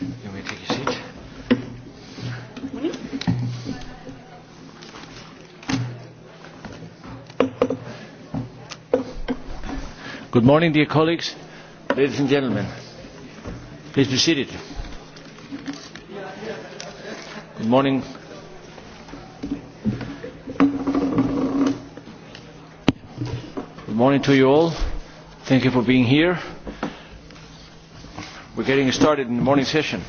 You may take a seat. Good morning, dear colleagues, ladies and gentlemen. Please be seated. Good morning. Good morning to you all. Thank you for being here. We're getting started in the morning session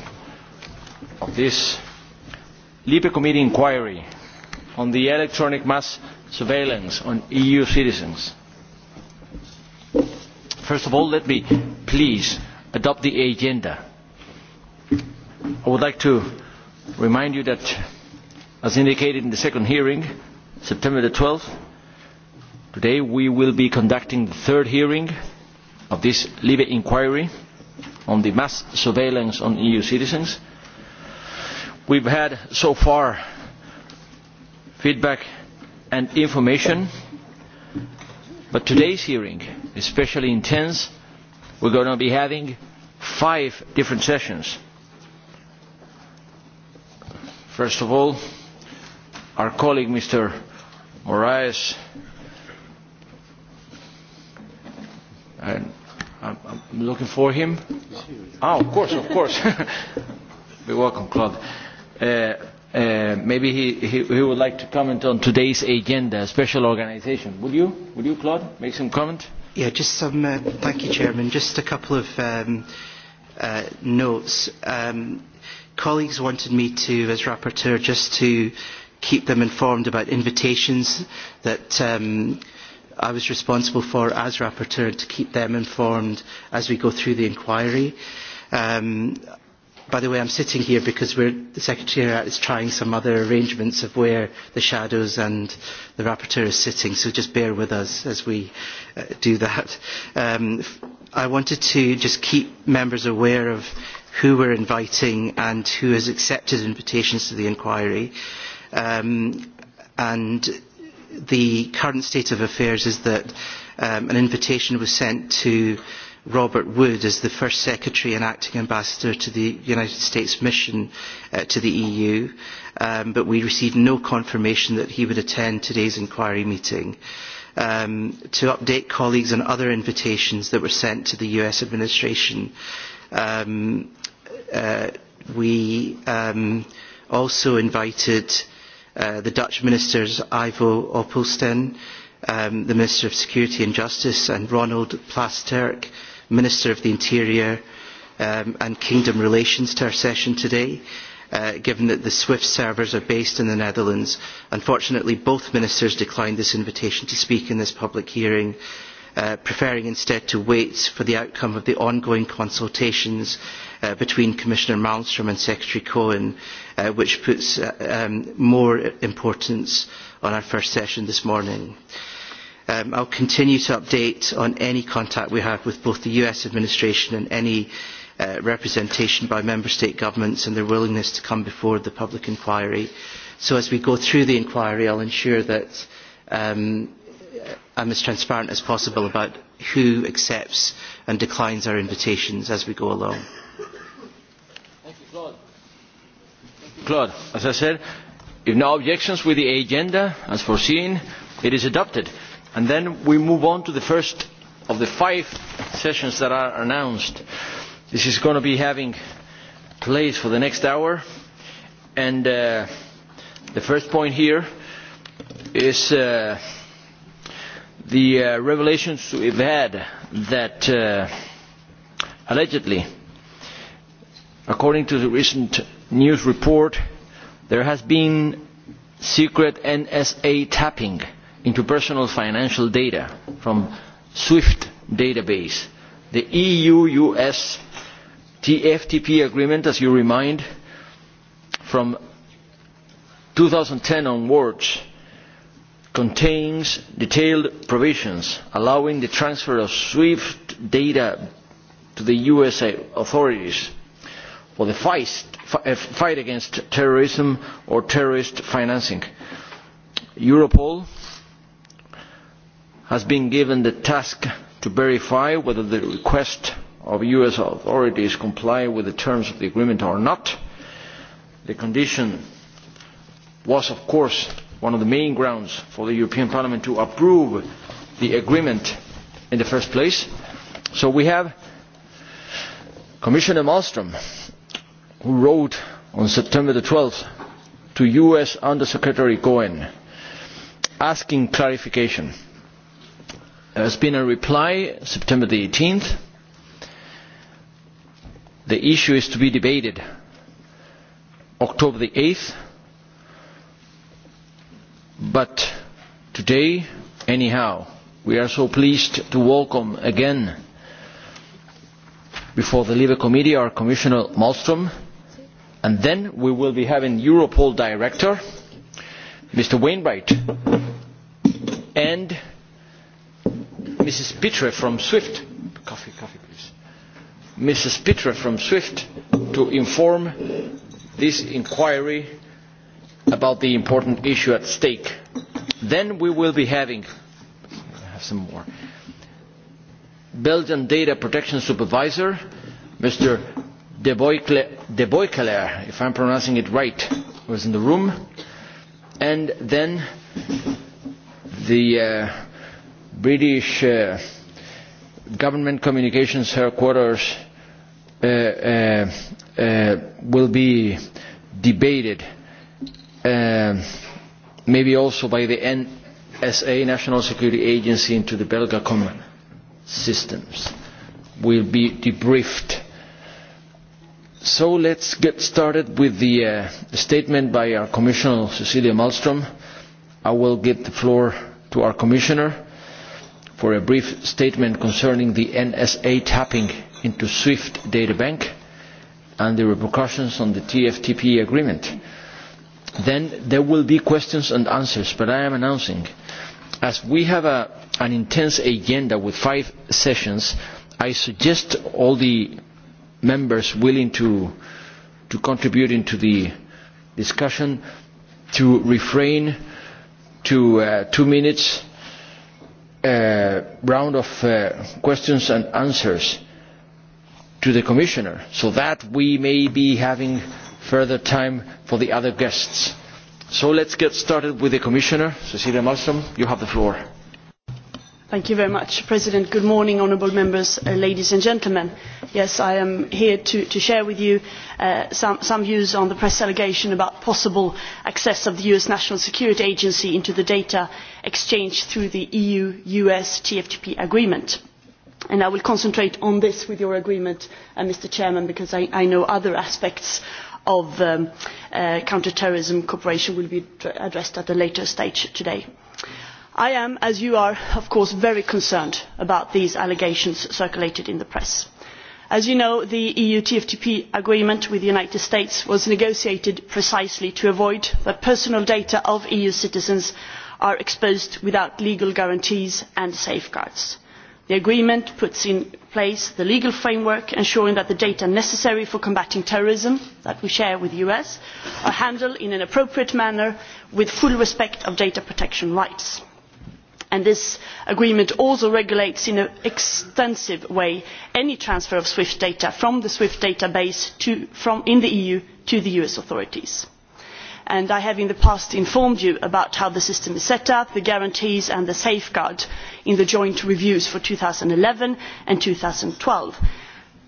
of this LIBE Committee inquiry on the electronic mass surveillance on EU citizens. First of all, let me please adopt the agenda. I would like to remind you that, as indicated in the second hearing, September the 12th, today we will be conducting the third hearing of this LIBE inquiry on the mass surveillance on EU citizens. We've had so far feedback and information, but today's hearing is especially intense. We're going to be having five different sessions. First of all, our colleague Mr. Moraes and I'm, I'm looking for him. Oh, of course, of course. Be welcome, Claude. Uh, uh, maybe he, he, he would like to comment on today's agenda, special organization. Would you, would you, Claude, make some comment? Yeah, just some, uh, thank you, Chairman. Just a couple of um, uh, notes. Um, colleagues wanted me to, as rapporteur, just to keep them informed about invitations that um, uh, I was responsible for as rapporteur to keep them informed as we go through the inquiry. Um, by the way, I'm sitting here because we're, the Secretariat is trying some other arrangements of where the shadows and the rapporteur is sitting, so just bear with us as we uh, do that. Um, I wanted to just keep members aware of who we're inviting and who has accepted invitations to the inquiry. Um, and the current state of affairs is that um, an invitation was sent to Robert Wood as the first secretary and acting ambassador to the United States mission uh, to the EU, um, but we received no confirmation that he would attend today's inquiry meeting. Um, to update colleagues on other invitations that were sent to the US administration, um, uh, we um, also invited uh, uh, the Dutch ministers Ivo Opelsten, um, the Minister of Security and Justice, and Ronald Plasterk, Minister of the Interior um, and Kingdom Relations, to our session today. Uh, given that the SWIFT servers are based in the Netherlands. Unfortunately, both ministers declined this invitation to speak in this public hearing, uh, preferring instead to wait for the outcome of the ongoing consultations uh, between Commissioner Malmstrom and Secretary Cohen, uh, which puts uh, um, more importance on our first session this morning. Um, I'll continue to update on any contact we have with both the US administration and any uh, representation by member state governments and their willingness to come before the public inquiry. So as we go through the inquiry, I'll ensure that um, I'm as transparent as possible about who accepts and declines our invitations as we go along. o'clock. As I said, if no objections with the agenda, as foreseen, it is adopted. And then we move on to the first of the five sessions that are announced. This is going to be having place for the next hour. And uh, the first point here is uh, the uh, revelations we've had that uh, allegedly, according to the recent news report, there has been secret NSA tapping into personal financial data from SWIFT database. The EU-US TFTP agreement, as you remind, from 2010 onwards contains detailed provisions allowing the transfer of SWIFT data to the US authorities for the first Uh, fight against terrorism or terrorist financing. europol has been given the task to verify whether the request of us authorities comply with the terms of the agreement or not. the condition was of course one of the main grounds for the european parliament to approve the agreement in the first place so we have commissioner malmstrm who wrote on September the 12th to U.S. Undersecretary Cohen asking clarification. There has been a reply September the 18th. The issue is to be debated October the 8th, but today, anyhow, we are so pleased to welcome again before the Libre Committee our Commissioner Malmström and then we will be having europol director mr wainwright and mrs pitre from swift coffee coffee please mrs pitre from swift to inform this inquiry about the important issue at stake then we will be having have some more belgian data protection supervisor mr de Boykelaar, if I'm pronouncing it right, was in the room. And then the uh, British uh, government communications headquarters uh, uh, uh, will be debated, uh, maybe also by the NSA, National Security Agency, into the Belga common systems. Will be debriefed So let's get started with the uh, statement by our Commissioner Cecilia Malmström. I will give the floor to our Commissioner for a brief statement concerning the NSA tapping into SWIFT data bank and the repercussions on the TFTP agreement. Then there will be questions and answers, but I am announcing, as we have a, an intense agenda with five sessions, I suggest all the members willing to, to contribute into the discussion to refrain to uh, two minutes uh, round of uh, questions and answers to the commissioner so that we may be having further time for the other guests. So let's get started with the commissioner, Cecilia Malmström. You have the floor mr president good morning honourable members uh, ladies and gentlemen yes i am here to, to share with you uh, some, some views on the press allegation about possible access of the us national security agency into the data exchanged through the eu us tftp agreement and i will concentrate on this with your agreement uh, mr president because I, i know other aspects of um, uh, counter terrorism cooperation will be addressed at a later stage today i am as you are of course very concerned about these allegations circulated in the press. as you know the eu tftp agreement with the united states was negotiated precisely to avoid the personal data of eu citizens being exposed without legal guarantees and safeguards. the agreement puts in place the legal framework ensuring that the data necessary for combating terrorism that we share with the us are handled in an appropriate manner with full respect of data protection rights and this agreement also regulates in an extensive way any transfer of swift data from the swift database to, from, in the eu to the us authorities. And i have in the past informed you about how the system is set up the guarantees and the safeguards in the joint reviews for two thousand and eleven and two thousand and twelve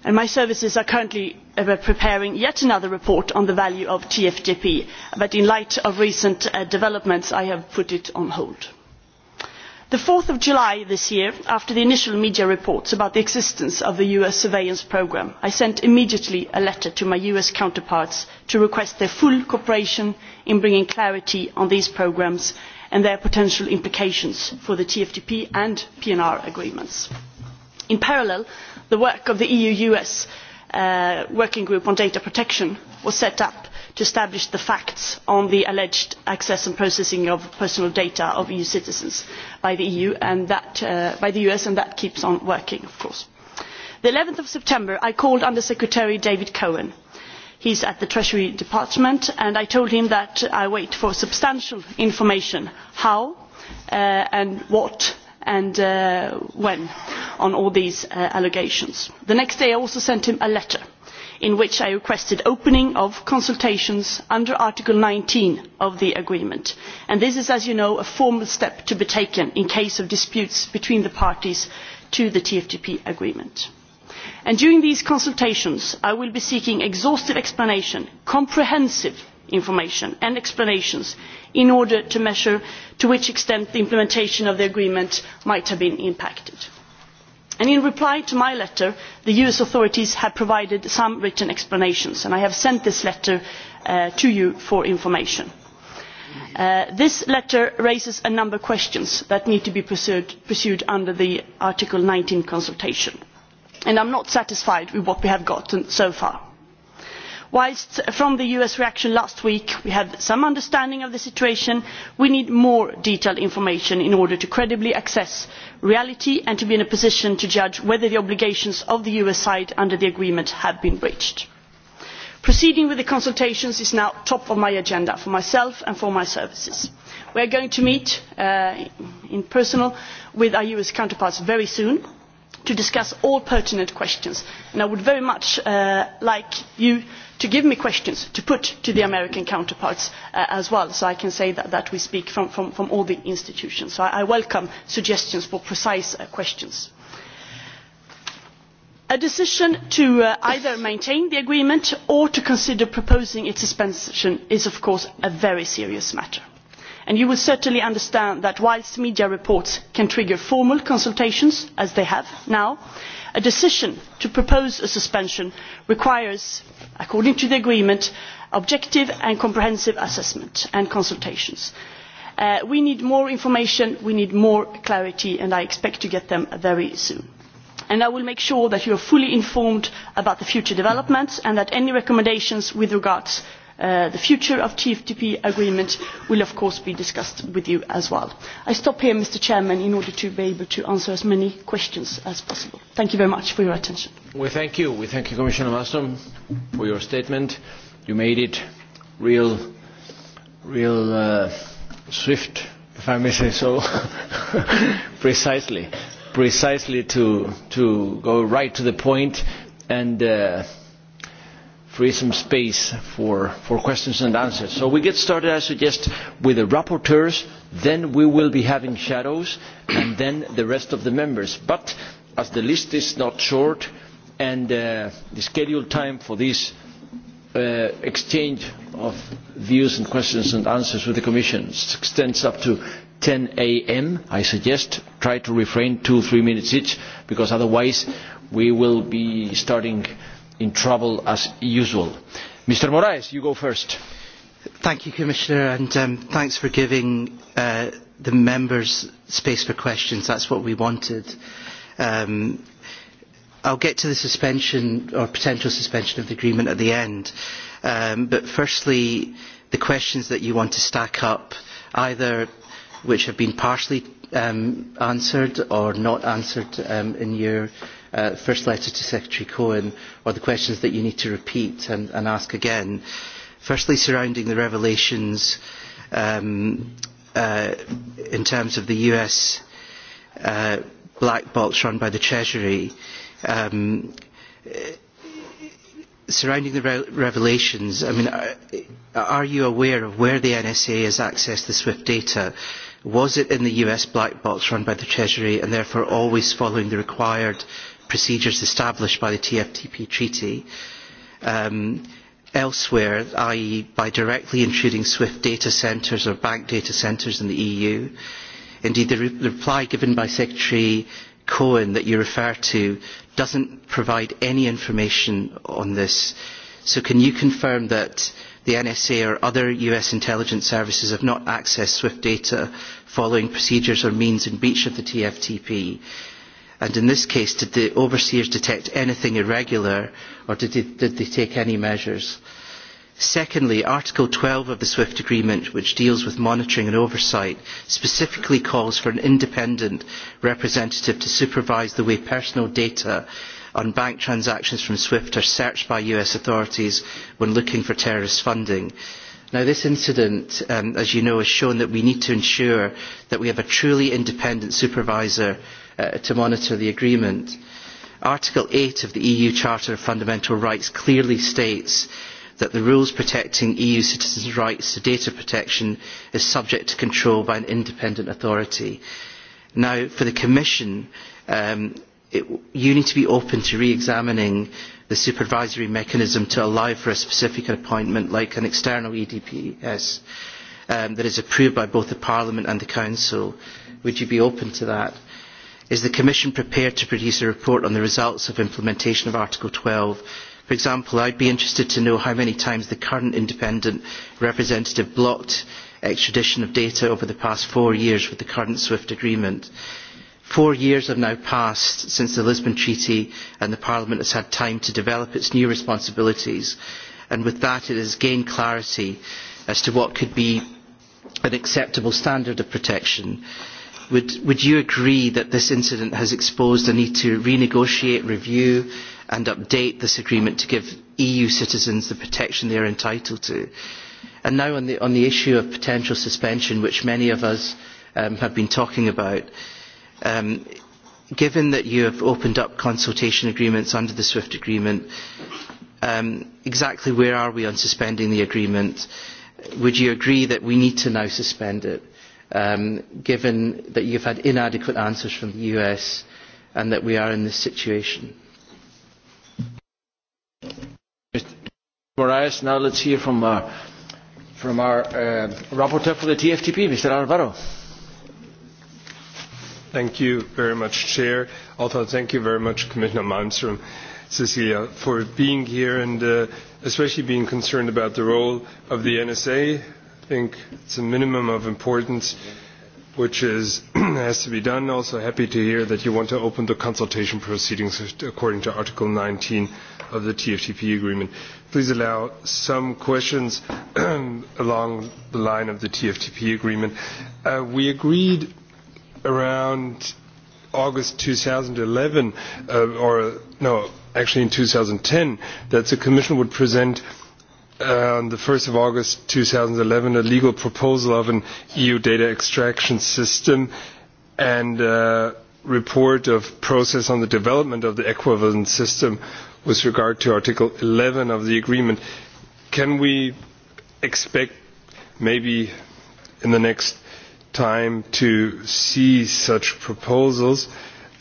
and my services are currently uh, preparing yet another report on the value of tftp but in light of recent uh, developments i have put it on hold four july this year after the initial media reports about the existence of a us surveillance programme i sent immediately a letter to my us counterparts to request their full cooperation in bringing clarity on these programmes and their potential implications for the tftp and pnr agreements. in parallel the work of the eu us uh, working group on data protection was set up to establish the facts on the alleged access and processing of personal data of eu citizens by the, EU and that, uh, by the us and that keeps on working of course. eleven september i called under secretary david cohen he is at the treasury department and i told him that i wait for substantial information how uh, and what and uh, when on all these uh, allegations. the next day i also sent him a letter in which i requested opening of consultations under article nineteen of the agreement and this is as you know a formal step to be taken in case of disputes between the parties to the tftp agreement. And during these consultations i will be seeking exhaustive explanation comprehensive information and explanations in order to measure to what extent the implementation of the agreement might have been impacted in reply to my letter the us authorities have provided some written explanations and i have sent this letter uh, to you for information. Uh, this letter raises a number of questions that need to be pursued, pursued under the article nineteen consultation and i am not satisfied with what we have got so far whilst from the us reaction last week we had some understanding of the situation we need more detailed information in order to credibly assess reality and to be in a position to judge whether the obligations of the us side under the agreement have been breached. proceeding with the consultations is now top of my agenda for myself and for my services. we are going to meet uh, in person with our us counterparts very soon to discuss all pertinent questions and i would very much uh, like to give me questions to put to the american counterparts uh, as well so i can say that, that we speak from, from, from all the institutions. so i welcome suggestions for precise uh, questions. a decision to uh, either maintain the agreement or to consider proposing its suspension is of course a very serious matter and you will certainly understand that whilst media reports can trigger formal consultations as they have now a decision to propose a suspension requires according to the agreement objective and comprehensive assessment and consultations. Uh, we need more information we need more clarity and i expect to get it very soon. And i will make sure that you are fully informed about the future developments and that any recommendations with regard Uh, the future of tftp agreement will of course be discussed with you as well. i stop here mr president in order to be able to answer as many questions as possible. thank you very much for your attention. we thank you. we thank you commissioner malmstrm for your statement. you made it real, real uh, swift, if i may say so, precisely, precisely to, to go right to the point and uh, free some space for, for questions and answers. So we get started, I suggest, with the rapporteurs, then we will be having shadows, and then the rest of the members. But as the list is not short, and uh, the scheduled time for this uh, exchange of views and questions and answers with the Commission extends up to 10 a.m. I suggest try to refrain two, three minutes each, because otherwise we will be starting in trouble as usual. Mr Moraes, you go first. Thank you, Commissioner, and um, thanks for giving uh, the members space for questions. That's what we wanted. Um, I'll get to the suspension or potential suspension of the agreement at the end. Um, but firstly, the questions that you want to stack up, either which have been partially um, answered or not answered um, in your uh, first letter to Secretary Cohen or the questions that you need to repeat and, and ask again. Firstly, surrounding the revelations um, uh, in terms of the US uh, black box run by the Treasury, um, surrounding the re- revelations, I mean, are, uh, are you aware of where the NSA has accessed the SWIFT data? Was it in the US black box run by the Treasury and therefore always following the required uh, procedures established by the TFTP treaty um, elsewhere, i.e. by directly intruding SWIFT data centres or bank data centres in the EU. Indeed, the, re the reply given by Secretary Cohen that you refer to doesn't provide any information on this. So can you confirm that the NSA or other US intelligence services have not accessed SWIFT data following procedures or means in breach of the TFTP? and in this case did the overseers detect anything irregular or did they, did they take any measures? Secondly, Article 12 of the SWIFT agreement, which deals with monitoring and oversight, specifically calls for an independent representative to supervise the way personal data on bank transactions from SWIFT are searched by US authorities when looking for terrorist funding. Now, this incident, um, as you know, has shown that we need to ensure that we have a truly independent supervisor uh, to monitor the agreement. Article 8 of the EU Charter of Fundamental Rights clearly states that the rules protecting EU citizens' rights to data protection is subject to control by an independent authority. Now, for the Commission, um, it, you need to be open to re-examining the supervisory mechanism to allow for a specific appointment like an external EDPS um, that is approved by both the Parliament and the Council. Would you be open to that? Is the Commission prepared to produce a report on the results of implementation of Article 12? For example, I'd be interested to know how many times the current independent representative blocked extradition of data over the past four years with the current SWIFT agreement. Four years have now passed since the Lisbon Treaty and the Parliament has had time to develop its new responsibilities and with that it has gained clarity as to what could be an acceptable standard of protection. Uh, Would, would you agree that this incident has exposed a need to renegotiate, review and update this agreement to give EU citizens the protection they are entitled to? And now on the, on the issue of potential suspension, which many of us um, have been talking about, um, given that you have opened up consultation agreements under the SWIFT agreement, um, exactly where are we on suspending the agreement? Would you agree that we need to now suspend it? um, given that you've had inadequate answers from the US and that we are in this situation. Mr. Moraes, now let's hear from our, uh, from our uh, rapporteur for the TFTP, Mr. Alvaro. Thank you very much, Chair. Also, thank you very much, Commissioner Malmström. Cecilia, for being here and uh, especially being concerned about the role of the NSA think it's a minimum of importance which is has to be done. Also happy to hear that you want to open the consultation proceedings according to Article 19 of the TFTP agreement. Please allow some questions along the line of the TFTP agreement. Uh, we agreed around August 2011, uh, or no, actually in 2010, that the Commission would present uh, Uh, on the 1st of August 2011 a legal proposal of an EU data extraction system and uh, report of process on the development of the equivalent system with regard to Article 11 of the agreement. Can we expect maybe in the next time to see such proposals?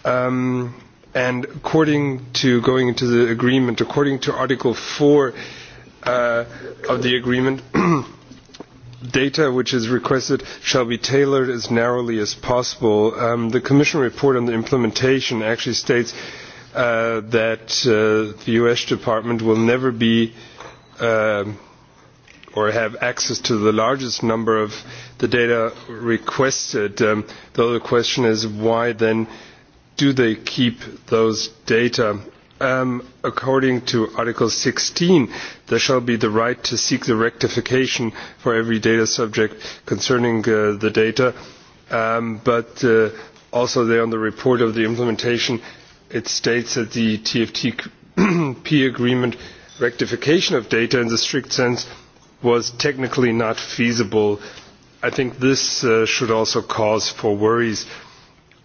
Um, and according to going into the agreement, according to Article 4, uh, of the agreement. data which is requested shall be tailored as narrowly as possible. Um, the Commission report on the implementation actually states uh, that uh, the U.S. Department will never be uh, or have access to the largest number of the data requested. Um, the other question is why then do they keep those data? um, according to Article 16, there shall be the right to seek the rectification for every data subject concerning uh, the data. Um, but uh, also there on the report of the implementation, it states that the TFTP agreement rectification of data in the strict sense was technically not feasible. I think this uh, should also cause for worries uh,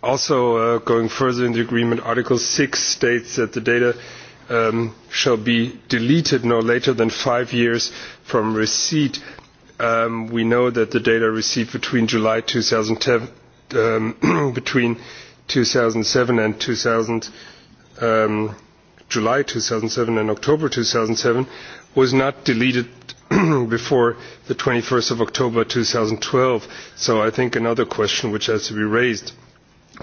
also uh, going further in the agreement article six states that the data um, shall be deleted no later than five years from receipt um, we know that the data received between july 2010 um, between 2007 and 2000 um, july 2007 and october 2007 was not deleted before the 21st of october 2012 so i think another question which has to be raised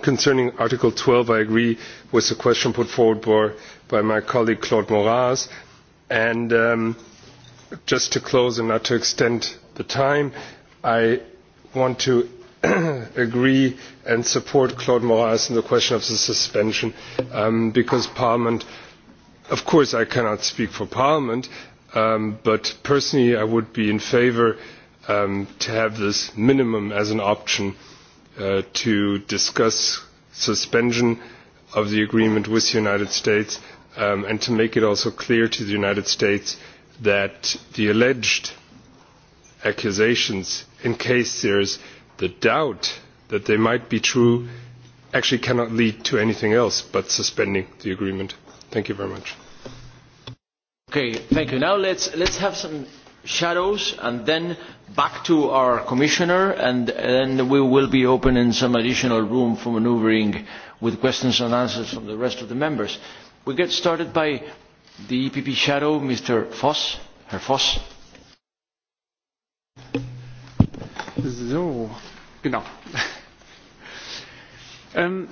concerning Article 12, I agree with the question put forward by, by my colleague Claude Moraz. And um, just to close and not to extend the time, I want to agree and support Claude Moraes in the question of the suspension um, because Parliament, of course I cannot speak for Parliament, um, but personally I would be in favour um, to have this minimum as an option uh, uh, to discuss suspension of the agreement with the United States um, and to make it also clear to the United States that the alleged accusations, in case there's the doubt that they might be true, actually cannot lead to anything else but suspending the agreement. Thank you very much. Okay, thank you. Now let's, let's have some shadows and then back to our commissioner and then we will be opening some additional room for manoeuvring with questions and answers from the rest of the members. We get started by the EPP shadow, Mr. Voss, Herr Voss. So, genau. ähm,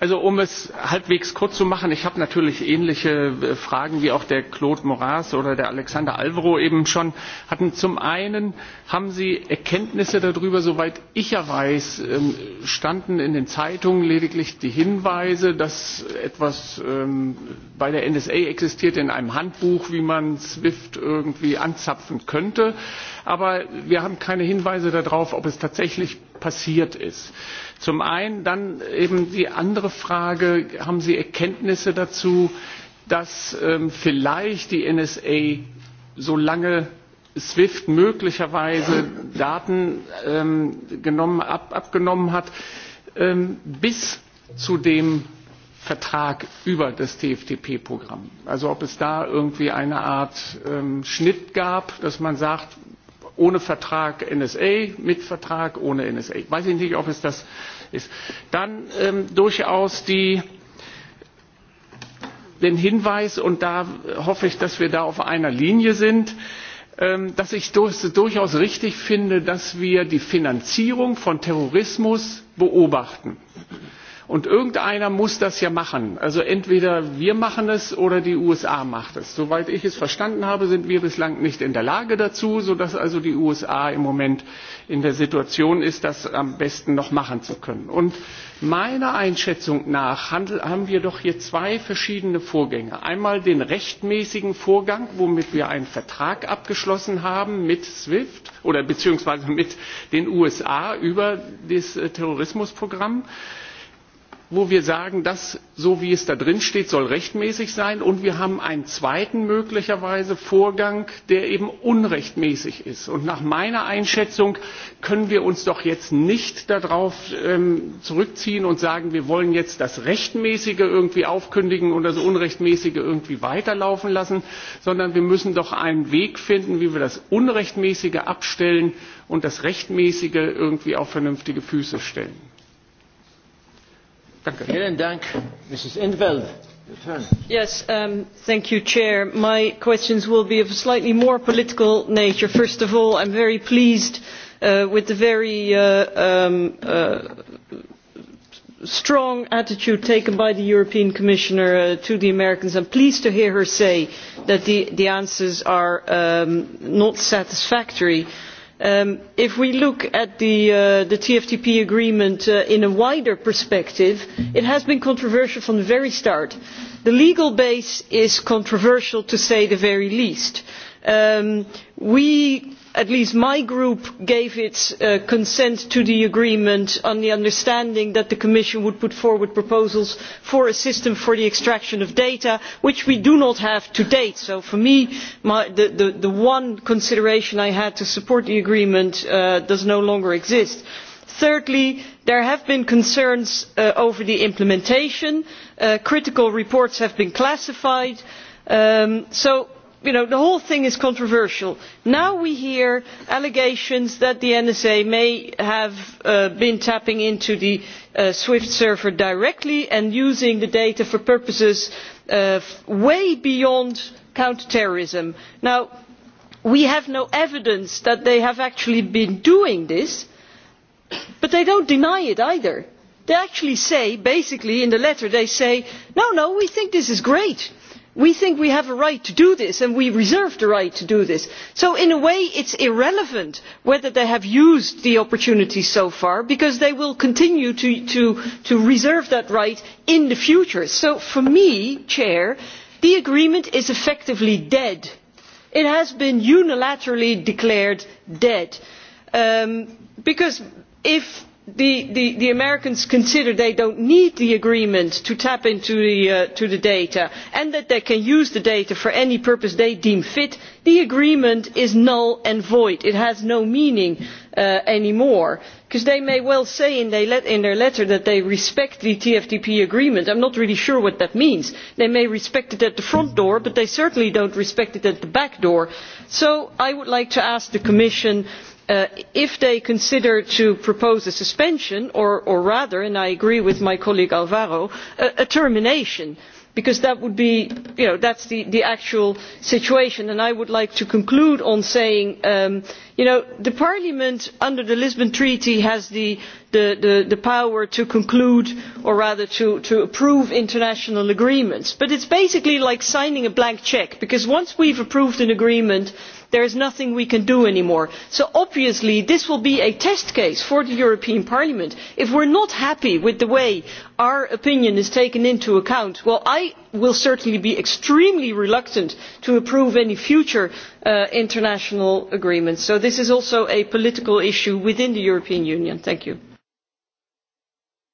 Also um es halbwegs kurz zu machen, ich habe natürlich ähnliche äh, Fragen wie auch der Claude Moraes oder der Alexander Alvaro eben schon hatten. Zum einen haben Sie Erkenntnisse darüber, soweit ich ja weiß, ähm, standen in den Zeitungen lediglich die Hinweise, dass etwas ähm, bei der NSA existiert in einem Handbuch, wie man SWIFT irgendwie anzapfen könnte. Aber wir haben keine Hinweise darauf, ob es tatsächlich passiert ist. Zum einen dann eben die die andere Frage, haben Sie Erkenntnisse dazu, dass ähm, vielleicht die NSA, solange SWIFT möglicherweise Daten ähm, genommen, ab, abgenommen hat, ähm, bis zu dem Vertrag über das TFTP-Programm. Also ob es da irgendwie eine Art ähm, Schnitt gab, dass man sagt, ohne Vertrag NSA, mit Vertrag ohne NSA. Weiß ich nicht, ob es das ist. Dann ähm, durchaus die, den Hinweis, und da hoffe ich, dass wir da auf einer Linie sind, ähm, dass ich es durch, durchaus richtig finde, dass wir die Finanzierung von Terrorismus beobachten. Und irgendeiner muss das ja machen. Also entweder wir machen es oder die USA macht es. Soweit ich es verstanden habe, sind wir bislang nicht in der Lage dazu, sodass also die USA im Moment in der Situation ist, das am besten noch machen zu können. Und meiner Einschätzung nach haben wir doch hier zwei verschiedene Vorgänge. Einmal den rechtmäßigen Vorgang, womit wir einen Vertrag abgeschlossen haben mit SWIFT oder beziehungsweise mit den USA über das äh, Terrorismusprogramm wo wir sagen das so wie es da drin steht soll rechtmäßig sein und wir haben einen zweiten möglicherweise vorgang der eben unrechtmäßig ist. und nach meiner einschätzung können wir uns doch jetzt nicht darauf ähm, zurückziehen und sagen wir wollen jetzt das rechtmäßige irgendwie aufkündigen und das unrechtmäßige irgendwie weiterlaufen lassen sondern wir müssen doch einen weg finden wie wir das unrechtmäßige abstellen und das rechtmäßige irgendwie auf vernünftige füße stellen. Yes, um, you, my questions will be of a slightly more political nature. first of all i am very pleased uh, with the very uh, um, uh, strong attitude taken by the european commissioner uh, to the americans. i am pleased to hear her say that the, the answers are um, not satisfactory. Um, if we look at the, uh, the tftp agreement uh, in a wider perspective it has been controversial from the very start. the legal base is controversial to say the very least. Um, we at least my group gave its uh, consent to the agreement on the understanding that the commission would put forward proposals for a system for the extraction of data which we do not have to date so for me my, the, the, the one consideration i had to support the agreement uh, does no longer exist. thirdly there have been concerns uh, over the implementation uh, critical reports have been classified um, so you know, the whole thing is controversial. now we hear allegations that the nsa may have uh, been tapping into the uh, swift server directly and using the data for purposes uh, way beyond counter terrorism. now we have no evidence that they have actually been doing this but they do not deny it either. they actually say basically in the letter they say no no we think this is great we think we have a right to do this and we reserve the right to do this so in a way it is irrelevant whether they have used the opportunities so far because they will continue to reserve that right in the future. so for me the agreement is effectively dead. it has been unilaterally declared dead um, because if the, the, the americans consider they do not need the agreement to tap into the, uh, the data and that they can use the data for any purpose they deem fit the agreement is null and void it has no meaning uh, any more because they may well say in, in their letter that they respect the tftp agreement i am not really sure what that means. they may respect it at the front door but they certainly do not respect it at the back door. so i would like to ask the commission Uh, if they consider proposing a suspension or, or rather and i agree with my colleague alvaro a, a termination because that would be you know, the, the actual situation. And i would like to conclude by saying um, you know, that parliament under the lisbon treaty has the, the, the power to conclude or rather to, to approve international agreements but it is basically like signing a blank cheque because once we have approved an agreement there is nothing we can do any more. so obviously this will be a test case for the european parliament. if we are not happy with the way our opinion is taken into account well i will certainly be extremely reluctant to approve any future uh, international agreements. so this is also a political issue within the european union. thank you.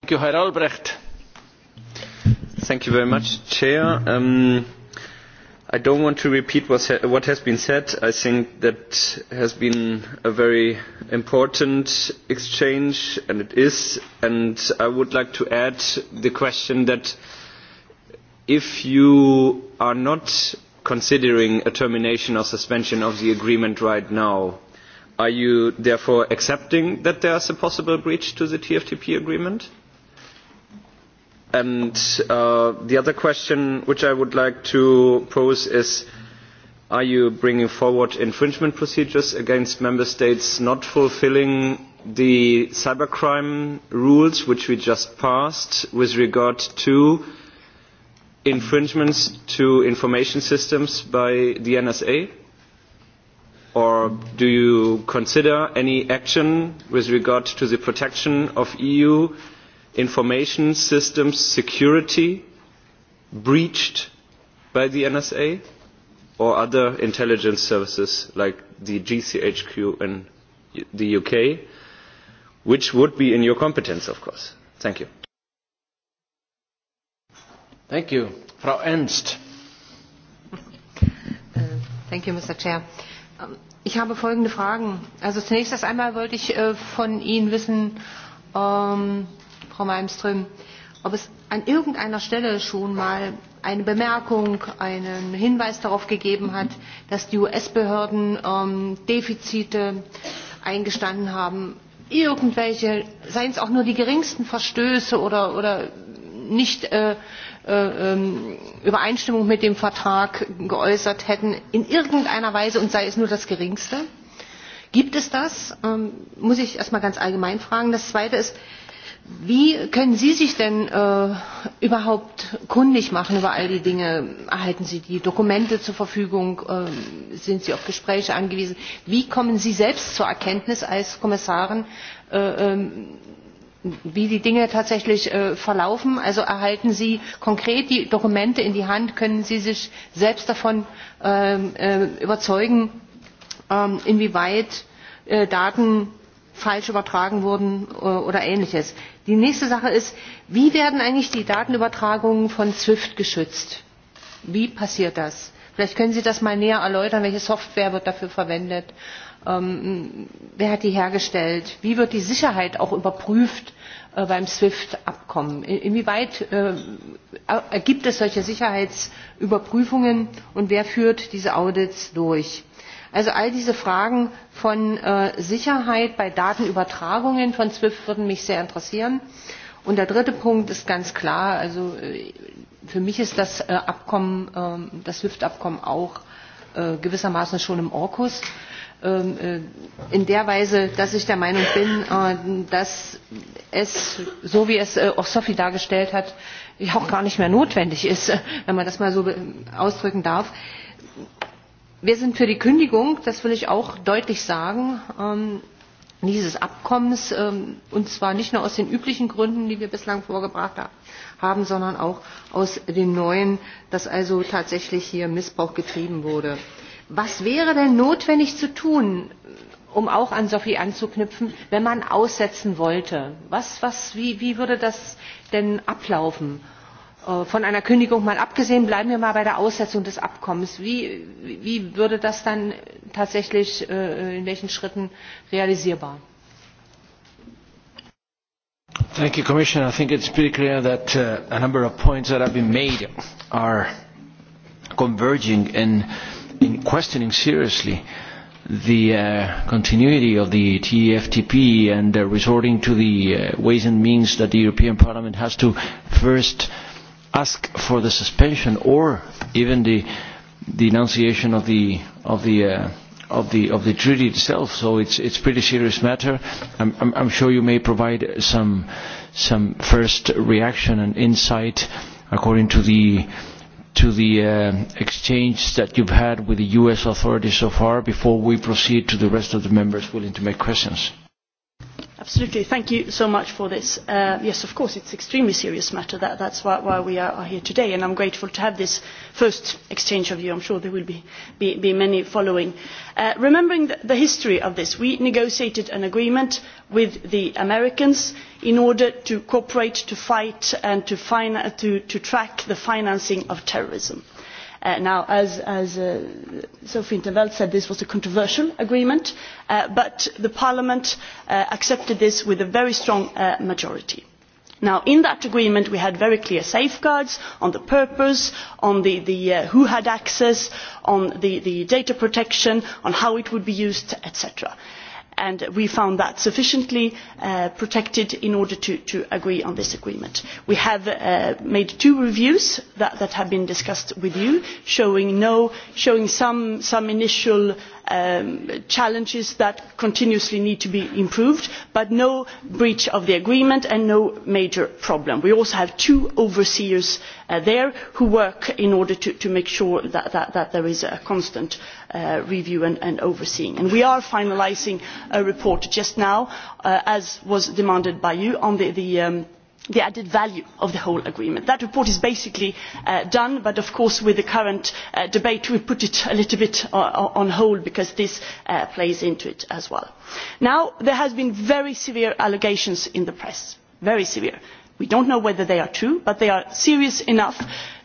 Thank you, Herr Albrecht. Thank you very much, Chair. Um, I don't want to repeat what has been said. I think that has been a very important exchange, and it is. And I would like to add the question that if you are not considering a termination or suspension of the agreement right now, are you therefore accepting that there is a possible breach to the TFTP agreement? And uh, the other question which I would like to pose is, are you bringing forward infringement procedures against member states not fulfilling the cybercrime rules which we just passed with regard to infringements to information systems by the NSA? Or do you consider any action with regard to the protection of EU information systems security breached by the NSA or other intelligence services like the GCHQ in the UK, which would be in your competence, of course. Thank you. Thank you. Frau Ernst. Äh, thank you, Mr. Chair. Ähm, ich habe folgende Fragen. Also zunächst erst einmal wollte ich äh, von Ihnen wissen, ähm, Frau Malmström, ob es an irgendeiner Stelle schon mal eine Bemerkung, einen Hinweis darauf gegeben hat, dass die US-Behörden ähm, Defizite eingestanden haben, irgendwelche, seien es auch nur die geringsten Verstöße oder, oder nicht äh, äh, ähm, Übereinstimmung mit dem Vertrag geäußert hätten, in irgendeiner Weise und sei es nur das geringste? Gibt es das? Ähm, muss ich erstmal ganz allgemein fragen. Das Zweite ist, Wie können Sie sich denn äh, überhaupt kundig machen über all die Dinge? Erhalten Sie die Dokumente zur Verfügung? Äh, sind Sie auf Gespräche angewiesen? Wie kommen Sie selbst zur Erkenntnis als Kommissarin, äh, äh, wie die Dinge tatsächlich äh, verlaufen? Also erhalten Sie konkret die Dokumente in die Hand? Können Sie sich selbst davon äh, äh, überzeugen, äh, inwieweit äh, Daten falsch übertragen wurden äh, oder ähnliches. Die nächste Sache ist, wie werden eigentlich die Datenübertragungen von SWIFT geschützt? Wie passiert das? Vielleicht können Sie das mal näher erläutern. Welche Software wird dafür verwendet? Ähm, wer hat die hergestellt? Wie wird die Sicherheit auch überprüft äh, beim SWIFT-Abkommen? In, inwieweit äh, ergibt es solche Sicherheitsüberprüfungen und wer führt diese Audits durch? also all diese fragen von äh, sicherheit bei datenübertragungen von swift würden mich sehr interessieren. und der dritte punkt ist ganz klar also äh, für mich ist das äh, abkommen ähm, das swift abkommen auch äh, gewissermaßen schon im orkus ähm, äh, in der Weise, dass ich der Meinung bin, äh, dass es, so wie es auch Sophie dargestellt hat, ja auch gar nicht mehr notwendig ist, wenn man das mal so ausdrücken darf wir sind für die kündigung das will ich auch deutlich sagen ähm, dieses abkommens ähm, und zwar nicht nur aus den üblichen gründen die wir bislang vorgebracht haben sondern auch aus den neuen dass also tatsächlich hier missbrauch getrieben wurde. was wäre denn notwendig zu tun um auch an sophie anzuknüpfen wenn man aussetzen wollte? Was, was, wie, wie würde das denn ablaufen? Äh, von einer kündigung mal abgesehen bleiben wir mal bei der aussetzung des abkommens wie, wie würde das dann tatsächlich äh, in welchen schritten realisierbar? thank you commissioner i think it's pretty clear that uh, a number of points that have been made are converging in, in questioning seriously the uh, continuity of the TFTP and uh, resorting to the uh, ways and means that the European Parliament has to first uh, ask for the suspension or even the denunciation of the of the uh, of the of the treaty itself. So it's it's pretty serious matter. I'm, I'm, I'm sure you may provide some some first reaction and insight according to the to the uh, exchange that you've had with the U.S. authorities so far before we proceed to the rest of the members willing to make questions. Absolutely. Thank you so much for this. Uh, yes, of course, it's an extremely serious matter. That, that's why, why we are, are here today, and I'm grateful to have this first exchange of view. I'm sure there will be, be, be many following. Uh, remembering the, the history of this, we negotiated an agreement with the Americans in order to cooperate, to fight, and to, fin- to, to track the financing of terrorism Uh, now, as, as uh, Sophie in 't veld said, this was a controversial agreement, uh, but the Parliament uh, accepted this with a very strong uh, majority. Now, in that agreement we had very clear safeguards on the purpose on the, the, uh, who had access on the, the data protection on how it would be used etc and we found that sufficiently uh, protected in order to, to agree on this agreement. we have uh, made two reviews that, that have been discussed with you showing, no, showing some, some initial um, challenges that continuously need to be improved but no breach of the agreement and no major problem. we also have two overseers uh, there who work in order to, to make sure that, that, that there is a constant uh, review and, and overseeing. And we are finalising a report just now uh, as was demanded by you on the, the um, the added value of the whole agreement. that report is basically uh, done but of course with the current uh, debate we put it a little bit on hold because this uh, plays into it as well. Now, there have been very severe allegations in the press very severe. we do not know whether they are true but they are serious enough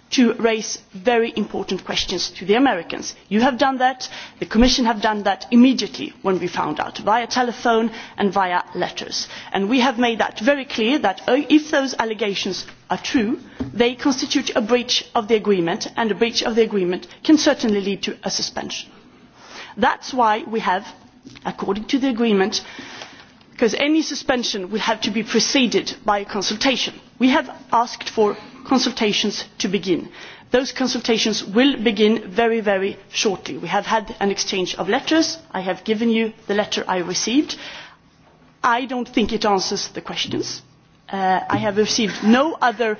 to raise very important questions to the americans. you have done that the commission has done that immediately when we found out via telephone and via letters and we have made it very clear that oh, if those allegations are true they constitute a breach of the agreement and a breach of the agreement can certainly lead to a suspension. that is why we have according to the agreement because any suspension will have to be preceded by a consultation asked consultations to begin. those consultations will begin very, very shortly. we have had an exchange of letters i have given you the letter i received. i do not think it answers the questions. Uh, i have received no other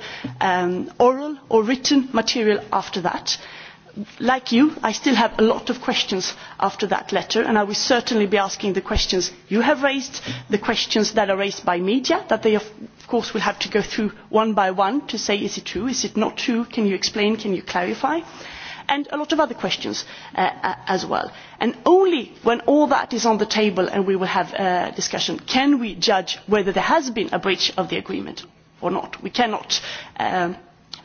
um, oral or written material after that like you i still have a lot of questions after that letter and i will certainly be asking the questions you have raised the questions that are raised by the media that they of course will have to go through one by one to say is it true is it not true can you explain can you clarify and a lot of other questions uh, uh as well. And only when all that is on the table and we will have a discussion can we judge whether there has been a breach of the agreement or not. we cannot um,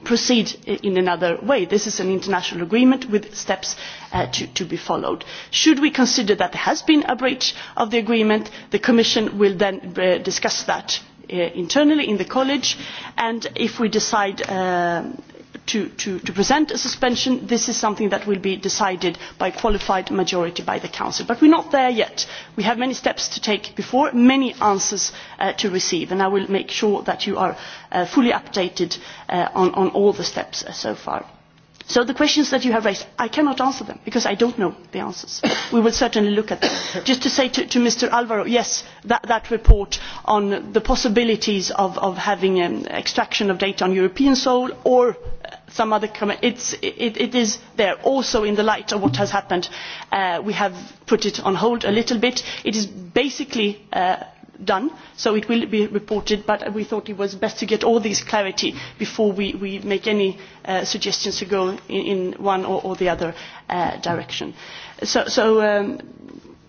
proceed in another way. this is an international agreement with steps uh, to, to be followed. should we consider that there has been a breach of the agreement the commission will then uh, discuss that uh, internally in the college and if we decide uh, to, to, to present a suspension this is something that will be decided by a qualified majority by the council but we are not there yet. we have many steps to take before and many answers uh, to receive and i will make sure that you are uh, fully updated uh, on, on all the steps uh, so far so the questions that you have raised i cannot answer them because i do not know the answers. we will certainly look at them. just to say to, to mr alvaro yes that, that report on the possibilities of, of having um, extraction of data on european soil or uh, some other comment it, it is there also in the light of what has happened uh, we have put it on hold a little bit. it is basically uh, done so it will be reported but we thought it was best to get all this clarity before we, we make any uh, suggestions to go in, in one or, or the other uh, direction. So, so um,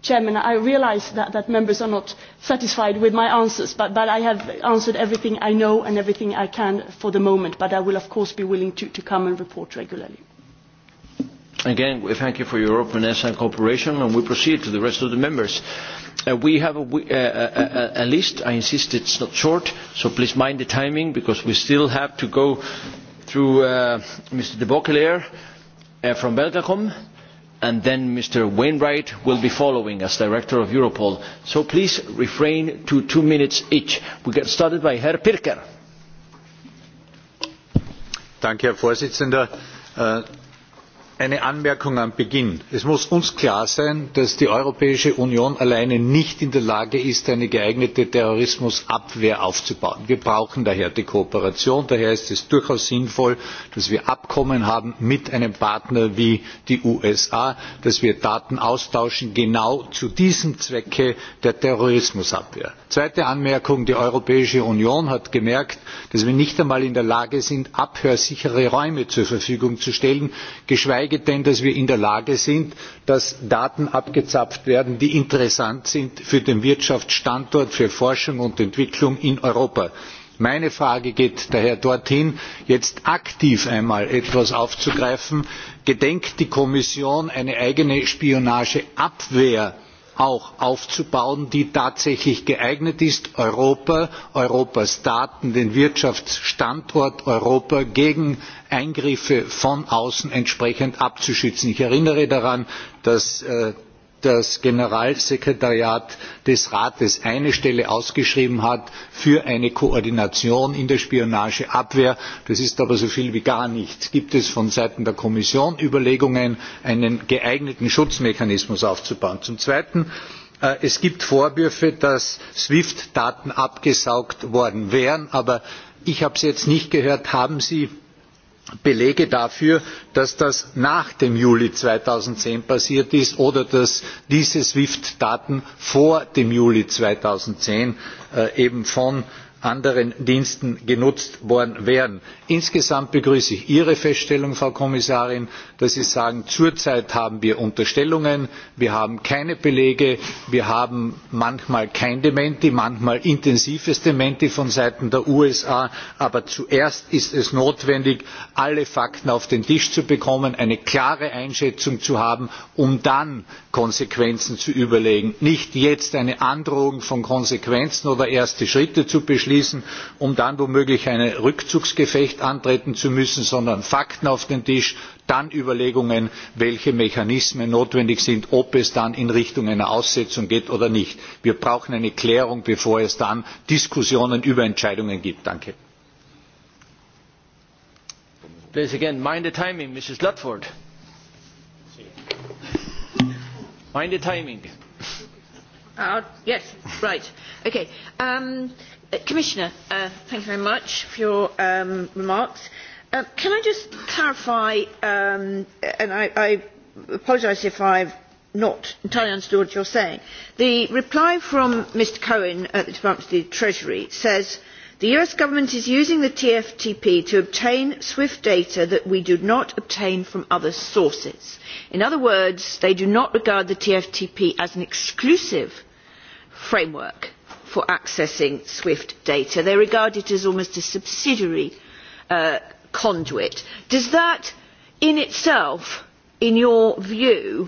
Chairman, I realise that, that members are not satisfied with my answers, but, but I have answered everything I know and everything I can for the moment, but I will of course be willing to, to come and report regularly. Again, we thank you for your openness and cooperation, and we proceed to the rest of the members. Uh, we have a, uh, a, uh, uh, uh, a list. I insist it's not short, so please mind the timing because we still have to go through uh, Mr. de Bocquelaer uh, from Belgacom, and then Mr. Wainwright will be following as Director of Europol. So please refrain to two minutes each. We get started by Herr Pirker. Danke, Herr Vorsitzender. Uh, eine anmerkung am beginn es muss uns klar sein dass die europäische union alleine nicht in der lage ist eine geeignete terrorismusabwehr aufzubauen. wir brauchen daher die kooperation daher ist es durchaus sinnvoll dass wir abkommen haben mit einem partner wie den usa dass wir daten austauschen genau zu diesem zwecke der terrorismusabwehr. zweite anmerkung die europäische union hat gemerkt dass wir nicht einmal in der lage sind abhörsichere räume zur verfügung zu stellen geschweige zeige denn dass wir in der lage sind dass daten abgezapft werden die interessant sind für den wirtschaftsstandort für forschung und entwicklung in europa. meine frage geht daher dorthin jetzt aktiv einmal etwas aufzugreifen gedenkt die kommission eine eigene spionageabwehr auch aufzubauen die tatsächlich geeignet ist europa europas daten den wirtschaftsstandort europa gegen eingriffe von außen entsprechend abzuschützen. ich erinnere daran dass äh, das generalsekretariat des rates eine stelle ausgeschrieben hat für eine koordination in der spionageabwehr. das ist aber so viel wie gar nichts. gibt es von seiten der kommission überlegungen einen geeigneten schutzmechanismus aufzubauen? zum zweiten äh, es gibt vorwürfe dass swift daten abgesaugt worden wären aber ich habe es jetzt nicht gehört haben sie belege dafür dass das nach dem juli zweitausendzehn passiert ist oder dass diese swift daten vor dem juli zweitausendzehn äh, eben von anderen diensten genutzt worden wären. insgesamt begrüße ich ihre feststellung frau kommissarin dass sie sagen, zurzeit haben wir Unterstellungen, wir haben keine Belege, wir haben manchmal kein Dementi, manchmal intensives Dementi von Seiten der USA, aber zuerst ist es notwendig, alle Fakten auf den Tisch zu bekommen, eine klare Einschätzung zu haben, um dann Konsequenzen zu überlegen. Nicht jetzt eine Androhung von Konsequenzen oder erste Schritte zu beschließen, um dann womöglich ein Rückzugsgefecht antreten zu müssen, sondern Fakten auf den Tisch, dann überlegungen welche mechanismen notwendig sind ob es dann in richtung einer aussetzung geht oder nicht. wir brauchen eine klärung bevor es dann diskussionen über entscheidungen gibt. danke. please again mind the timing mrs ludford. mind the timing. Uh, yes right okay um, uh, commissioner uh, thank you very much for your um, remarks. Um, can I just clarify, um, and I, I apologise if I've not entirely understood what you're saying. The reply from Mr Cohen at the Department of the Treasury says the US government is using the TFTP to obtain SWIFT data that we do not obtain from other sources. In other words, they do not regard the TFTP as an exclusive framework for accessing SWIFT data. They regard it as almost a subsidiary uh, conduit. Does that in itself, in your view,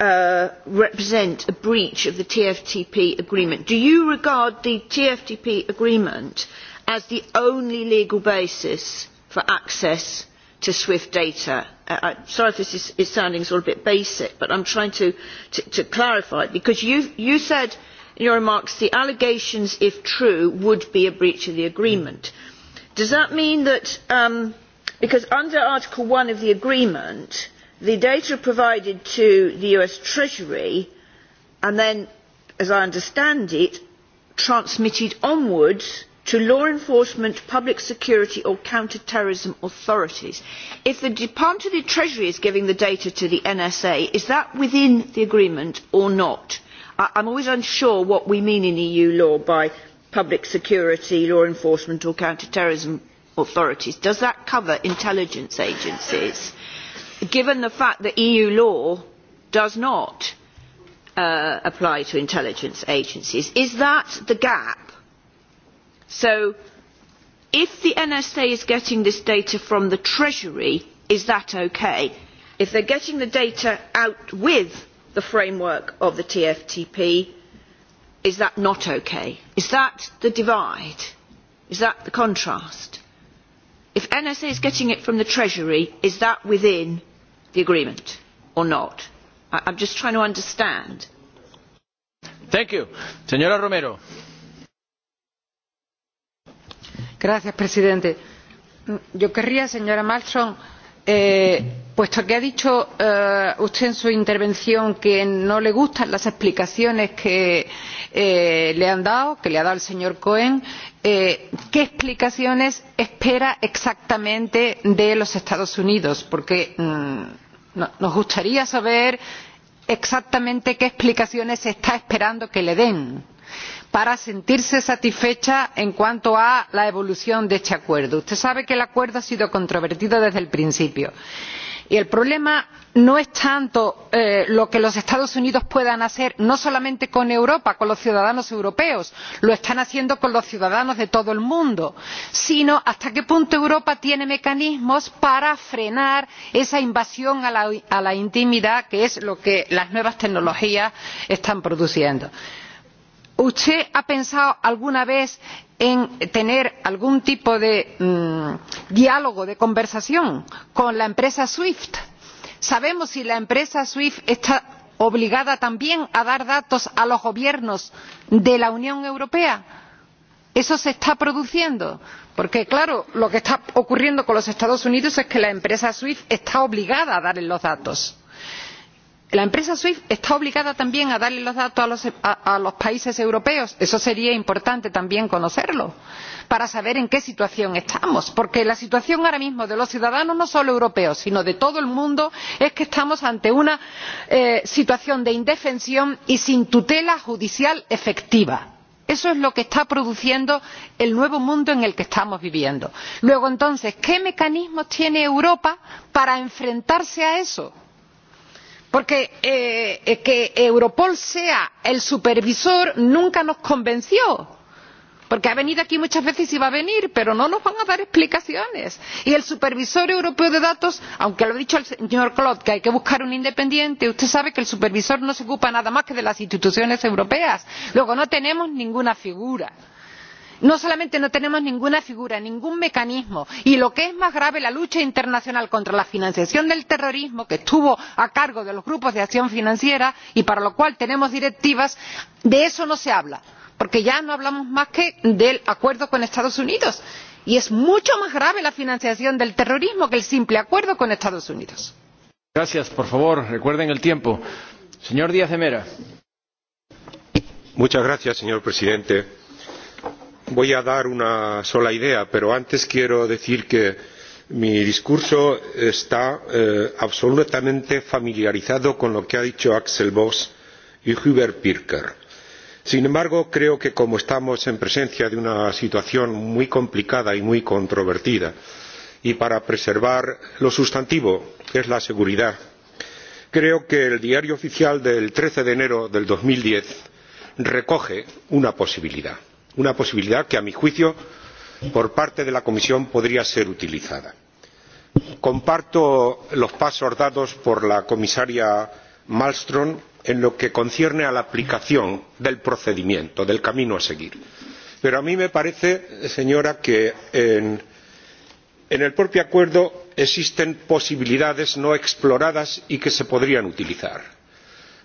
uh, represent a breach of the TFTP agreement? Do you regard the TFTP agreement as the only legal basis for access to swift data. Uh, I, sorry if this is, is sounding sort of a bit basic, but I'm trying to, to, to clarify it because you, you said in your remarks the allegations, if true, would be a breach of the agreement. Does that mean that um, because under article one of the agreement the data provided to the us treasury and then as i understand it transmitted onwards to law enforcement public security or counter terrorism authorities. if the department of the treasury is giving the data to the nsa is that within the agreement or not? i am always unsure what we mean in eu law by public security law enforcement or counter terrorism authorities? Does that cover intelligence agencies? Given the fact that EU law does not uh, apply to intelligence agencies, is that the gap? So if the NSA is getting this data from the Treasury, is that okay? If they're getting the data out with the framework of the TFTP, is that not okay? Is that the divide? Is that the contrast? if nsa is getting it from the treasury is that within the agreement or not? i am just trying to understand. señor presidente yo querría señora malmstrm Eh, puesto que ha dicho eh, usted en su intervención que no le gustan las explicaciones que eh, le han dado que le ha dado el señor cohen eh, qué explicaciones espera exactamente de los estados unidos? porque mm, no, nos gustaría saber exactamente qué explicaciones está esperando que le den para sentirse satisfecha en cuanto a la evolución de este acuerdo. usted sabe que el acuerdo ha sido controvertido desde el principio y el problema no es tanto eh, lo que los estados unidos puedan hacer no solamente con europa con los ciudadanos europeos lo están haciendo con los ciudadanos de todo el mundo sino hasta qué punto europa tiene mecanismos para frenar esa invasión a la, a la intimidad que es lo que las nuevas tecnologías están produciendo. por usted ha pensado alguna vez en tener algún tipo de mmm, diálogo de conversación con la empresa swift? sabemos si la empresa swift está obligada también a dar datos a los gobiernos de la unión europea? eso se está produciendo porque claro lo que está ocurriendo con los estados unidos es que la empresa swift está obligada a darles los datos la empresa swift está obligada también a darle los datos a los, a, a los países europeos eso sería importante también conocerlo para saber en qué situación estamos porque la situación ahora mismo de los ciudadanos no solo europeos sino de todo el mundo es que estamos ante una eh, situación de indefensión y sin tutela judicial efectiva eso es lo que está produciendo el nuevo mundo en el que estamos viviendo. luego entonces qué mecanismos tiene europa para enfrentarse a eso? porque eh, eh, que europol sea el supervisor nunca nos convenció porque ha venido aquí muchas veces y va a venir pero no nos van a dar explicaciones y el supervisor europeo de datos aunque lo ha dicho el señor claude que hay que buscar un independiente usted sabe que el supervisor no se ocupa nada más que de las instituciones europeas luego no tenemos ninguna figura no solamente no tenemos ninguna figura ningún mecanismo y lo que es más grave la lucha internacional contra la financiación del terrorismo que estuvo a cargo de los grupos de acción financiera y para lo cual tenemos directivas de eso no se habla porque ya no hablamos más que del acuerdo con los estados unidos y es mucho más grave la financiación del terrorismo que el simple acuerdo con los estados unidos. Gracias, por favor recuerden el tiempo. señor díaz de mera. Muchas gracias, señor presidente voy a dar una sola idea pero antes quiero decir que mi discurso está eh, absolutamente familiarizado con lo que han dicho axel voss y hubert pirker. sin embargo creo que como estamos en presencia de una situación muy complicada y muy controvertida y para preservar lo sustantivo que es la seguridad creo que el diario oficial del trece de enero de dos mil diez recoge una posibilidad una posibilidad que a mi juicio por parte de la comisión podría ser utilizada. comparto los pasos dados por la comisaria malmstrm en lo que concierne a la aplicación del procedimiento del camino a seguir pero a mí me parece señora que en, en el propio acuerdo existen posibilidades no exploradas y que se podrían utilizar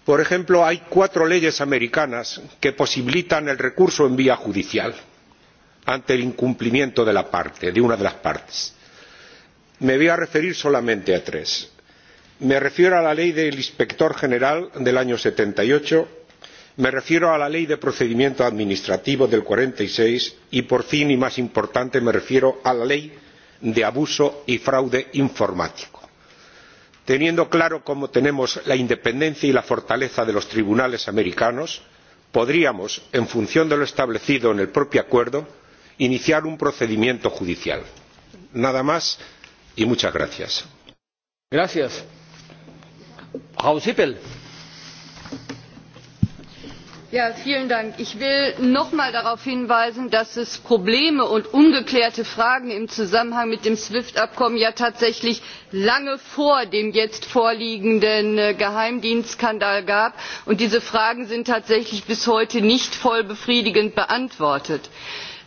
por ejemplo hay cuatro leyes americanas que posibilitan el recurso en vía judicial ante el incumplimiento de una de las partes. me voy a referir solamente a tres. me refiero a la ley del inspector general del año setenta y ocho me refiero a la ley de procedimiento administrativo del cuarenta y seis y por fin y más importante me refiero a la ley de abuso y fraude informático teniendo claro cómo tenemos la independencia y la fortaleza de los tribunales americanos podríamos en función de lo establecido en el propio acuerdo iniciar un procedimiento judicial. nada más y muchas gracias. Ja, vielen Dank. ich will noch einmal darauf hinweisen dass es probleme und ungeklärte fragen im zusammenhang mit dem swift abkommen ja tatsächlich lange vor dem jetzt vorliegenden äh, geheimdienstskandal gab und diese fragen sind tatsächlich bis heute nicht voll befriedigend beantwortet.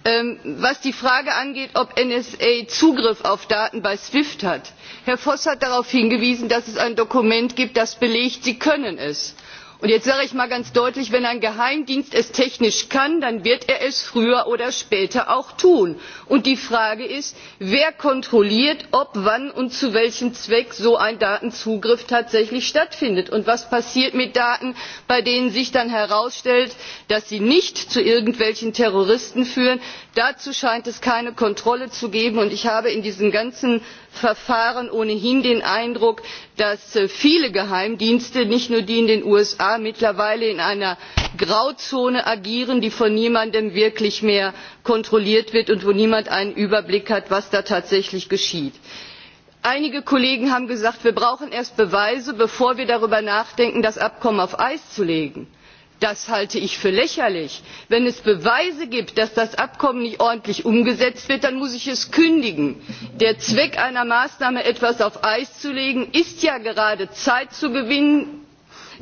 Ähm, was die frage angeht ob nsa zugriff auf daten bei swift hat herr voss hat darauf hingewiesen dass es ein dokument gibt das belegt sie können es und jetzt sage ich mal ganz deutlich wenn ein geheimdienst es technisch kann dann wird er es früher oder später auch tun. und die frage ist wer kontrolliert ob wann und zu welchem zweck so ein datenzugriff tatsächlich stattfindet und was passiert mit daten bei denen sich dann herausstellt dass sie nicht zu irgendwelchen terroristen führen? dazu scheint es keine kontrolle zu geben und ich habe in diesem ganzen verfahren ohnehin den eindruck dass äh, viele geheimdienste nicht nur die in den usa mittlerweile in einer grauzone agieren die von niemandem wirklich mehr kontrolliert wird und wo niemand einen überblick hat was da tatsächlich geschieht. einige kollegen haben gesagt wir brauchen erst beweise bevor wir darüber nachdenken das abkommen auf eis zu legen das halte ich für lächerlich. wenn es beweise gibt dass das abkommen nicht ordentlich umgesetzt wird dann muss ich es kündigen. der zweck einer maßnahme etwas auf eis zu legen ist ja gerade zeit zu gewinnen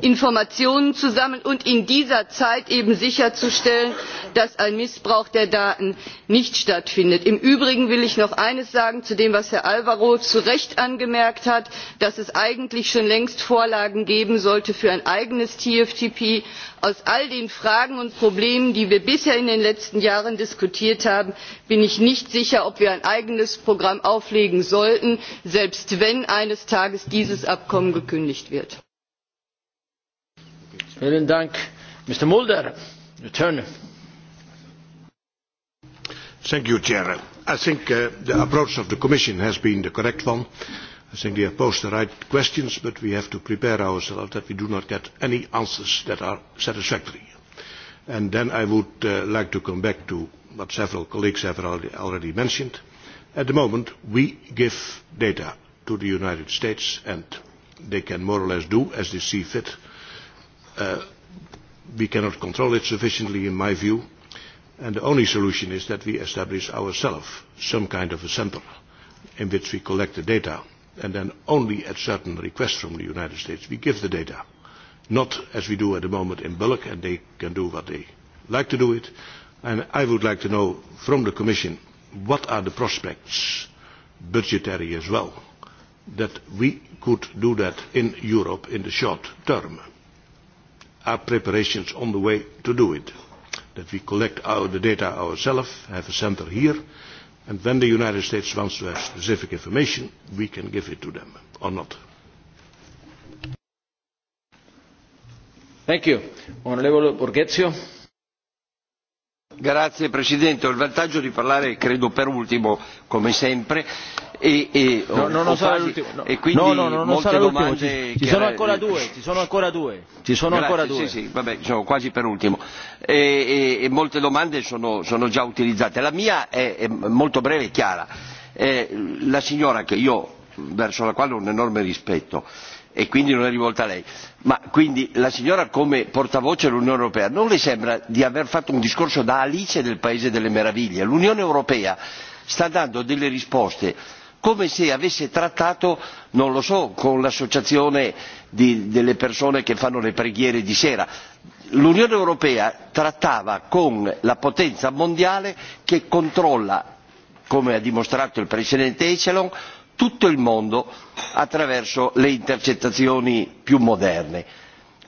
informationen zu sammeln und in dieser zeit eben sicherzustellen dass ein missbrauch der daten nicht stattfindet. im übrigen will ich noch eines sagen zu dem was herr alvaro zu recht angemerkt hat dass es eigentlich schon längst vorlagen geben sollte für ein eigenes tftp. aus all den fragen und problemen die wir bisher in den letzten jahren diskutiert haben bin ich nicht sicher ob wir ein eigenes programm auflegen sollten selbst wenn eines tages dieses abkommen gekündigt wird. Mr. Mulder, your turn. Thank you, Chair. I think uh, the approach of the Commission has been the correct one. I think they have posed the right questions, but we have to prepare ourselves that we do not get any answers that are satisfactory. And then I would uh, like to come back to what several colleagues have already mentioned. At the moment, we give data to the United States, and they can more or less do as they see fit uh, we cannot control it sufficiently, in my view. And the only solution is that we establish ourselves some kind of a center in which we collect the data. And then only at certain requests from the United States we give the data. Not as we do at the moment in bulk, and they can do what they like to do it. And I would like to know from the Commission what are the prospects, budgetary as well, that we could do that in Europe in the short term are preparations on the way to do it. That we collect our, the data ourselves, have a center here, and when the United States wants to have specific information, we can give it to them or not. Thank you. Honorable Borghezio signor presidente ho il vantaggio di parlare credo per ultimo come sempre e, e, e quindi molte domande ci sono ancora due ci sono ancora due ci sono ancora due sì sono quasi per ultimo e, e molte domande sono già utilizzate la mia è molto breve e chiara la signora che io verso la quale ho un enorme rispetto e quindi non è rivolta a lei ma quindi la signora come portavoce dell'unione europea non le sembra di aver fatto un discorso da alice nel paese delle meraviglie? l'unione europea sta dando delle risposte come se avesse trattato non lo so con l'associazione di, delle persone che fanno le preghiere di sera l'unione europea trattava con la potenza mondiale che controlla come ha dimostrato il presidente echelon tutto il mondo attraverso le intercettazioni più moderne.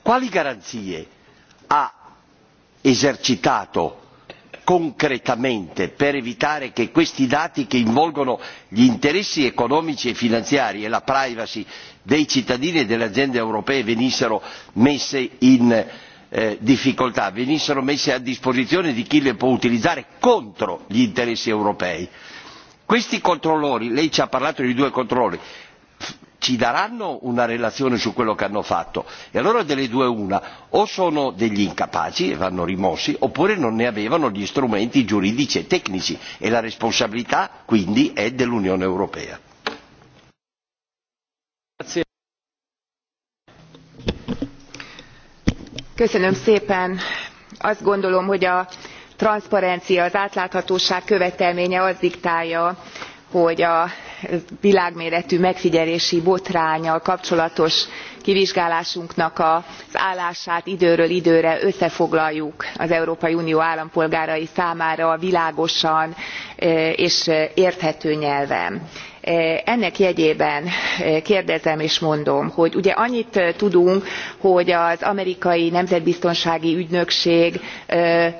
quali garanzie ha esercitato concretamente per evitare che questi dati che involgono gli interessi economici e finanziari e la privacy dei cittadini e delle aziende europee venissero messi in eh, difficoltà venissero messi a disposizione di chi li può utilizzare contro gli interessi europei? questi controllori lei ci ha parlato di due controllori ci daranno una relazione su quello che hanno fatto e allora delle due una o sono degli incapaci e vanno rimossi oppure non ne avevano gli strumenti giuridici e tecnici e la responsabilità quindi è dell'unione europea. köszönöm szépen azt gondolom hogy a transzparencia az átláthatóság követelménye azt diktálja hogy a világméretű megfigyelési botránnyal kapcsolatos kivizsgálásunknak az állását időről időre összefoglaljuk az európai unió állampolgárai számára világosan eh, és eh, érthető nyelven. Eh, ennek jegyében eh, kérdezem és mondom hogy ugye annyit eh, tudunk hogy az amerikai nemzetbiztonsági ügynökség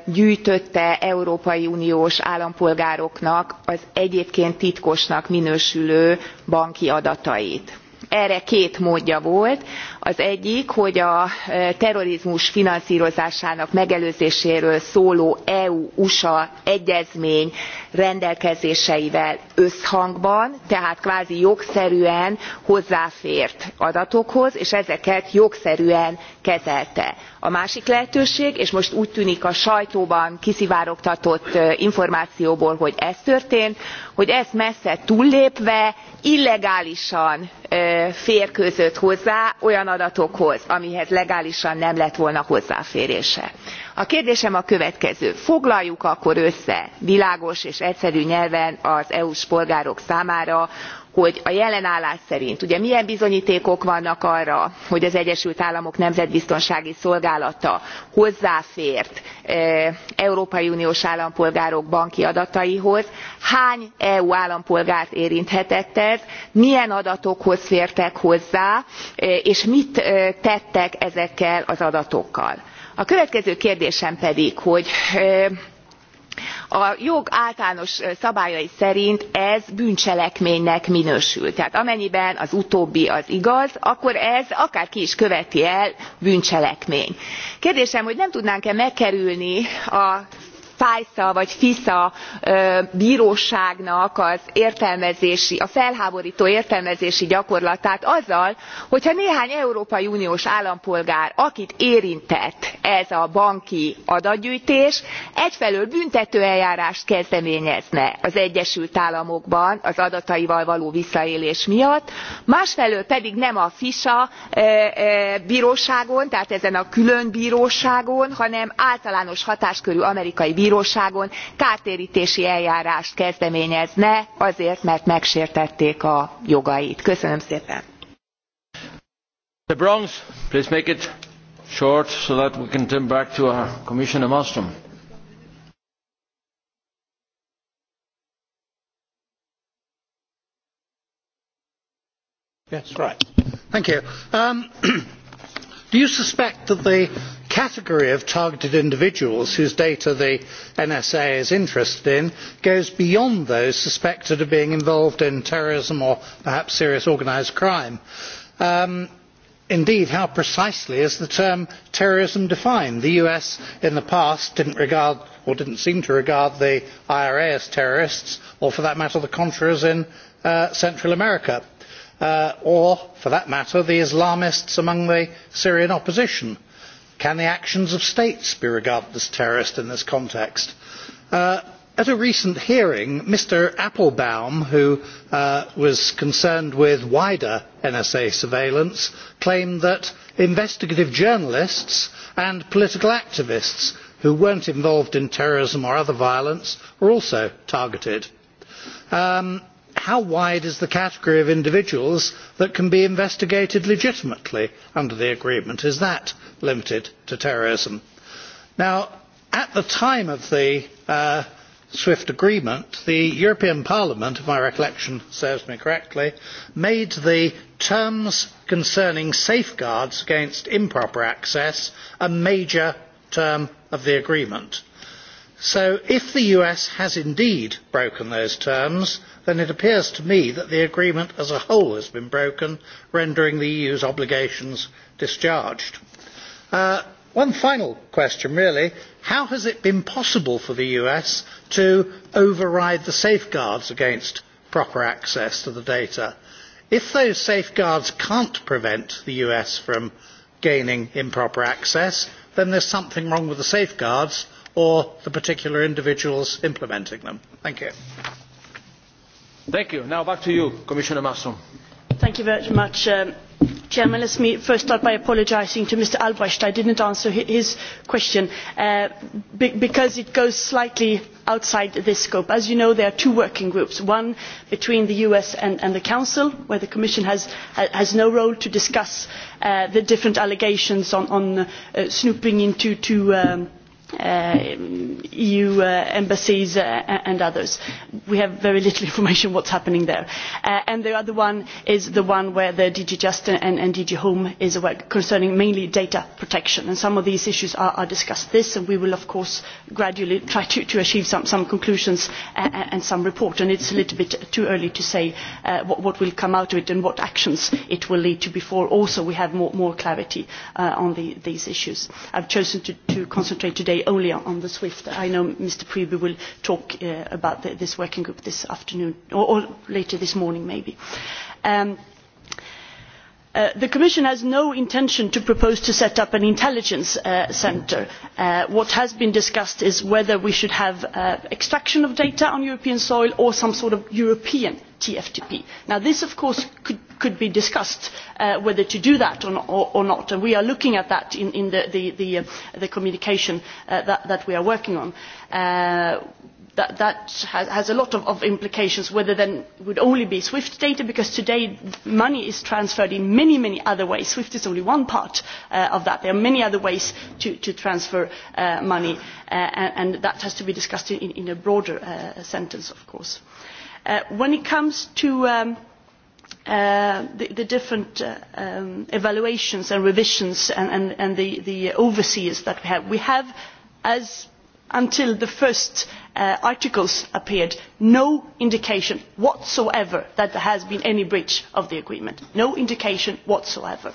gyűjtötte európai uniós állampolgároknak az egyébként titkosnak minősülő banki adatait. erre két módja volt az egyik hogy a e, terrorizmus finanszrozásának megelőzéséről szóló eu usa egyezmény rendelkezéseivel összhangban tehát kvázi jogszerűen hozzáfért adatokhoz és ezeket jogszerűen kezelte. a másik lehetőség és most úgy tűnik a sajtóban kiszivárogtatott e, információból hogy ez történt hogy ezt messze túllépve illegálisan e, férkőzött hozzá olyan adatokhoz amihez legálisan nem lett volna hozzáférése. a kérdésem a következő foglaljuk akkor össze világos és egyszerű nyelven az eu s polgárok számára hogy a jelen állás szerint ugye milyen bizonytékok vannak arra hogy az egyesült államok nemzetbiztonsági szolgálata hozzáfért e, európai uniós állampolgárok banki adataihoz hány eu állampolgárt érinthetett ez milyen adatokhoz fértek hozzá e, és mit e, tettek ezekkel az adatokkal? a következő kérdésem pedig hogy a jog általános szabályai szerint ez bűncselekménynek minősül tehát amennyiben az utóbbi az igaz akkor ez akárki is követi el bűncselekmény. kérdésem hogy nem tudnánk e megkerülni a fajsza vagy fisza bróságnak az értelmezési a felhábortó értelmezési gyakorlatát azzal hogyha néhány európai uniós állampolgár akit érintett ez a banki adatgyűjtés egyfelől büntetőeljárást kezdeményezne az egyesült államokban az adataival való visszaélés miatt másfelől pedig nem a fisa bróságon tehát ezen a külön bróságon hanem általános hatáskörű amerikai bróságon kártértési eljárást kezdeményezne azért mert megsértették a jogait. köszönöm szépen! mr brons please make it short so that we can turn back to our uh, commissioner malmstrm. Yes, right. Thank you. Um, do you suspect that the category of targeted individuals whose data the nsa is interested in goes beyond those suspected of being involved in terrorism or perhaps serious organised crime. Um, indeed how precisely is the term terrorism' defined? the us in the past did not regard or did not seem to regard the ira as terrorists or for that matter the contras in uh, central america uh, or for that matter the islamists among the syrian opposition. Can the actions of states be regarded as terrorist in this context? Uh, at a recent hearing, Mr. Applebaum, who uh, was concerned with wider NSA surveillance, claimed that investigative journalists and political activists who were not involved in terrorism or other violence were also targeted. Um, how wide is the category of individuals that can be investigated legitimately under the agreement? Is that limited to terrorism. Now, at the time of the uh, swift agreement the european parliament if my recollection serves me correctly made the terms concerning safeguards against improper access a major term of the agreement. so if the us has indeed broken those terms then it appears to me that the agreement as a whole has been broken rendering the eu's obligations discharged. Uh, one final question, really. How has it been possible for the US to override the safeguards against proper access to the data? If those safeguards can't prevent the US from gaining improper access, then there's something wrong with the safeguards or the particular individuals implementing them. Thank you. Thank you. Now back to you, Commissioner Masson. Thank you very much. Um, chairman let me first start by apologising to mr albrecht i did not answer his question uh, because it goes slightly outside this scope. as you know there are two working groups one between the us and, and the council where the commission has, has no role to discuss uh, the different allegations on, on uh, snooping into to, um, uh, EU uh, embassies uh, and others. We have very little information what's happening there. Uh, and the other one is the one where the DG Just and, and DG Home is aware, uh, concerning mainly data protection. And some of these issues are, are discussed this, and we will, of course, gradually try to, to achieve some, some conclusions uh, and, and some report. And it's a little bit too early to say uh, what, what will come out of it and what actions it will lead to before also we have more, more clarity uh, on the, these issues. I've chosen to, to concentrate today only, only on the SWIFT. I know Mr. Priebe will talk uh, about the, this working group this afternoon, or, or later this morning maybe. Um, Uh, the commission has no intention of proposing to set up an intelligence uh, centre. Uh, what has been discussed is whether we should have uh, extraction of data on european soil or some sort of european tftp. now this of course could, could be discussed uh, whether to do that or, or, or not and we are looking at that in, in the, the, the, uh, the communication uh, that, that we are working on. Uh, that, that has, has a lot of, of implications whether then it would only be swift data because today money is transferred in many many other ways. swift is only one part uh, of that. there are many other ways to, to transfer uh, money and, and that has to be discussed in, in a broader sentence of course. Uh, when it comes to um, uh, the, the different uh, um, evaluations and revisions and, and, and the, the overseers that we have, we have, as until the first uh, articles appeared, no indication whatsoever that there has been any breach of the agreement. No indication whatsoever. Uh,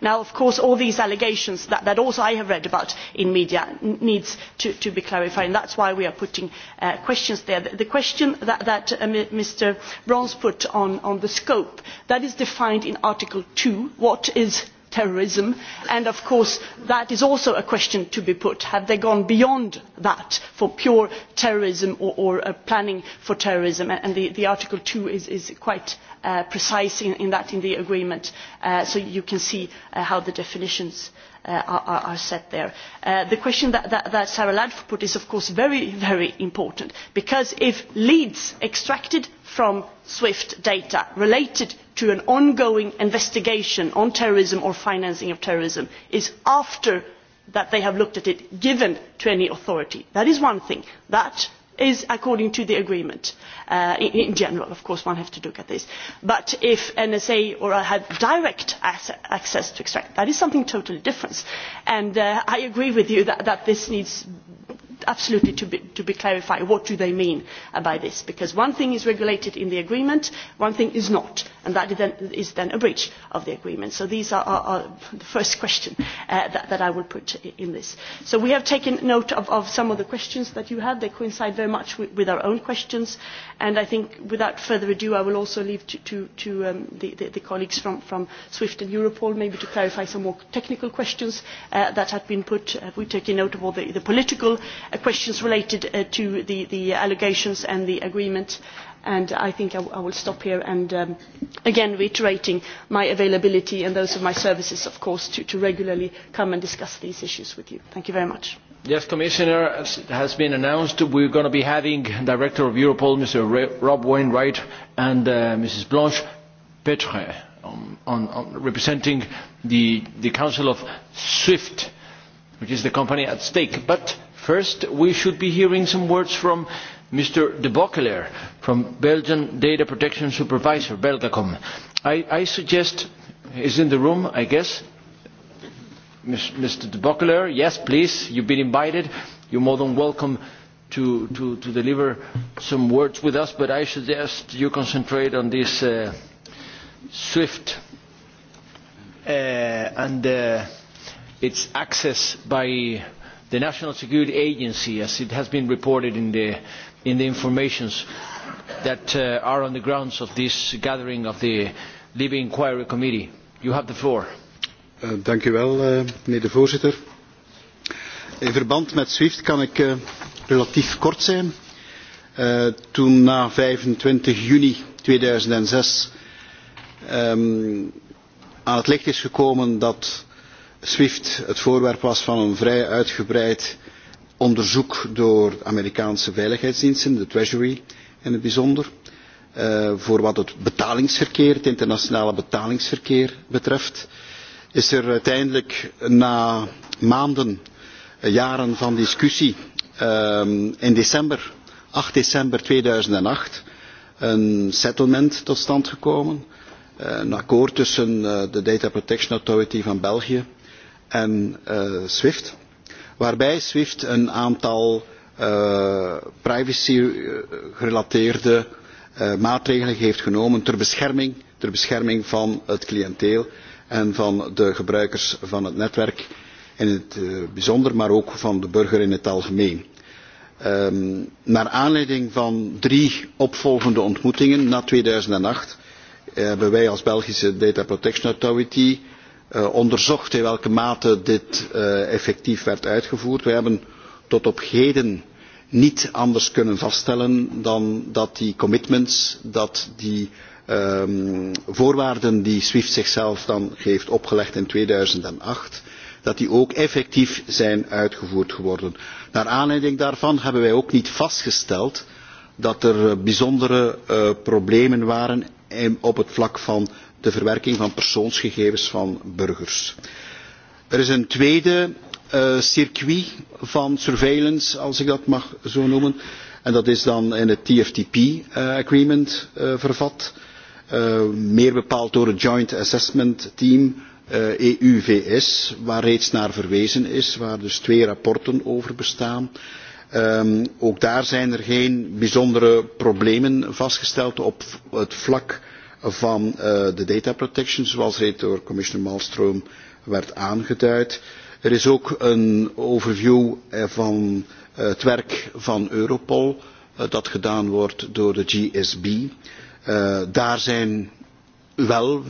now of course all these allegations that, that also i have read about in the media need to, to be clarified and that is why we are putting uh, questions there. the, the question that, that uh, mr brons put on, on the scope that is defined in article two what is terrorism and of course that is also a question to be put have they gone beyond that for pure terrorism or uh, planning for terrorism and article two is quite uh, precise in that in the agreement uh, so you can see how the definitions uh, are, are set there. Uh, the question that, that, that Sarah Ladford put is of course very, very important because if leads extracted from SWIFT data related to an ongoing investigation on terrorism or financing of terrorism is after that they have looked at it given to any authority, that is one thing. That is according to the agreement uh, in, in general of course one has to look at this but if the nsa had direct access to extract that is something totally different and uh, i agree with you that, that this needs absolutely to be, to be clarified what do they mean uh, by this because one thing is regulated in the agreement one thing is not and that is then a breach of the agreement. so these are, are, are the first questions uh, that, that i would put in this. so we have taken note of, of some of the questions that you had. they coincide very much with, with our own questions and i think without further ado i will also leave to, to, to um, the, the, the colleagues from, from swift and europol maybe to clarify some more technical questions uh, that had been put. Uh, we have taken note of all the, the political Uh, questions related uh, to the, the allegations and the agreement and i think i, I will stop here and um, again reiterating my availability and those of my services of course to, to regularly come and discuss these issues with you. thank you very much. yes commissioner as has been announced we are going to be having director of europol mr rob wainwright and uh, mrs blanche petre on, um, on, on representing the, the council of swift which is the company at stake but first we should be hearing some words from mr de bockeler from belgian data protection supervisor belgacom. i, I suggest he is in the room i guess mr de bockeler yes please you have been invited you are more than welcome to, to, to deliver some words with us but i suggest you concentrate on this uh, swift uh, and uh, its access by the National Security Agency, as it has been reported in the, in the informations that uh, are on the grounds of this gathering of the Libya Inquiry Committee. You have the floor. Uh, dank u wel, uh, meneer de voorzitter. In verband met SWIFT kan ik uh, relatief kort zijn. Uh, toen na 25 juni 2006 um, ehm, aan het licht is gekomen dat SWIFT het voorwerp was van een vrij uitgebreid onderzoek door de Amerikaanse veiligheidsdiensten, de Treasury in het bijzonder, uh, voor wat het betalingsverkeer, het internationale betalingsverkeer betreft, is er uiteindelijk na maanden, eh, jaren van discussie, uh, in december, 8 december 2008, een settlement tot stand gekomen. Een akkoord tussen de Data Protection Authority van België en uh, SWIFT, waarbij SWIFT een aantal uh, eh, privacy-gerelateerde eh, uh, maatregelen heeft genomen ter bescherming, ter bescherming van het cliënteel en van de gebruikers van het netwerk in het uh, bijzonder, maar ook van de burger in het algemeen. Um, naar aanleiding van drie opvolgende ontmoetingen na 2008 hebben wij als Belgische Data Protection Authority Eh, onderzocht in welke mate dit eh, effectief werd uitgevoerd. wij hebben tot op heden niet anders kunnen vaststellen dan dat die commitments dat die um, voorwaarden die swift zichzelf dan heeft opgelegd in tweeduizendacht dat die ook effectief zijn uitgevoerd geworden. naar aanleiding daarvan hebben wij ook niet vastgesteld dat er eh, bijzondere uh, problemen waren in, op het vlak van de verwerking van persoonsgegevens van burgers. Er is een tweede uh, circuit van surveillance, als ik dat mag zo noemen, en dat is dan in het TFTP-agreement eh, uh, eh, uh, vervat, uh, meer bepaald door het Joint Assessment Team uh, EU-VS, waar reeds naar verwezen is, waar dus twee rapporten over bestaan. Um, ook daar zijn er geen bijzondere problemen vastgesteld op het vlak van eh, de data protection zoals reeds door commissioner Malmström werd aangeduid. Er is ook een overview eh, van eh, het werk van Europol dat gedaan wordt door de GSB. Daar zijn wel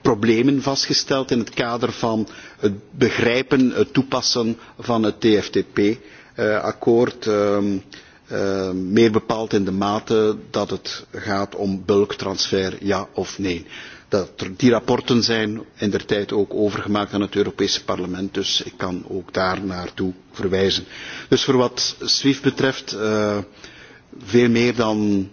problemen vastgesteld in het kader van het begrijpen, het toepassen van het TFTP-akkoord. Um, ehm, Uh, meer bepaald in de mate dat het gaat om bulktransfer, ja of nee. Dat, er die rapporten zijn in der tijd ook overgemaakt aan het Europese parlement, dus ik kan ook daar naartoe verwijzen. Dus voor wat SWIFT betreft, uh, veel meer dan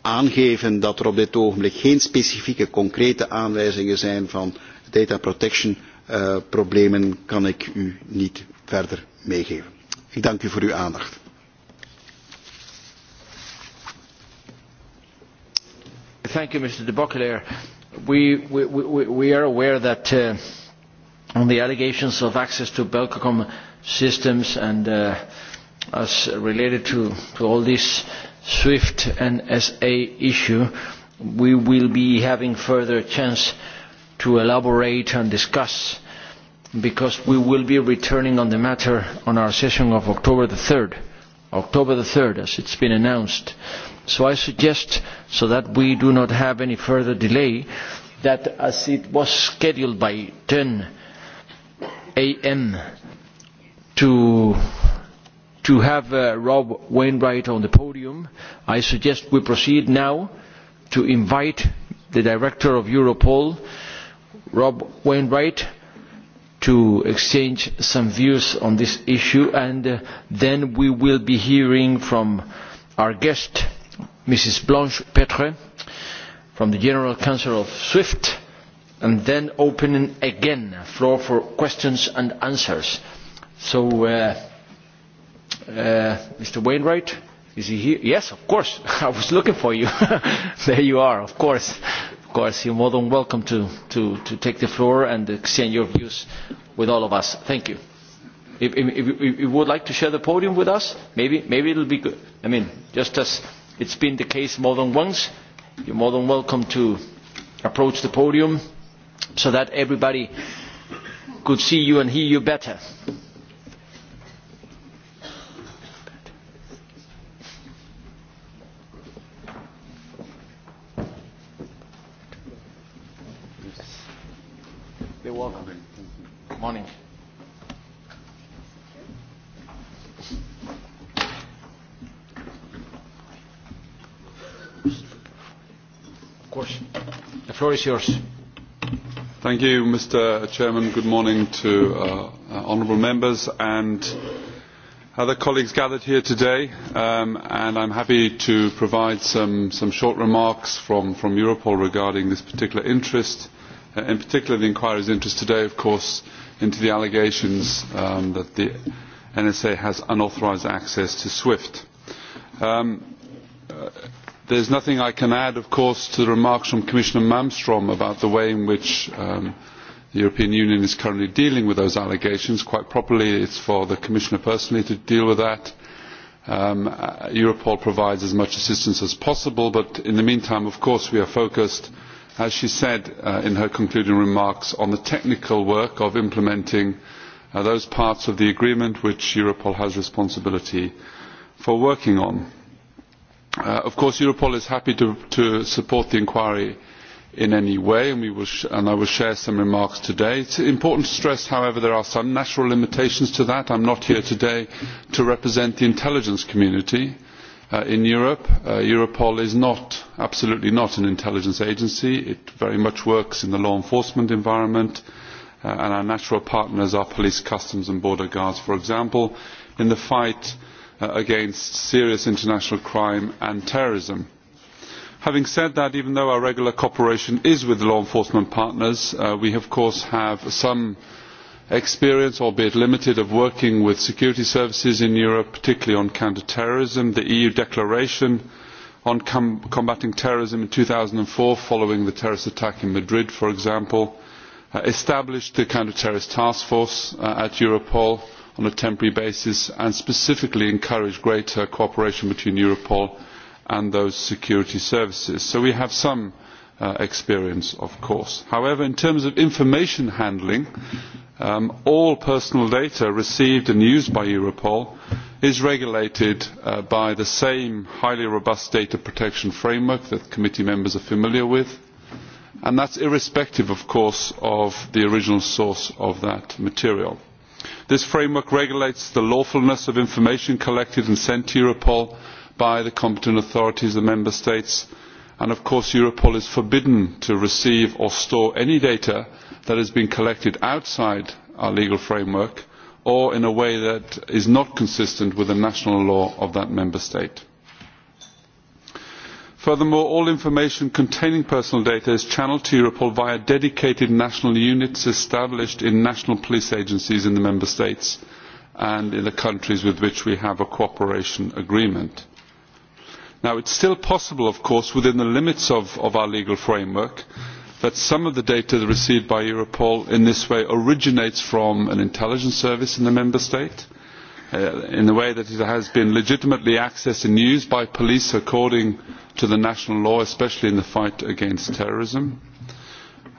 aangeven dat er op dit ogenblik geen specifieke concrete aanwijzingen zijn van data protection uh, problemen, kan ik u niet verder meegeven. Ik dank u voor uw aandacht. Thank you, Mr. de Buccleuch. We, we, we, we are aware that uh, on the allegations of access to Belcom systems and uh, as related to, to all this SWIFT NSA issue, we will be having further chance to elaborate and discuss because we will be returning on the matter on our session of October the 3rd. October the 3rd, as it's been announced. Uh, So I suggest, so that we do not have any further delay, that as it was scheduled by 10 a.m. to to have uh, Rob Wainwright on the podium, I suggest we proceed now to invite the Director of Europol, Rob Wainwright, to exchange some views on this issue, and uh, then we will be hearing from our guest, Mrs. Blanche Petre from the General Council of SWIFT, and then opening again floor for questions and answers. So, uh, uh, Mr. Wainwright, is he here? Yes, of course. I was looking for you. there you are, of course. Of course, you're more than welcome to, to, to take the floor and exchange your views with all of us. Thank you. If, if, if you would like to share the podium with us, maybe, maybe it'll be good. I mean, just as It's been the case more than once. You're more than welcome to approach the podium so that everybody could see you and hear you better. You're welcome. Good morning. course. The floor is yours. Thank you, Mr. Chairman. Good morning to uh, uh, honourable members and other colleagues gathered here today. Um, and I'm happy to provide some, some short remarks from, from Europol regarding this particular interest, uh, in particular the inquiry's interest today, of course, into the allegations um, that the NSA has unauthorised access to SWIFT. Um, uh, there is nothing i can add of course to the remarks from commissioner malmstrm about the way in which um, the european union is currently dealing with those allegations. quite properly it is for the commissioner personally to deal with that. Um, uh, europol provides as much assistance as possible but in the meantime of course we are focused as she said uh, in her concluding remarks on the technical work of implementing uh, those parts of the agreement which europol has responsibility for working on Uh, of course europol is happy to, to support the inquiry in any way and, and i will share some remarks today. it is important to stress however there are some natural limitations to that. i am not here today to represent the intelligence community uh, in europe. Uh, europol is not, absolutely not an intelligence agency. it very much works in the law enforcement environment uh, and our natural partners are police customs and border guards for example in the fight uh, against serious international crime and terrorism. Having said that, even though our regular cooperation is with law enforcement partners, uh, we of course have some experience, albeit limited, of working with security services in Europe, particularly on counter-terrorism. The EU declaration on com combating terrorism in 2004, following the terrorist attack in Madrid, for example, uh, established the counter-terrorist task force uh, at Europol, uh, on a temporary basis and specifically encourage greater cooperation between Europol and those security services. So we have some uh, experience, of course. However, in terms of information handling, um, all personal data received and used by Europol is regulated uh, by the same highly robust data protection framework that committee members are familiar with, and that's irrespective, of course, of the original source of that material this framework regulates the lawfulness of information collected and sent to europol by the competent authorities of the member states and of course europol is forbidden to receive or store any data that has been collected outside our legal framework or in a way that is not consistent with the national law of that member state furthermore all information containing personal data is channelled to europol via dedicated national units established in national police agencies in the member states and in the countries with which we have a cooperation agreement. it is still possible of course within the limits of, of our legal framework that some of the data received by europol in this way originates from an intelligence service in the member state uh, in the way that it has been legitimately accessed and used by police according to the national law, especially in the fight against terrorism,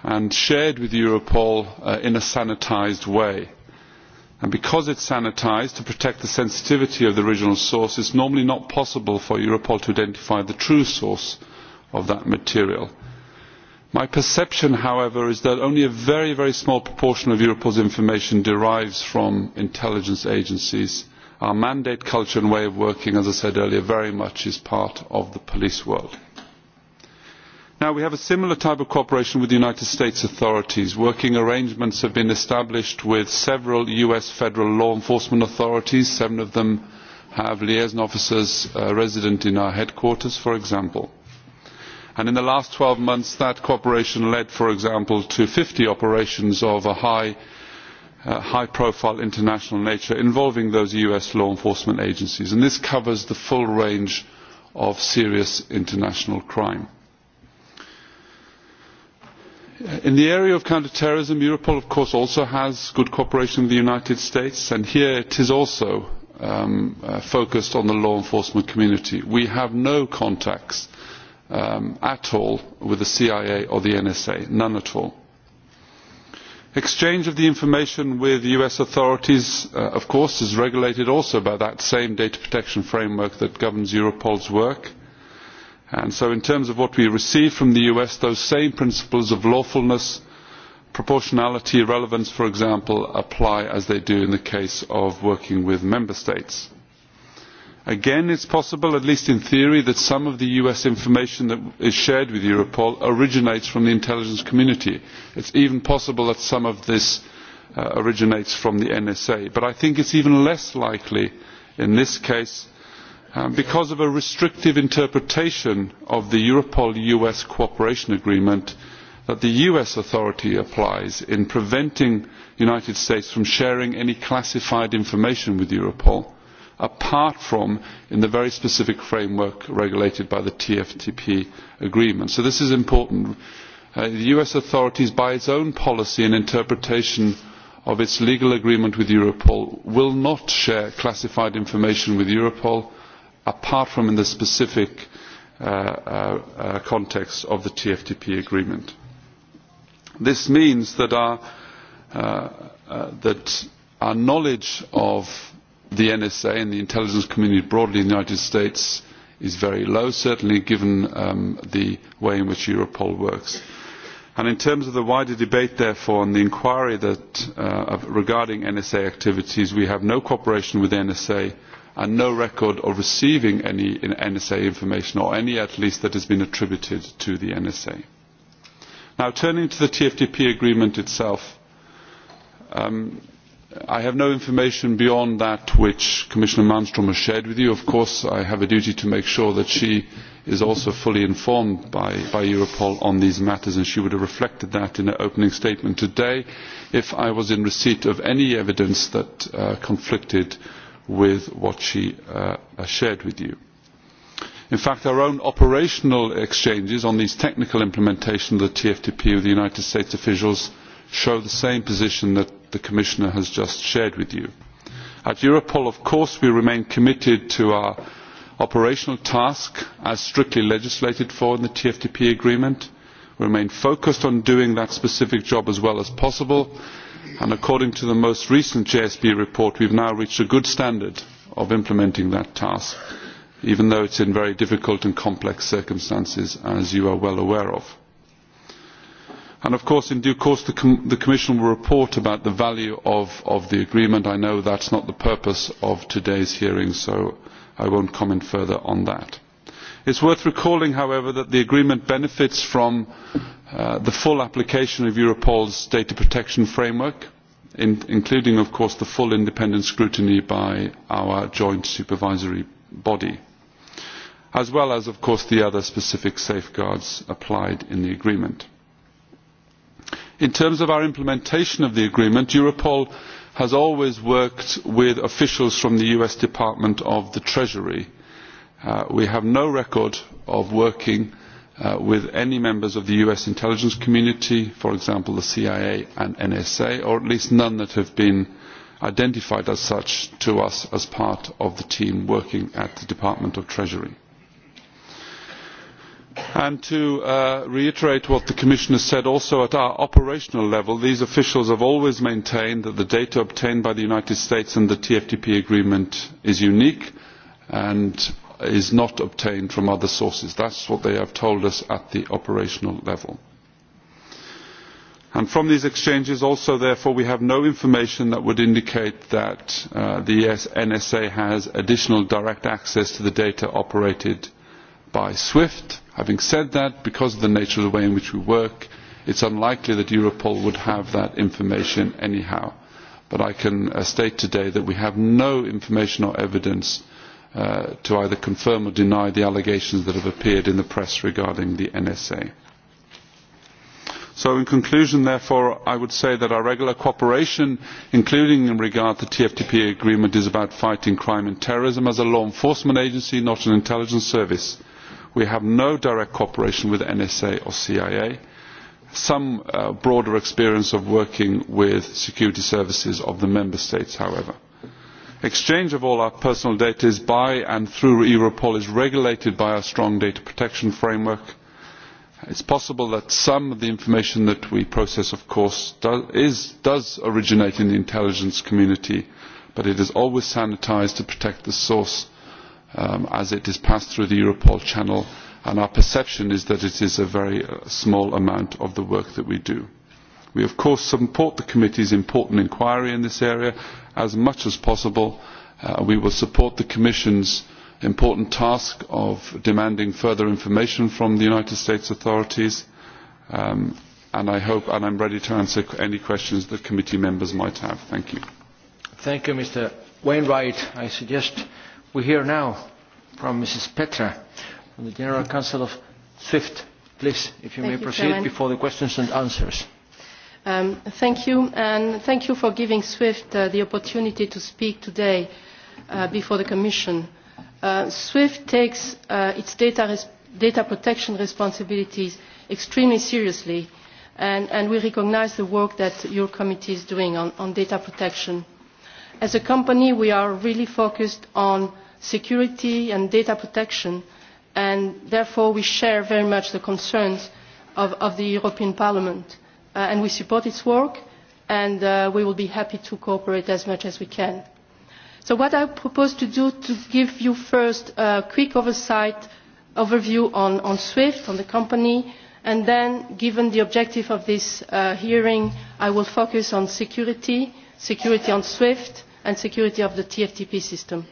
and shared with Europol uh, in a sanitized way. And because it's sanitized, to protect the sensitivity of the original source, it's normally not possible for Europol to identify the true source of that material. My perception, however, is that only a very, very small proportion of Europol's information derives from intelligence agencies our mandate culture and way of working as i said earlier very much is part of the police world. Now, we have a similar type of cooperation with the united states authorities. working arrangements have been established with several us federal law enforcement authorities seven of them have liaison officers uh, resident in our headquarters for example. And in the last twelve months that cooperation led for example to fifty operations of a high uh, high profile international nature involving those US law enforcement agencies. And this covers the full range of serious international crime. In the area of counterterrorism, Europol, of course, also has good cooperation with the United States, and here it is also um, uh, focused on the law enforcement community. We have no contacts um, at all with the CIA or the NSA, none at all exchange of the information with us authorities uh, of course is regulated also by that same data protection framework that governs europol's work and so in terms of what we receive from the us those same principles of lawfulness proportionality relevance for example apply as they do in the case of working with member states again it is possible at least in theory that some of the us information that is shared with europol originates from the intelligence community. it is even possible that some of this uh, originates from the nsa but i think it is even less likely in this case um, because of a restrictive interpretation of the europol us cooperation agreement that the us authority applies in preventing the united states from sharing any classified information with europol apart from in the very specific framework regulated by the TFTP agreement. So this is important. Uh, the US authorities, by its own policy and interpretation of its legal agreement with Europol, will not share classified information with Europol apart from in the specific uh, uh, uh context of the TFTP agreement. This means that our, uh, uh, that our knowledge of the NSA and the intelligence community broadly in the United States is very low, certainly given um, the way in which Europol works. And in terms of the wider debate, therefore, and the inquiry that, uh, of, regarding NSA activities, we have no cooperation with NSA and no record of receiving any NSA information, or any at least that has been attributed to the NSA. Now, turning to the TFTP agreement itself, um, i have no information beyond that which commissioner malmstrm has shared with you. of course i have a duty to make sure that she is also fully informed by, by europol on these matters and she would have reflected that in her opening statement today if i was in receipt of any evidence that uh, conflicted with what she uh, shared with you. In fact, our own operational exchanges on these technical implementation of the TFTP with the United States officials show the same position that the Commissioner has just shared with you. At Europol, of course, we remain committed to our operational task as strictly legislated for in the TFTP agreement. We remain focused on doing that specific job as well as possible, and according to the most recent JSB report, we've now reached a good standard of implementing that task, even though it's in very difficult and complex circumstances, as you are well aware of And of course in due course the, com the commission will report about the value of, of the agreement. i know that is not the purpose of today's hearing so i will not comment further on that. it is worth recalling however that the agreement benefits from uh, the full application of europol's data protection framework in, including of course the full independent scrutiny by our joint supervisory body as well as of course the other specific safeguards applied in the agreement in terms of our implementation of the agreement europol has always worked with officials from the us department of the treasury. Uh, we have no record of working uh, with any members of the us intelligence community for example the cia and nsa or at least none that have been identified as such to us as part of the team working at the department of treasury and to uh, reiterate what the commissioner said also at our operational level these officials have always maintained that the data obtained by the united states and the tftp agreement is unique and is not obtained from other sources. that is what they have told us at the operational level. And from these exchanges also therefore we have no information that would indicate that uh, the e nsa has additional direct access to the data operated by swift Having said that, because of the nature of the way in which we work, it's unlikely that Europol would have that information anyhow. But I can uh, state today that we have no information or evidence uh, to either confirm or deny the allegations that have appeared in the press regarding the NSA. So in conclusion, therefore, I would say that our regular cooperation, including in regard to the TFTP agreement, is about fighting crime and terrorism as a law enforcement agency, not an intelligence service We have no direct cooperation with NSA or CIA. Some uh, broader experience of working with security services of the member states, however. Exchange of all our personal data is by and through Europol is regulated by our strong data protection framework. It's possible that some of the information that we process, of course, do, is, does originate in the intelligence community, but it is always sanitized to protect the source um, as it is passed through the Europol channel, and our perception is that it is a very uh, small amount of the work that we do. We, of course, support the committee's important inquiry in this area as much as possible. Uh, we will support the Commission's important task of demanding further information from the United States authorities, um, and I hope and I'm ready to answer any questions that committee members might have. Thank you. Thank you, Mr. Wainwright. I suggest we hear now from Mrs. Petra from the General mm-hmm. Council of SWIFT. Please, if you thank may you, proceed Chairman. before the questions and answers. Um, thank you, and thank you for giving SWIFT uh, the opportunity to speak today uh, before the Commission. Uh, SWIFT takes uh, its data, res data protection responsibilities extremely seriously, and, and we recognize the work that your committee is doing on, on data protection. Uh, as a company we are really focused on security and data protection and therefore we share very much the concerns of, of the european parliament uh, and we support its work and uh, we will be happy to cooperate as much as we can. so what i propose to do is to give you first a quick oversight overview on, on swift on the company and then given the objective of this uh, hearing i will focus on security security on swift and security of the TFTP system.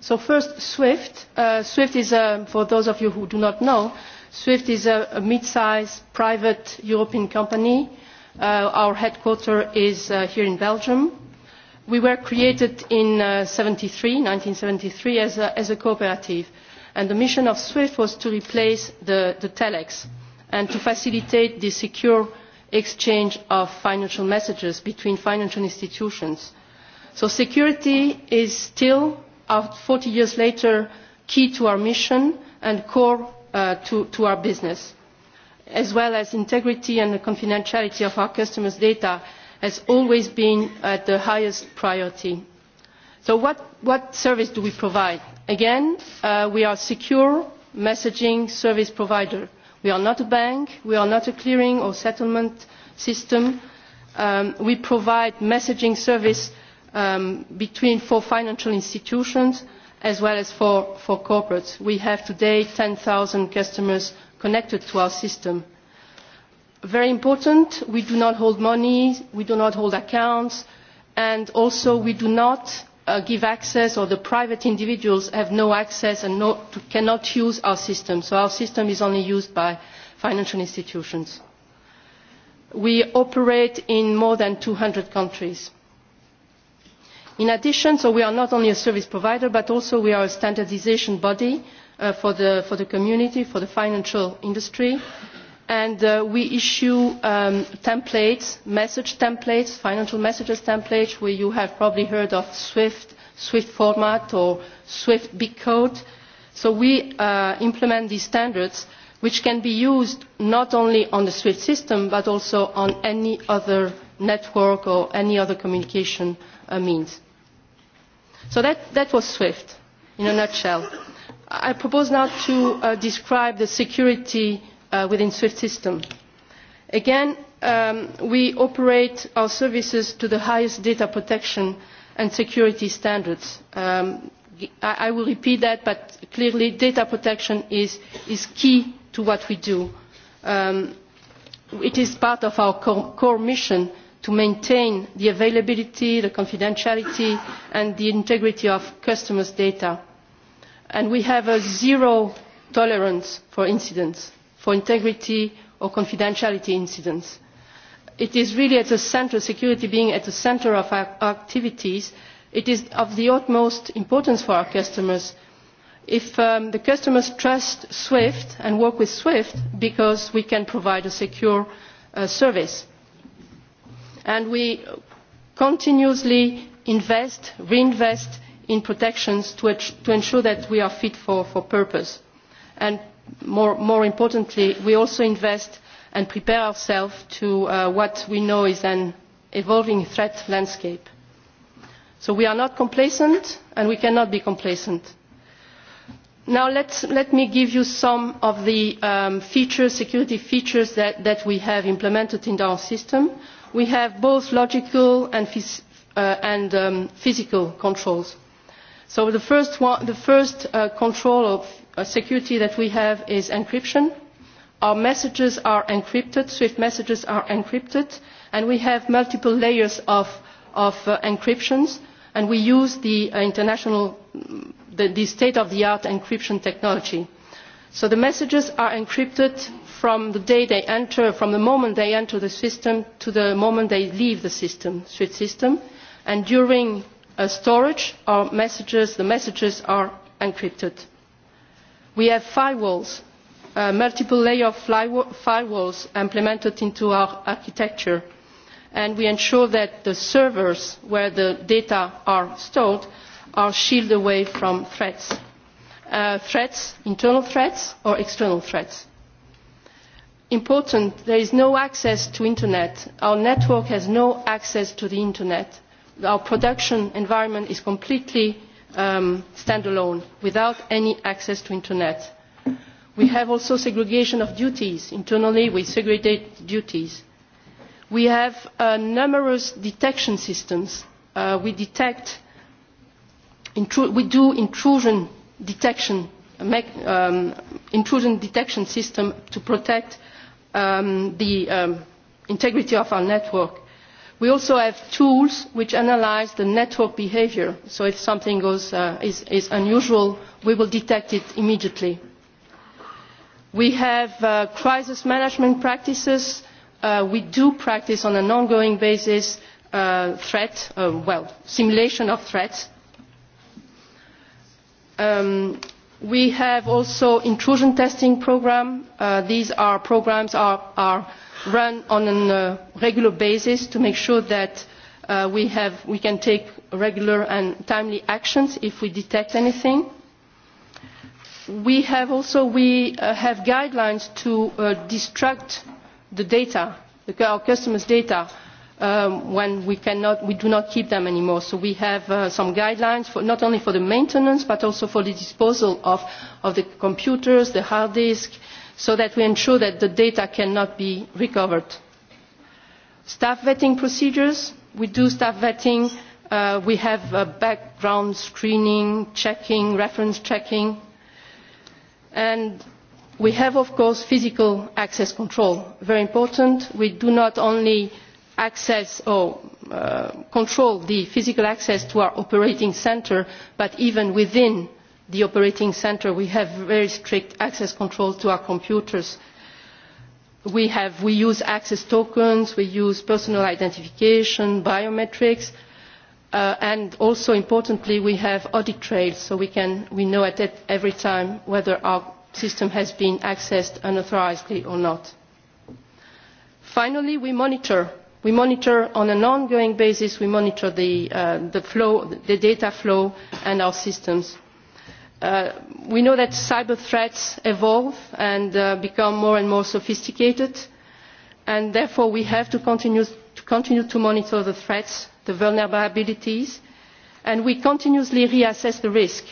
So first, SWIFT. Uh, SWIFT is, um, for those of you who do not know, SWIFT is a, a mid-sized private European company. Uh, our headquarters is uh, here in Belgium. We were created in uh, 73, 1973 as a, as a cooperative. And the mission of SWIFT was to replace the, the telex and to facilitate the secure exchange of financial messages between financial institutions so security is still uh, forty years later key to our mission and core uh, to, to our business as well as integrity and the confidentiality of our customers' data has always been at the highest priority. so what, what service do we provide? again uh, we are a secure messaging service provider. we are not a bank we are not a clearing or settlement system. Um, we provide messaging service um, between for financial institutions as well as for, for corporates. We have today 10,000 customers connected to our system. Very important, we do not hold money, we do not hold accounts, and also we do not uh, give access or the private individuals have no access and no, to, cannot use our system. So our system is only used by financial institutions. We operate in more than 200 countries in addition so we are not only a service provider but also we are a standardisation body uh, for, the, for the community for the financial industry and uh, we issue um, templates message templates financial messages templates where you have probably heard of swift swift format or swift big code so we uh, implement these standards which can be used not only on the swift system but also on any other network or any other communication uh, means so that, that was swift in a nutshell. i propose now to uh, describe the security uh, within swift system. again um, we operate our services to the highest data protection and security standards. Um, I, i will repeat that but clearly data protection is, is key to what we do. Um, it is part of our core, core mission to maintain the availability the confidentiality and the integrity of customers' data and we have a zero tolerance for incidents for integrity or confidentiality incidents. it is really at the centre security being at the centre of our activities it is of the utmost importance for our customers if um, the customers trust swift and work with swift because we can provide a secure uh, service and we continuously invest and reinvest in protection to, to ensure that we are fit for, for purpose and more, more importantly we also invest and prepare ourselves for uh, what we know is an evolving threat landscape. so we are not complacent and we cannot be complacent. now let me give you some of the um, features, security features that, that we have implemented in our system we have both logical and, phys uh, and um, physical controls. So the first, one, the first uh, control of uh, security that we have is encryption. Our messages are encrypted, SWIFT messages are encrypted, and we have multiple layers of, of uh, encryptions, and we use the uh, international, the, the state-of-the-art encryption technology. So the messages are encrypted from the day they enter from the moment they enter the system to the moment they leave the system SWIFT system and during uh, storage our messages the messages are encrypted we have firewalls uh, multiple layer firewalls implemented into our architecture and we ensure that the servers where the data are stored are shielded away from threats uh, threats internal threats or external threats important there is no access to the internet our network has no access to the internet our production environment is completely um, stand alone without any access to the internet. we have also segregation of duties internally we segregate duties. we have uh, numerous detection systems uh, we detect we do intrusion detection uh, um, intrusion detection system to protect um, the um, integrity of our network. We also have tools which analyse the network behaviour, so if something goes, uh, is, is unusual, we will detect it immediately. We have uh, crisis management practices. Uh, we do practice on an ongoing basis uh, threat, uh, well, simulation of threats. Um, we have also an intrusion testing programme. Uh, these are programmes are, are run on a uh, regular basis to make sure that uh, we, have, we can take regular and timely actions if we detect anything. we have also we, uh, have guidelines to uh, destruct the data our customers' data um, when we, cannot, we do not keep them anymore. So we have uh, some guidelines for, not only for the maintenance but also for the disposal of, of the computers, the hard disk, so that we ensure that the data cannot be recovered. Staff vetting procedures. We do staff vetting. Uh, we have uh, background screening, checking, reference checking. And we have, of course, physical access control. Very important. We do not only uh, access or uh, control the physical access to our operating centre but even within the operating centre we have very strict access control to our computers. We, have, we use access tokens we use personal identification biometrics uh, and also importantly we have audit trails so we, can, we know at every time whether our system has been accessed unauthorisedly or not. finally we monitor we monitor on an ongoing basis the, uh, the, flow, the data flow and our systems. Uh, we know that cyber threats evolve and uh, become more and more sophisticated and therefore we have to continue to, continue to monitor the threats the vulnerabilities and we continuously reassess the risk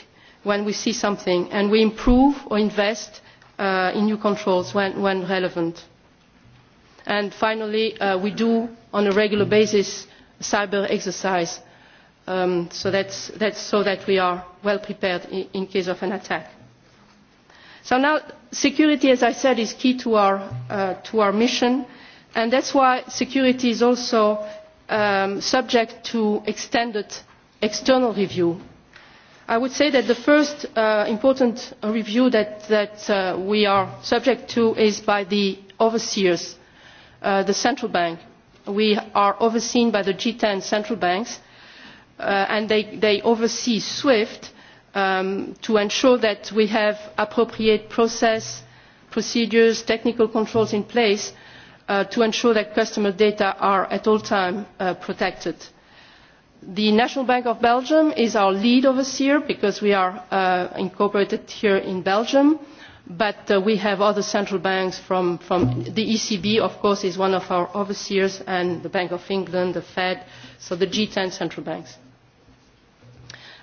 when we see something and we improve or invest uh, in new controls when, when relevant and finally uh, we do on a regular basis cyber exercise um, so, that's, that's so that we are well prepared in, in case of an attack. So now security, as I said, is key to our, uh, to our mission and that's why security is also um, subject to extended external review. I would say that the first uh, important review that, that uh, we are subject to is by the overseers uh, the central bank. We are overseen by the G10 central banks, uh, and they, they oversee SWIFT um, to ensure that we have appropriate process, procedures, technical controls in place uh, to ensure that customer data are at all times uh, protected. The National Bank of Belgium is our lead overseer because we are uh, incorporated here in Belgium. Uh, but uh, we have other central banks from, from the ECB, of course, is one of our overseers, and the Bank of England, the Fed, so the G10 central banks.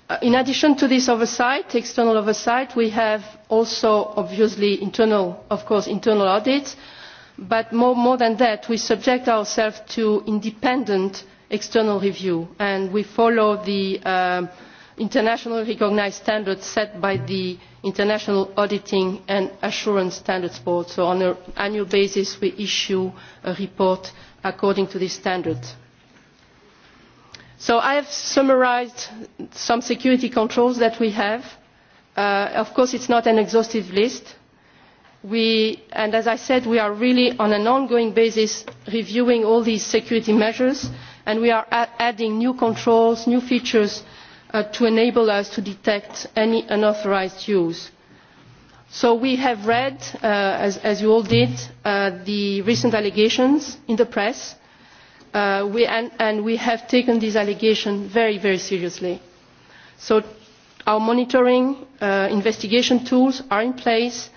Uh, in addition to this oversight, external oversight, we have also, obviously, internal, of course, internal audits, but more, more than that, we subject ourselves to independent external review, and we follow the um, uh, internationally recognised standards set by the international auditing and assurance standards board so on an annual basis we issue a report according to these standards. so i have summarised some security controls that we have. Uh, of course it is not an exhaustive list we, and as i said we are really on an ongoing basis reviewing all these security measures and we are adding new controls new features uh, to enable us to detect any unauthorised use. So we have read, uh, as, as you all did, uh, the recent allegations in the press, uh, we, and, and we have taken these allegations very, very seriously. So our monitoring uh, investigation tools are in place,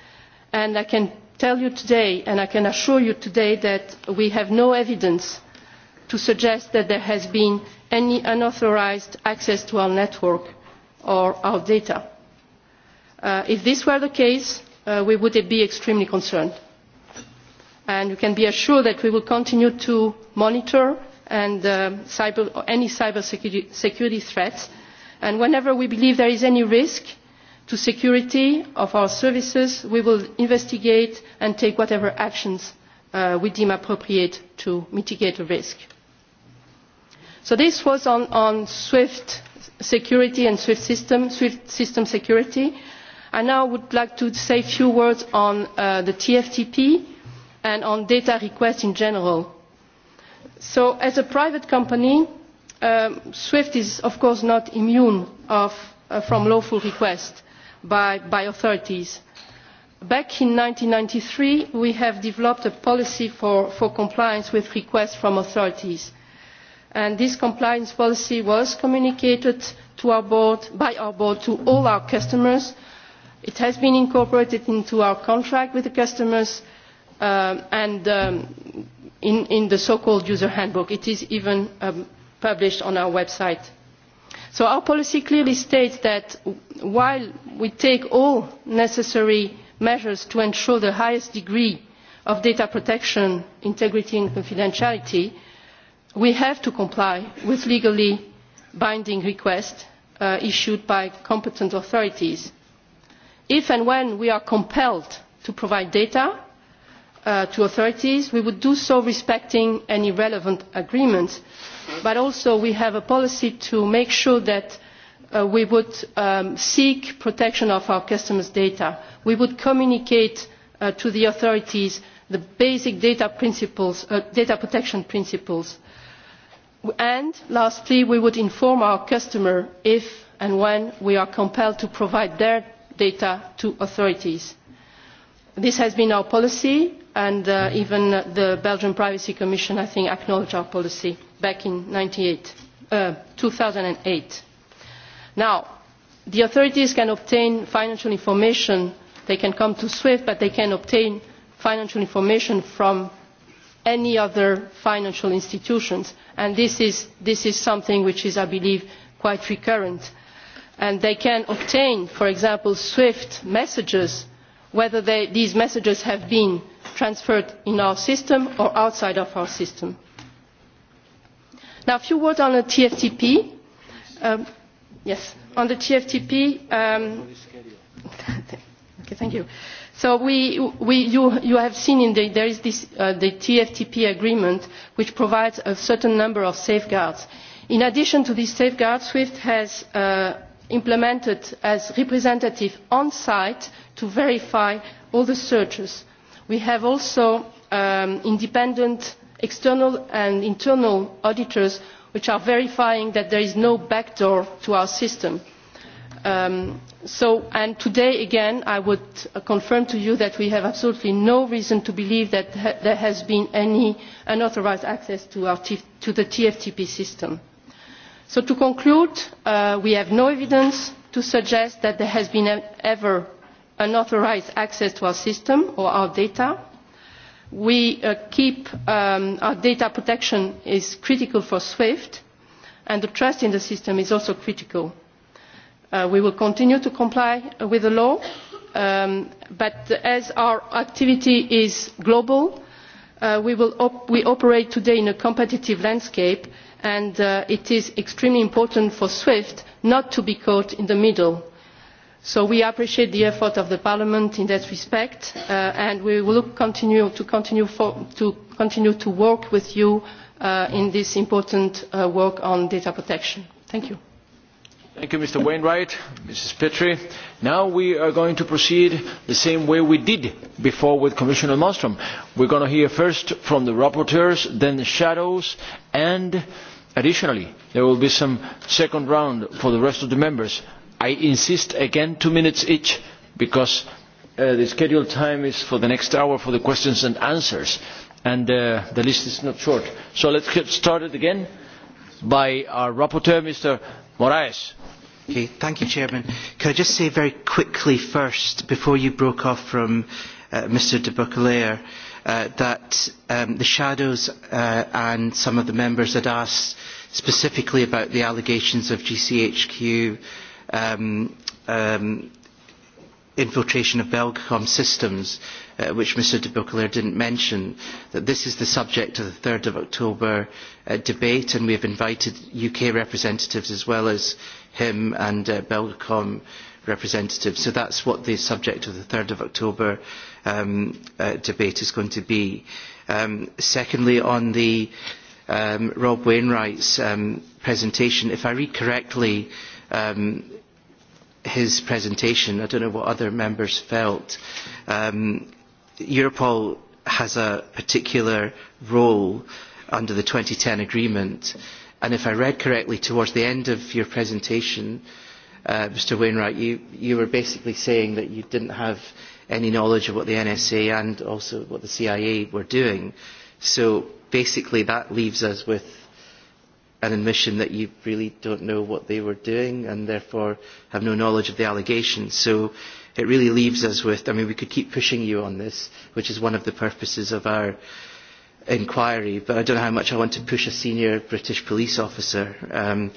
and I can tell you today, and I can assure you today, that we have no evidence to suggest that there has been any unauthorised access to our network or our data. Uh, if this were the case uh, we would be extremely concerned and you can be assured that we will continue to monitor and, uh, cyber, any cyber security, security threats and whenever we believe there is any risk to security of our services we will investigate and take whatever actions uh, we deem appropriate to mitigate the risk so this was on, on swift security and swift system, swift system security. i now would like to say a few words on uh, the tftp and on data requests in general. so as a private company um, swift is of course not immune of, uh, from lawful requests by, by authorities. back in one thousand nine hundred and ninety three we developed a policy for, for compliance with requests from authorities and this compliance policy was communicated to our board, by our board to all our customers. It has been incorporated into our contract with the customers um, and um, in, in the so-called user handbook. It is even um, published on our website. So our policy clearly states that while we take all necessary measures to ensure the highest degree of data protection, integrity and confidentiality, uh, we have to comply with legally binding requests uh, issued by competent authorities. if and when we are compelled to provide data uh, to authorities we would do so respecting any relevant agreements but also we have a policy to make sure that uh, we would um, seek protection of our customers' data. we would communicate uh, to the authorities the basic data, uh, data protection principles and lastly we would inform our customer if and when we are compelled to provide their data to authorities. this has been our policy and uh, even the belgian privacy commission i think acknowledged our policy back in uh, two thousand and eight now the authorities can obtain financial information they can come to swift but they can obtain financial information from any other financial institutions and this is, this is something which is i believe quite recurrent and they can obtain for example swift messages whether they, these messages have been transferred in our system or outside of our system. now a few words on the tftp. Um, yes on the tftp um, okay, thank you so we, we, you, you have seen the, there is this, uh, the tftp agreement which provides a certain number of safeguards. in addition to these safeguards swift has uh, implemented as representatives on site to verify all the searches. we have also um, independent external and internal auditors which are verifying that there is no back door to our system Um, so, and today again i would confirm to you that we have absolutely no reason to believe that ha there has been any unauthorised access to, to the tftp system. so to conclude uh, we have no evidence to suggest that there has been e, ever unauthorised access to our system or our data. we uh, keep um, our data protection is critical for swift and the trust in the system is also critical Uh, we will continue to comply with the law um, but as our activity is global uh, we, op we operate today in a competitive landscape and uh, it is extremely important for swift not to be caught in the middle. so we appreciate the effort of parliament in that respect uh, and we will continue to, continue for, to continue to work with you uh, in this important uh, work on data protection. thank you. Thank you, Mr. Wainwright, Mrs. Petrie. Now we are going to proceed the same way we did before with Commissioner Malmström. We're going to hear first from the rapporteurs, then the shadows, and additionally, there will be some second round for the rest of the members. I insist again, two minutes each, because uh, the scheduled time is for the next hour for the questions and answers, and uh, the list is not short. So let's get started again by our rapporteur, Mr. Moraes. Okay, thank you, Chairman. Can I just say very quickly first, before you broke off from uh, Mr de Buccleuer, uh, that um, the shadows uh, and some of the members had asked specifically about the allegations of GCHQ um, um, infiltration of Belgacom systems uh, which Mr de Beauclair didn't mention, that this is the subject of the 3rd of October uh, debate and we have invited UK representatives as well as him and uh, Belcom representatives. So that's what the subject of the 3rd of October um, uh, debate is going to be. Um, secondly, on the um, Rob Wainwright's um, presentation, if I read correctly, um, his presentation, I don't know what other members felt, um, Europol has a particular role under the 2010 agreement. And if I read correctly, towards the end of your presentation, uh, Mr. Wainwright, you, you were basically saying that you didn't have any knowledge of what the NSA and also what the CIA were doing. So basically, that leaves us with an admission that you really don't know what they were doing and therefore have no knowledge of the allegations. So it really leaves us with, I mean, we could keep pushing you on this, which is one of the purposes of our inquiry, but I don't know how much I want to push a senior British police officer. Um,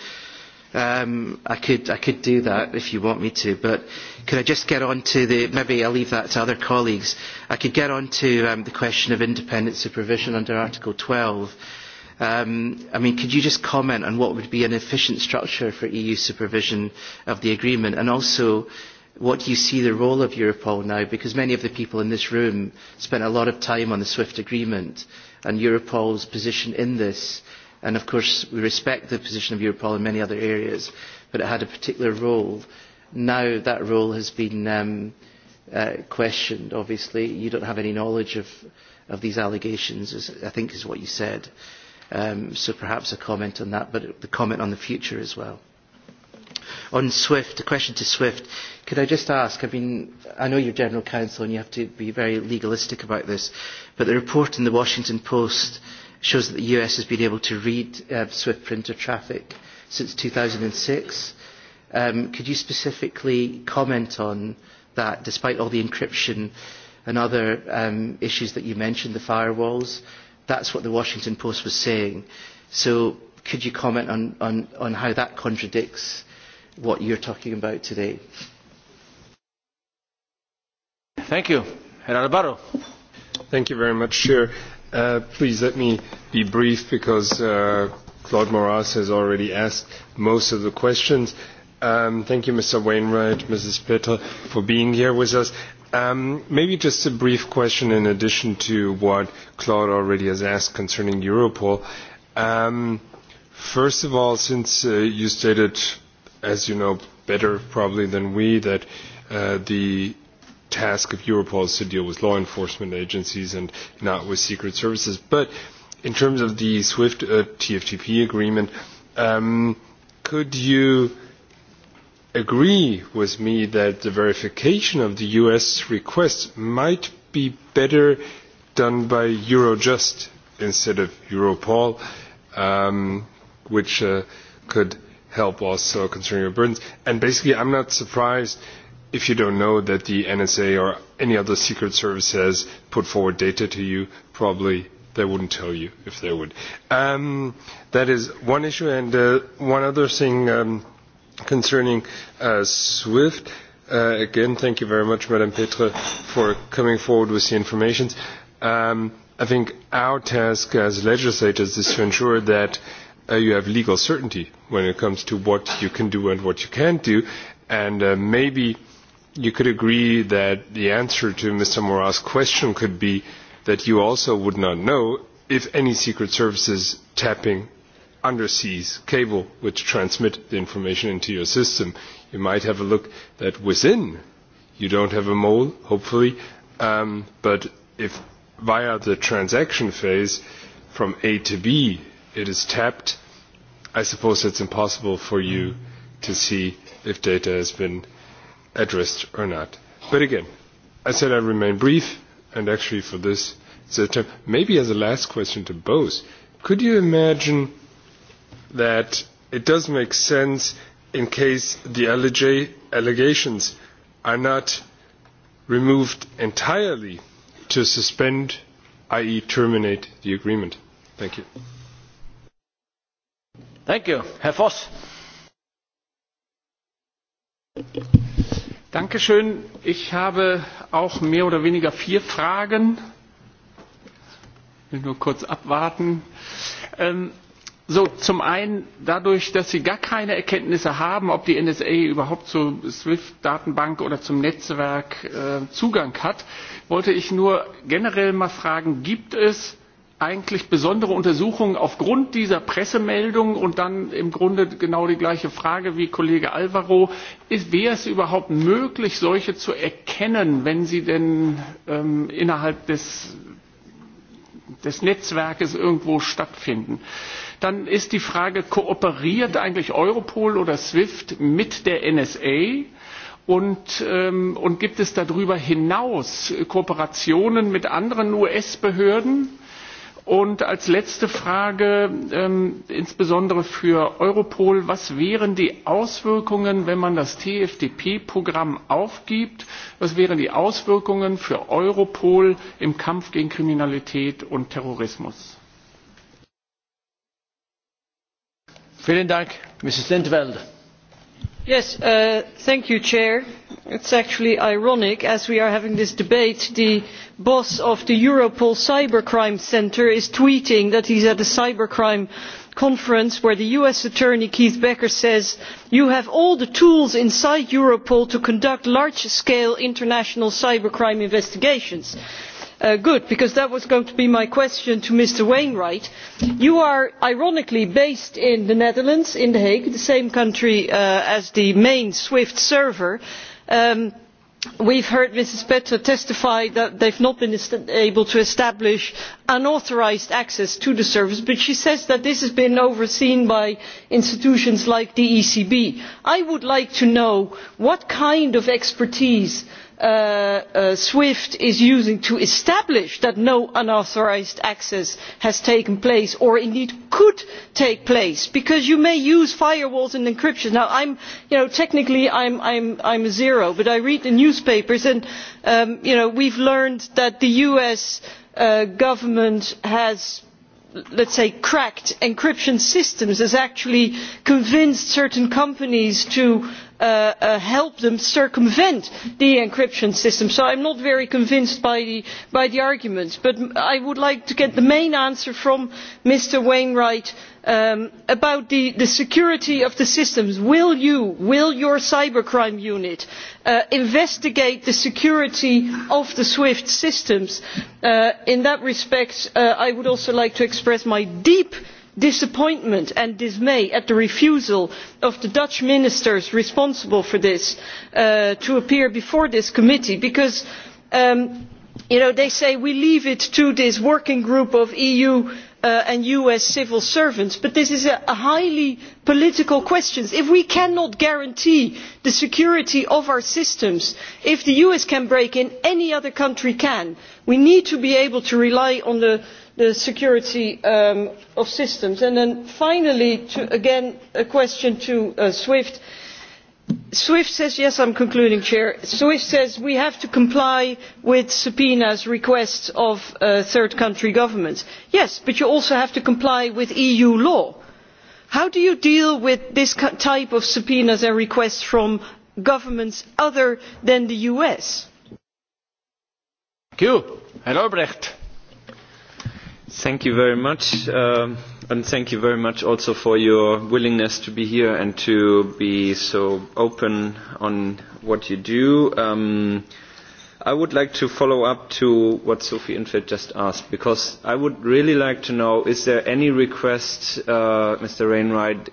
um, I could I could do that if you want me to, but could I just get on to the maybe I'll leave that to other colleagues. I could get on to um, the question of independent supervision under Article 12. Um, I mean, could you just comment on what would be an efficient structure for EU supervision of the agreement, and also what do you see the role of Europol now? Because many of the people in this room spent a lot of time on the SWIFT agreement and Europol's position in this. And of course, we respect the position of Europol in many other areas, but it had a particular role. Now that role has been um, uh, questioned, obviously. You don't have any knowledge of, of these allegations, is, I think is what you said. Um, so perhaps a comment on that, but the comment on the future as well on SWIFT, a question to SWIFT. Could I just ask, I mean, I know you're General Counsel and you have to be very legalistic about this, but the report in the Washington Post shows that the US has been able to read uh, SWIFT printer traffic since 2006. Um, could you specifically comment on that, despite all the encryption and other um, issues that you mentioned, the firewalls? That's what the Washington Post was saying. So could you comment on, on, on how that contradicts what you're talking about today. Thank you. Herr Alvaro. Thank you very much, Chair. Uh, please let me be brief because uh, Claude Moras has already asked most of the questions. Um, thank you, Mr. Wainwright, Mrs. Petter, for being here with us. Um, maybe just a brief question in addition to what Claude already has asked concerning Europol. Um, first of all, since uh, you stated as you know better probably than we, that uh, the task of Europol is to deal with law enforcement agencies and not with secret services. But in terms of the SWIFT uh, TFTP agreement, um, could you agree with me that the verification of the U.S. request might be better done by Eurojust instead of Europol, um, which uh, could help laws uh, concerning your burdens. And basically, I'm not surprised if you don't know that the NSA or any other secret service has put forward data to you, probably they wouldn't tell you if they would. Um, that is one issue. And uh, one other thing um, concerning uh, SWIFT. Uh, again, thank you very much, Madame Petre, for coming forward with the information. Um, I think our task as legislators is to ensure that uh, uh, you have legal certainty when it comes to what you can do and what you can't do. And uh, maybe you could agree that the answer to Mr. Morat's question could be that you also would not know if any Secret Services tapping underseas cable which transmit the information into your system. You might have a look that within you don't have a mole, hopefully, um, but if via the transaction phase from A to B it is tapped, I suppose it's impossible for you to see if data has been addressed or not. But again, I said I'd remain brief, and actually for this, term, maybe as a last question to both, could you imagine that it does make sense in case the LJ allegations are not removed entirely to suspend, i.e. terminate the agreement? Thank you herr voss! ich habe auch mehr oder weniger vier fragen. ich will nur kurz abwarten. Ähm, zum einen dadurch dass sie gar keine erkenntnisse haben ob die nsa überhaupt zur swift datenbank oder zum netzwerk äh, zugang hat wollte ich nur generell mal fragen gibt es eigentlich besondere untersuchungen aufgrund dieser pressemeldung und dann im grunde genau die gleiche frage wie kollege alvaro wäre es überhaupt möglich solche zu erkennen wenn sie denn ähm, innerhalb des, des netzwerkes irgendwo stattfinden? dann ist die frage kooperiert eigentlich europol oder swift mit der nsa? Und, ähm, und gibt es darüber hinaus kooperationen mit anderen us behörden? Und als letzte Frage, ähm, insbesondere für Europol, was wären die Auswirkungen, wenn man das TFDP-Programm aufgibt? Was wären die Auswirkungen für Europol im Kampf gegen Kriminalität und Terrorismus? Vielen Dank, Mrs. Lindwald. Yes, uh, thank you, Chair. It's actually ironic, as we are having this debate, the boss of the Europol Cybercrime Center is tweeting that he's at a cybercrime conference where the us attorney keith becker says you have all the tools inside europol to conduct large scale international cybercrime investigations'. Uh, good because that was going to be my question to mr wainwright. you are ironically based in the netherlands in the hague the same country uh, as the main swift server. Um, we have heard ms petre testify that they have not been able to establish unauthorised access to the service but she says that this has been overseen by institutions like the ecb. i would like to know what kind of expertise Uh, uh, swift is using to establish that no unauthorised access has taken place or indeed could take place because you may use firewalls and encryption. now you know, technically i am a zero but i read the newspapers and um, you know, we have learned that the us uh, government has let us say cracked encryption systems has actually convinced certain companies to Uh, uh, help them circumvent the encryption system so i am not very convinced by the, by the arguments but i would like to get the main answer from mr wainwright um, about the, the security of the systems will you will your cybercrime unit uh, investigate the security of the swift systems? Uh, in that respect uh, i would also like to express my deep concern disappointment and dismay at the refusal of the dutch ministers responsible for this uh, to appear before this committee because um, you know, they say we leave it to this working group of eu uh, and us civil servants but this is a, a highly political question. if we cannot guarantee the security of our systems if the us can break in any other country can we need to be able to rely on the the security um, of systems. And then finally to, again a question to uh, swift swift says yes i am concluding chair swift says we have to comply with subpoenas requests of uh, third country governments. yes but you also have to comply with eu law. how do you deal with this type of subpoenas and requests from governments other than the us? Thank you. Hello, Brecht Thank you very much, um, and thank you very much also for your willingness to be here and to be so open on what you do. Um, I would like to follow up to what Sophie Infeld just asked, because I would really like to know, is there any request, uh, Mr. Rainwright,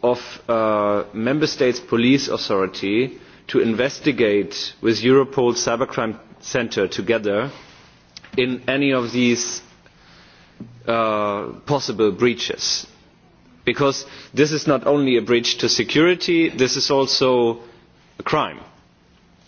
of uh, Member States Police Authority to investigate with Europol Cybercrime Center together in any of these uh, possible breaches. Because this is not only a breach to security, this is also a crime.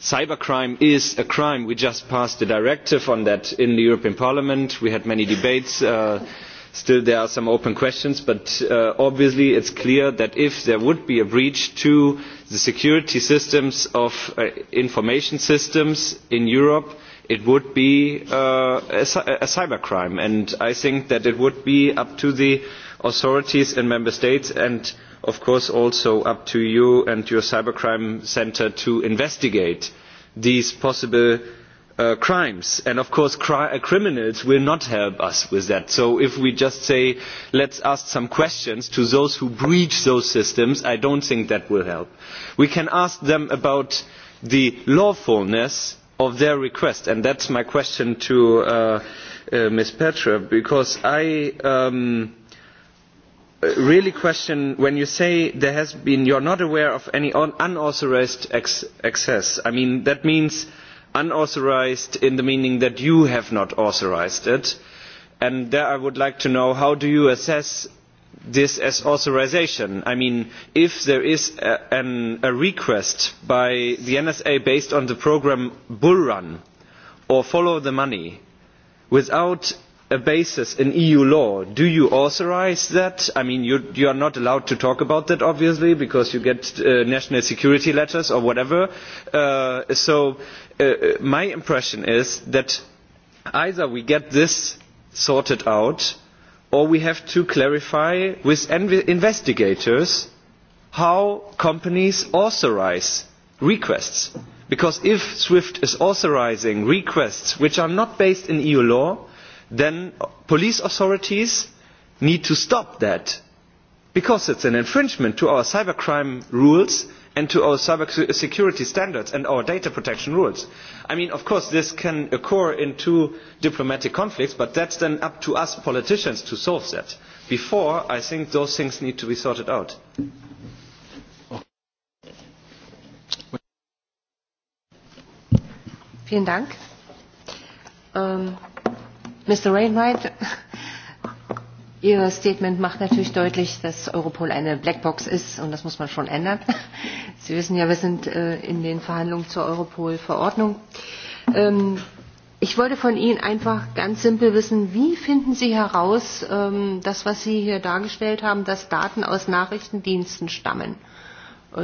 Cybercrime is a crime. We just passed a directive on that in the European Parliament. We had many debates. Uh, still there are some open questions, but uh, obviously it's clear that if there would be a breach to the security systems of uh, information systems in Europe, uh, it would be uh, a, a cybercrime. And I think that it would be up to the authorities in member states and of course also up to you and your cybercrime centre to investigate these possible uh, crimes and of course cri uh, criminals will not help us with that so if we just say let's ask some questions to those who breach those systems i don't think that will help we can ask them about the lawfulness of their request and that is my question to uh, uh, ms petre because i um, really question when you say there has been you are not aware of any unauthorised ex access i mean that means unauthorised in the meaning that you have not authorised it and there i would like to know how do you assess this as authorization. I mean, if there is a, an, a request by the NSA based on the program Bull Run or Follow the Money without a basis in EU law, do you authorize that? I mean, you, you are not allowed to talk about that, obviously, because you get uh, national security letters or whatever. Uh, so uh, my impression is that either we get this sorted out, uh, or we have to clarify with investigators how companies authorize requests. Because if SWIFT is authorizing requests which are not based in EU law, then police authorities need to stop that. Because it's an infringement to our cybercrime rules, and to our cybersecurity standards and our data protection rules. I mean, of course, this can occur in two diplomatic conflicts, but that's then up to us politicians to solve that. Before, I think those things need to be sorted out. Vielen Dank. Um, ähm, Mr. Wainwright. Ihr Statement macht natürlich deutlich, dass Europol eine Blackbox ist und das muss man schon ändern. Sie wissen ja, wir sind äh, in den Verhandlungen zur Europol-Verordnung. Ähm, ich wollte von Ihnen einfach ganz simpel wissen, wie finden Sie heraus, ähm, das, was Sie hier dargestellt haben, dass Daten aus Nachrichtendiensten stammen?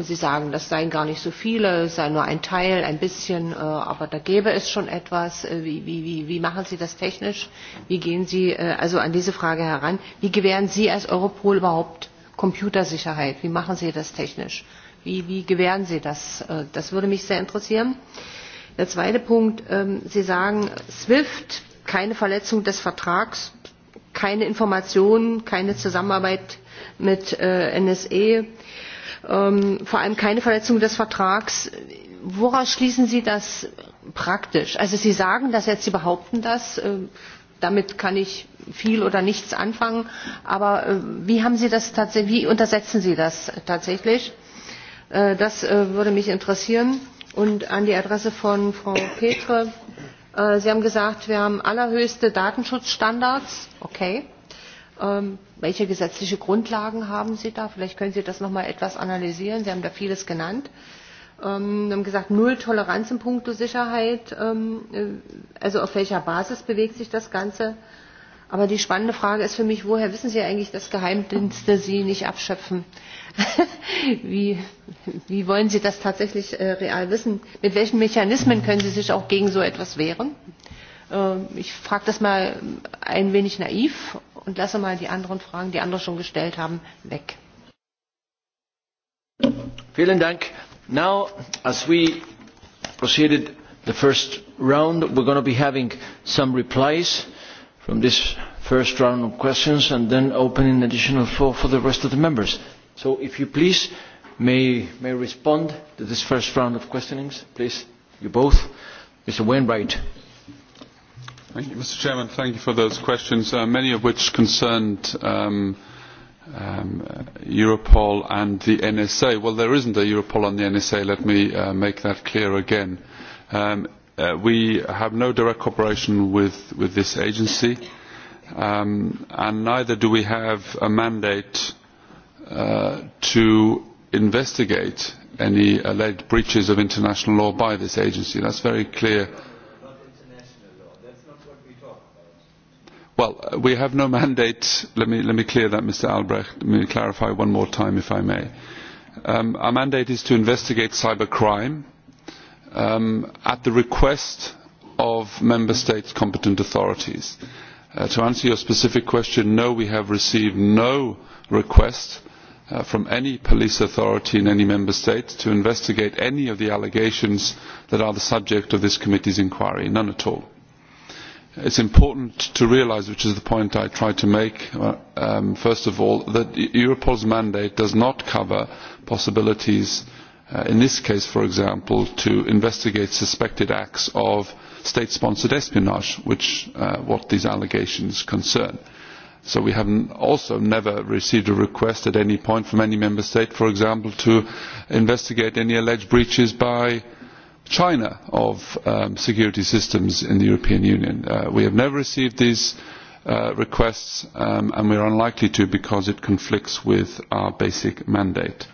Sie sagen, das seien gar nicht so viele, es sei nur ein Teil, ein bisschen, äh, aber da gäbe es schon etwas. Äh, wie, wie, wie, wie machen Sie das technisch? Wie gehen Sie äh, also an diese Frage heran? Wie gewähren Sie als Europol überhaupt Computersicherheit? Wie machen Sie das technisch? Wie, wie gewähren Sie das? Das würde mich sehr interessieren. Der zweite Punkt, ähm, Sie sagen, SWIFT, keine Verletzung des Vertrags, keine Informationen, keine Zusammenarbeit mit NSE ähm, vor allem keine Verletzung des Vertrags. Woraus schließen Sie das praktisch? Also Sie sagen das jetzt, Sie behaupten das. Äh, damit kann ich viel oder nichts anfangen. Aber äh, wie haben Sie das tatsächlich, wie untersetzen Sie das tatsächlich? Äh, das äh, würde mich interessieren. Und an die Adresse von Frau Petre. Äh, Sie haben gesagt, wir haben allerhöchste Datenschutzstandards. Okay. Ähm, Welche gesetzliche Grundlagen haben Sie da? Vielleicht können Sie das noch mal etwas analysieren. Sie haben da vieles genannt. Ähm, haben gesagt, null Toleranz in puncto Sicherheit. Ähm, äh, also auf welcher Basis bewegt sich das Ganze? Aber die spannende Frage ist für mich, woher wissen Sie eigentlich, dass Geheimdienste Sie nicht abschöpfen? wie, wie wollen Sie das tatsächlich äh, real wissen? Mit welchen Mechanismen können Sie sich auch gegen so etwas wehren? Äh, ich frage das mal ein wenig naiv und lasse mal die anderen Fragen, die andere schon gestellt haben, weg. Vielen Dank. Now, as we proceeded the first round, we're going to be having some replies from this first round of questions and then opening additional floor for the rest of the members. So if you please may, may respond to this first round of questionings, please, you both. Mr. Wainwright. Thank you, Mr. Chairman. Thank you for those questions, uh, many of which concerned um, um, Europol and the NSA. Well, there isn't a Europol and the NSA. Let me uh, make that clear again. Um, uh, we have no direct cooperation with, with this agency, um, and neither do we have a mandate uh, to investigate any alleged breaches of international law by this agency. That's very clear Well, uh, we have no mandate. Let me, let me clear that, Mr. Albrecht. Let me clarify one more time, if I may. Um, our mandate is to investigate cybercrime um, at the request of member states' competent authorities. Uh, to answer your specific question, no, we have received no request uh, from any police authority in any member state to investigate any of the allegations that are the subject of this committee's inquiry. None at all. It's important to realise, which is the point I tried to make, uh, um, first of all, that e-, Europol's mandate does not cover possibilities, uh, in this case, for example, to investigate suspected acts of state-sponsored espionage, which uh, what these allegations concern. So we have also never received a request at any point from any member state, for example, to investigate any alleged breaches by uh, China of um, security systems in the European Union. Uh, we have never received these uh, requests um, and we are unlikely to because it conflicts with our basic mandate.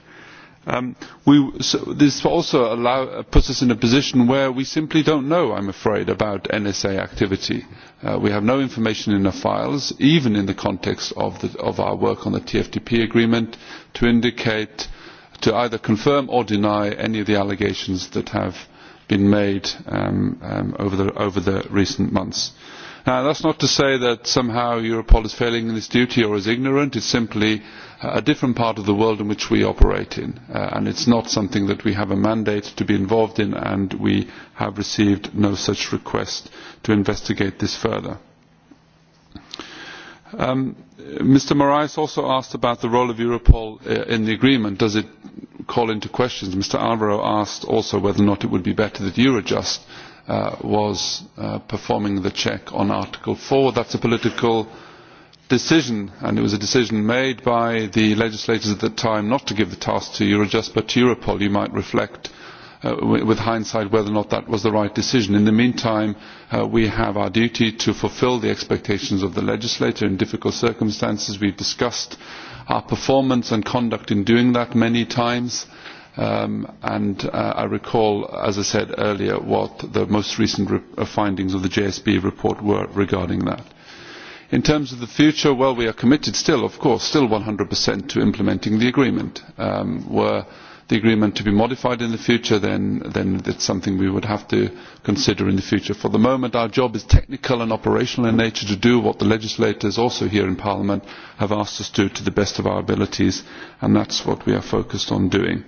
Um, we, so this also allow, uh, puts us in a position where we simply don't know, I'm afraid, about NSA activity. Uh, we have no information in the files, even in the context of, the, of our work on the TFTP agreement, to indicate, to either confirm or deny any of the allegations that have been made um, um, over, the, over the recent months. Now, that's not to say that somehow Europol is failing in its duty or is ignorant. It's simply a different part of the world in which we operate in. Uh, and it's not something that we have a mandate to be involved in, and we have received no such request to investigate this further. Um, Mr. Moraes also asked about the role of Europol uh, in the agreement. Does it call into question? Mr. Alvaro asked also whether or not it would be better that Eurojust uh, was uh, performing the check on Article 4. That's a political decision, and it was a decision made by the legislators at the time not to give the task to Eurojust but to Europol. You might reflect uh, uh, with hindsight whether or not that was the right decision. In the meantime, uh, we have our duty to fulfil the expectations of the legislator in difficult circumstances. We've discussed our performance and conduct in doing that many times. Um, and uh, I recall, as I said earlier, what the most recent re uh, findings of the JSB report were regarding that. In terms of the future, well, we are committed still, of course, still 100% to implementing the agreement. Um, we're the agreement to be modified in the future, then, then it's something we would have to consider in the future. For the moment, our job is technical and operational in nature to do what the legislators also here in Parliament have asked us to do to the best of our abilities, and that's what we are focused on doing.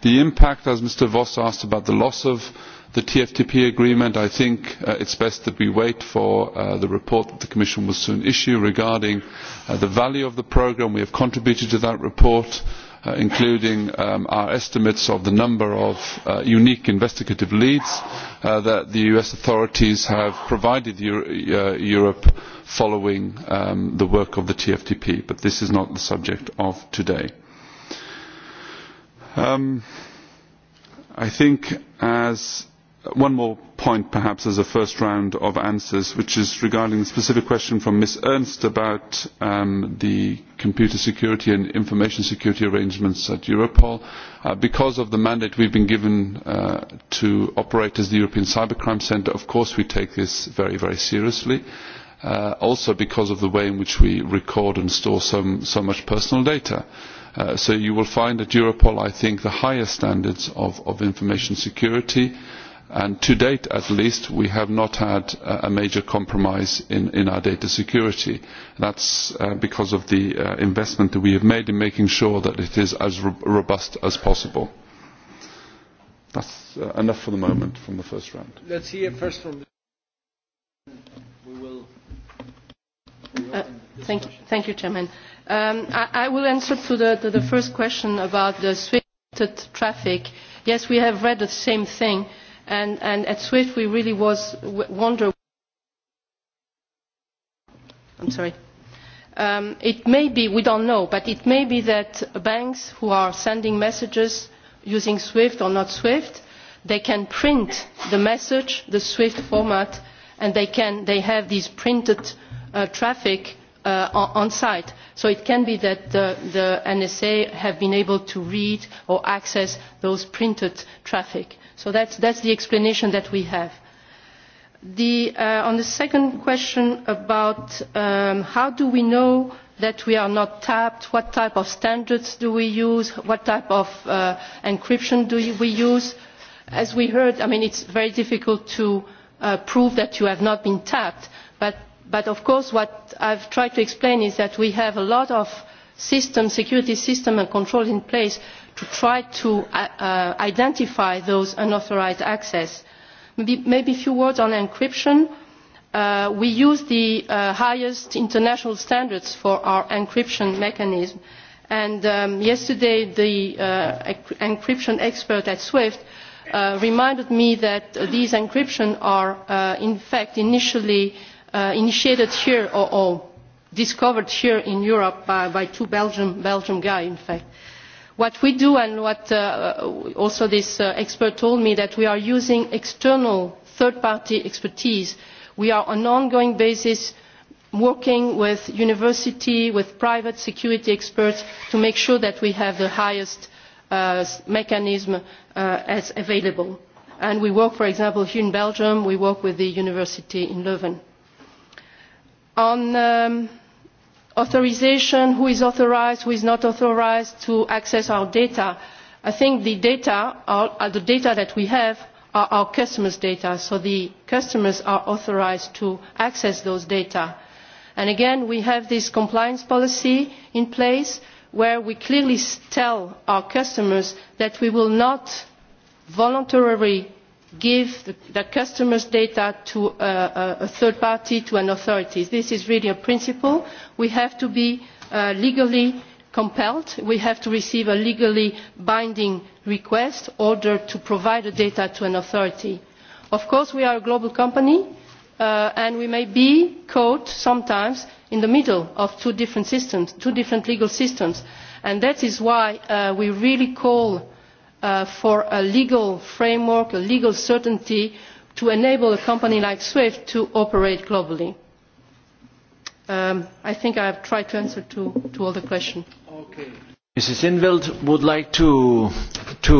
The impact, as Mr Voss asked about the loss of the TFTP agreement, I think uh, it's best that we wait for uh, the report that the Commission will soon issue regarding uh, the value of the programme. We have contributed to that report. Uh, uh, including um, our estimates of the number of uh, unique investigative leads uh, that the US authorities have provided Euro uh, Europe following um, the work of the TFTP, but this is not the subject of today. Um, I think as one more point perhaps as a first round of answers which is regarding the specific question from ms ernst about um, the computer security and information security arrangements at europol uh, because of the mandate we've been given uh, to operate as the european cybercrime centre of course we take this very very seriously uh, also because of the way in which we record and store so, so much personal data uh, so you will find at Europol, I think, the highest standards of, of information security, uh, and to date at least we have not had a major compromise in, in our data security. That's uh, because of the uh, investment that we have made in making sure that it is as ro robust as possible. That's uh, enough for the moment from the first round. Let's hear first from the... We will... Uh, thank, thank you, Chairman. Um, I, I will answer to the, to the first question about the swift traffic. Yes, we have read the same thing. Uh, and, and at SWIFT we really was w- wonder. I'm sorry. Um, it may be, we don't know, but it may be that banks who are sending messages using SWIFT or not SWIFT, they can print the message, the SWIFT format, and they, can, they have these printed uh, traffic uh, on site. So it can be that the, the NSA have been able to read or access those printed traffic So that's, that's the explanation that we have. The, uh, on the second question about um, how do we know that we are not tapped, what type of standards do we use, what type of uh, encryption do we use, as we heard, I mean, it's very difficult to uh, prove that you have not been tapped, but, but of course what I've tried to explain is that we have a lot of system, security system and control in place to try to uh, uh, identify those unauthorized access. Maybe, maybe a few words on encryption. Uh, we use the uh, highest international standards for our encryption mechanism. And um, yesterday, the uh, encryption expert at SWIFT uh, reminded me that uh, these encryption are, uh, in fact, initially uh, initiated here or, or discovered here in Europe by, by two Belgium, Belgium guys, in fact what we do and what uh, uh, also this uh, expert told me that we are using external third party expertise we are on an ongoing basis working with universities with private security experts to make sure that we have the highest uh, mechanism uh, as available and we work for example here in belgium we work with the university in leuven. on um, authorisation who is authorised who is not authorised to access our data i think the data, our, uh, the data that we have are our customers' data so the customers are authorised to access those data. And again we have this compliance policy in place where we clearly tell our customers that we will not voluntarily give the, the customer's data to uh, uh, a third party, to an authority. This is really a principle. We have to be uh, legally compelled. We have to receive a legally binding request order to provide the data to an authority. Of course, we are a global company uh, and we may be caught sometimes in the middle of two different systems, two different legal systems. And that is why uh, we really call uh, for a legal framework a legal certainty to enable a company like swift to operate globally. Um, i think i have tried to answer to, to all the questions. Okay. Mrs. in 't veld would like to, to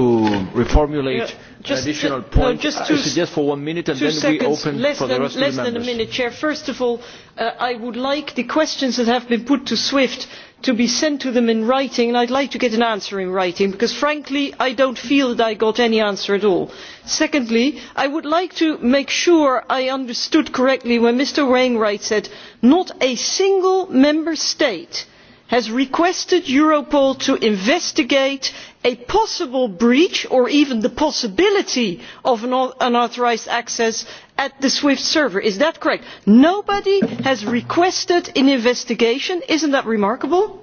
reformulate yeah, an additional to, point. No, just two, I suggest for one minute and then seconds, we open less for than, the rest less of the members. than a minute, Chair. First of all, uh, I would like the questions that have been put to SWIFT to be sent to them in writing and i would like to get an answer in writing because frankly i do not feel that i got any answer at all. secondly i would like to make sure i understood correctly when mr wainwright said that not a single member state has requested europol to investigate a possible breach or even the possibility of unauthorised access at the swift server is that correct? nobody has requested an investigation is that not remarkable?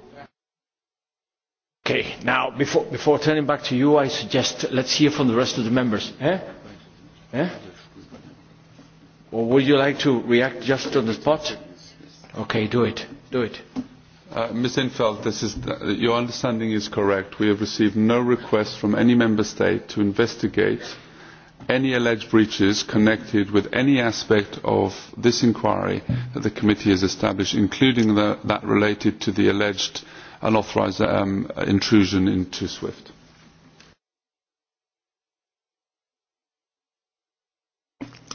Okay, now before, before turning back to you i suggest let's hear from the rest of the members. Eh? Eh? or would you like to react just on the spot? okay do it do it. Uh, Ms. Infeld, this is the, your understanding is correct. We have received no request from any member state to investigate uh, any alleged breaches connected with any aspect of this inquiry that the committee has established, including the, that related to the alleged unauthorised um, intrusion into SWIFT.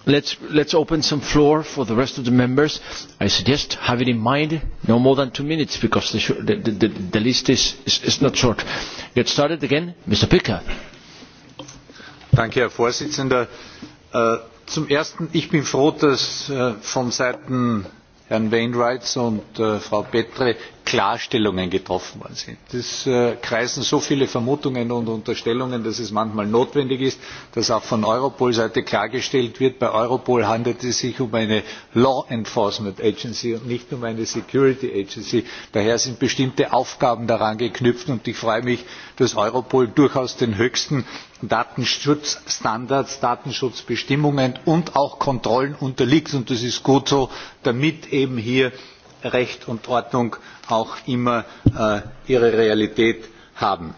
Let's, let's open some floor for the rest of the members. I suggest have it in mind, no more than two minutes, because the, sh the, the, the list is, is, is not short. Get started again, Mr. Picker. Danke, herr präsident! Äh, zum ersten ich bin froh dass äh, von seiten herrn wainwrights und äh, frau petre Klarstellungen getroffen worden sind. Es äh, kreisen so viele Vermutungen und Unterstellungen, dass es manchmal notwendig ist, dass auch von Europol-Seite klargestellt wird, bei Europol handelt es sich um eine Law Enforcement Agency und nicht um eine Security Agency. Daher sind bestimmte Aufgaben daran geknüpft und ich freue mich, dass Europol durchaus den höchsten Datenschutzstandards, Datenschutzbestimmungen und auch Kontrollen unterliegt und das ist gut so, damit eben hier Recht und Ordnung auch immer äh, ihre Realität haben.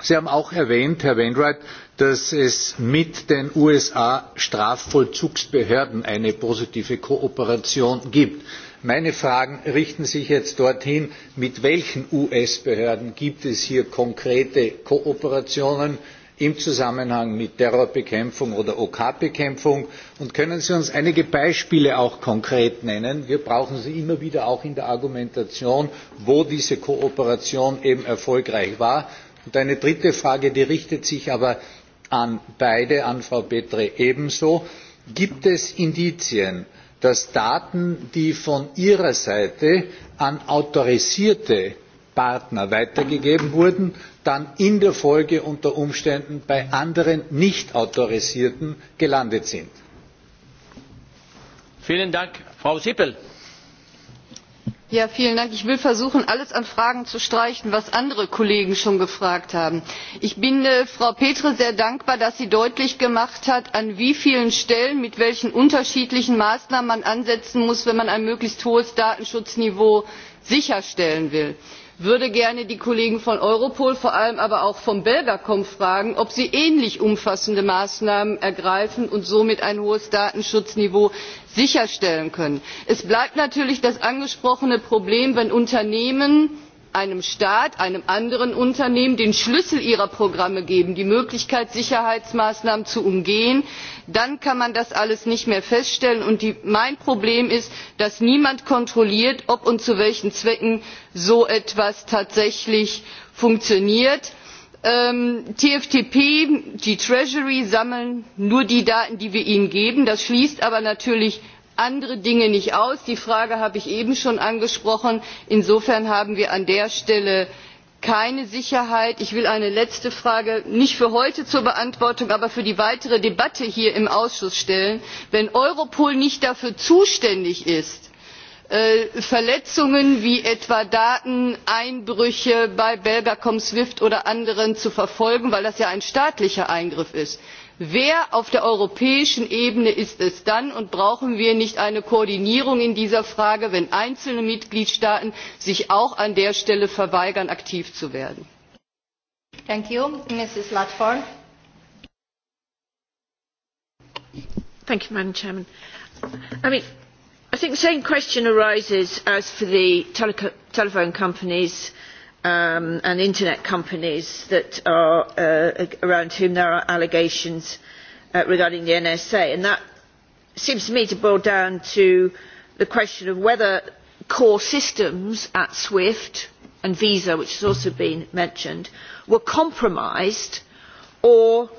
Sie haben auch erwähnt, Herr Wainwright, dass es mit den USA Strafvollzugsbehörden eine positive Kooperation gibt. Meine Fragen richten sich jetzt dorthin, mit welchen US-Behörden gibt es hier konkrete Kooperationen? im zusammenhang mit terrorbekämpfung oder ok bekämpfung? und können sie uns einige beispiele auch konkret nennen wir brauchen sie immer wieder auch in der argumentation wo diese kooperation eben erfolgreich war? und eine dritte frage die richtet sich aber an beide an frau petre ebenso gibt es indizien dass daten die von ihrer seite an autorisierte partner weitergegeben wurden dann in der folge unter umständen bei anderen nicht autorisierten gelandet sind. Dank, frau sippel! Ja, ich will versuchen alles an fragen zu streichen was andere kollegen schon gefragt haben. ich bin äh, frau petre sehr dankbar dass sie deutlich gemacht hat an wie vielen stellen mit welchen unterschiedlichen maßnahmen man ansetzen muss wenn man ein möglichst hohes datenschutzniveau sicherstellen will würde gerne die kollegen von europol vor allem aber auch vom belgacom fragen ob sie ähnlich umfassende maßnahmen ergreifen und somit ein hohes datenschutzniveau sicherstellen können. es bleibt natürlich das angesprochene problem wenn unternehmen einem staat einem anderen unternehmen den schlüssel ihrer programme geben die möglichkeit sicherheitsmaßnahmen zu umgehen dann kann man das alles nicht mehr feststellen. und mein problem ist dass niemand kontrolliert ob und zu welchen zwecken so etwas tatsächlich funktioniert. Ähm, tftp die treasury sammeln nur die daten die wir ihnen geben das schließt aber natürlich andere dinge nicht aus die frage habe ich eben schon angesprochen. insofern haben wir an der stelle keine sicherheit. ich will eine letzte frage nicht für heute zur beantwortung aber für die weitere debatte hier im ausschuss stellen wenn europol nicht dafür zuständig ist äh, verletzungen wie etwa dateneinbrüche bei belgacom swift oder anderen zu verfolgen weil das ja ein staatlicher eingriff ist wer auf der europäischen ebene ist es dann und brauchen wir nicht eine koordinierung in dieser frage wenn einzelne mitgliedstaaten sich auch an der stelle verweigern aktiv zu werden? madam president I, mean, i think the same question arises as for the tele telephone companies um, and internet companies that are uh, around whom there are allegations uh, regarding the NSA. And that seems to me to boil down to the question of whether core systems at SWIFT and Visa, which has also been mentioned, were compromised or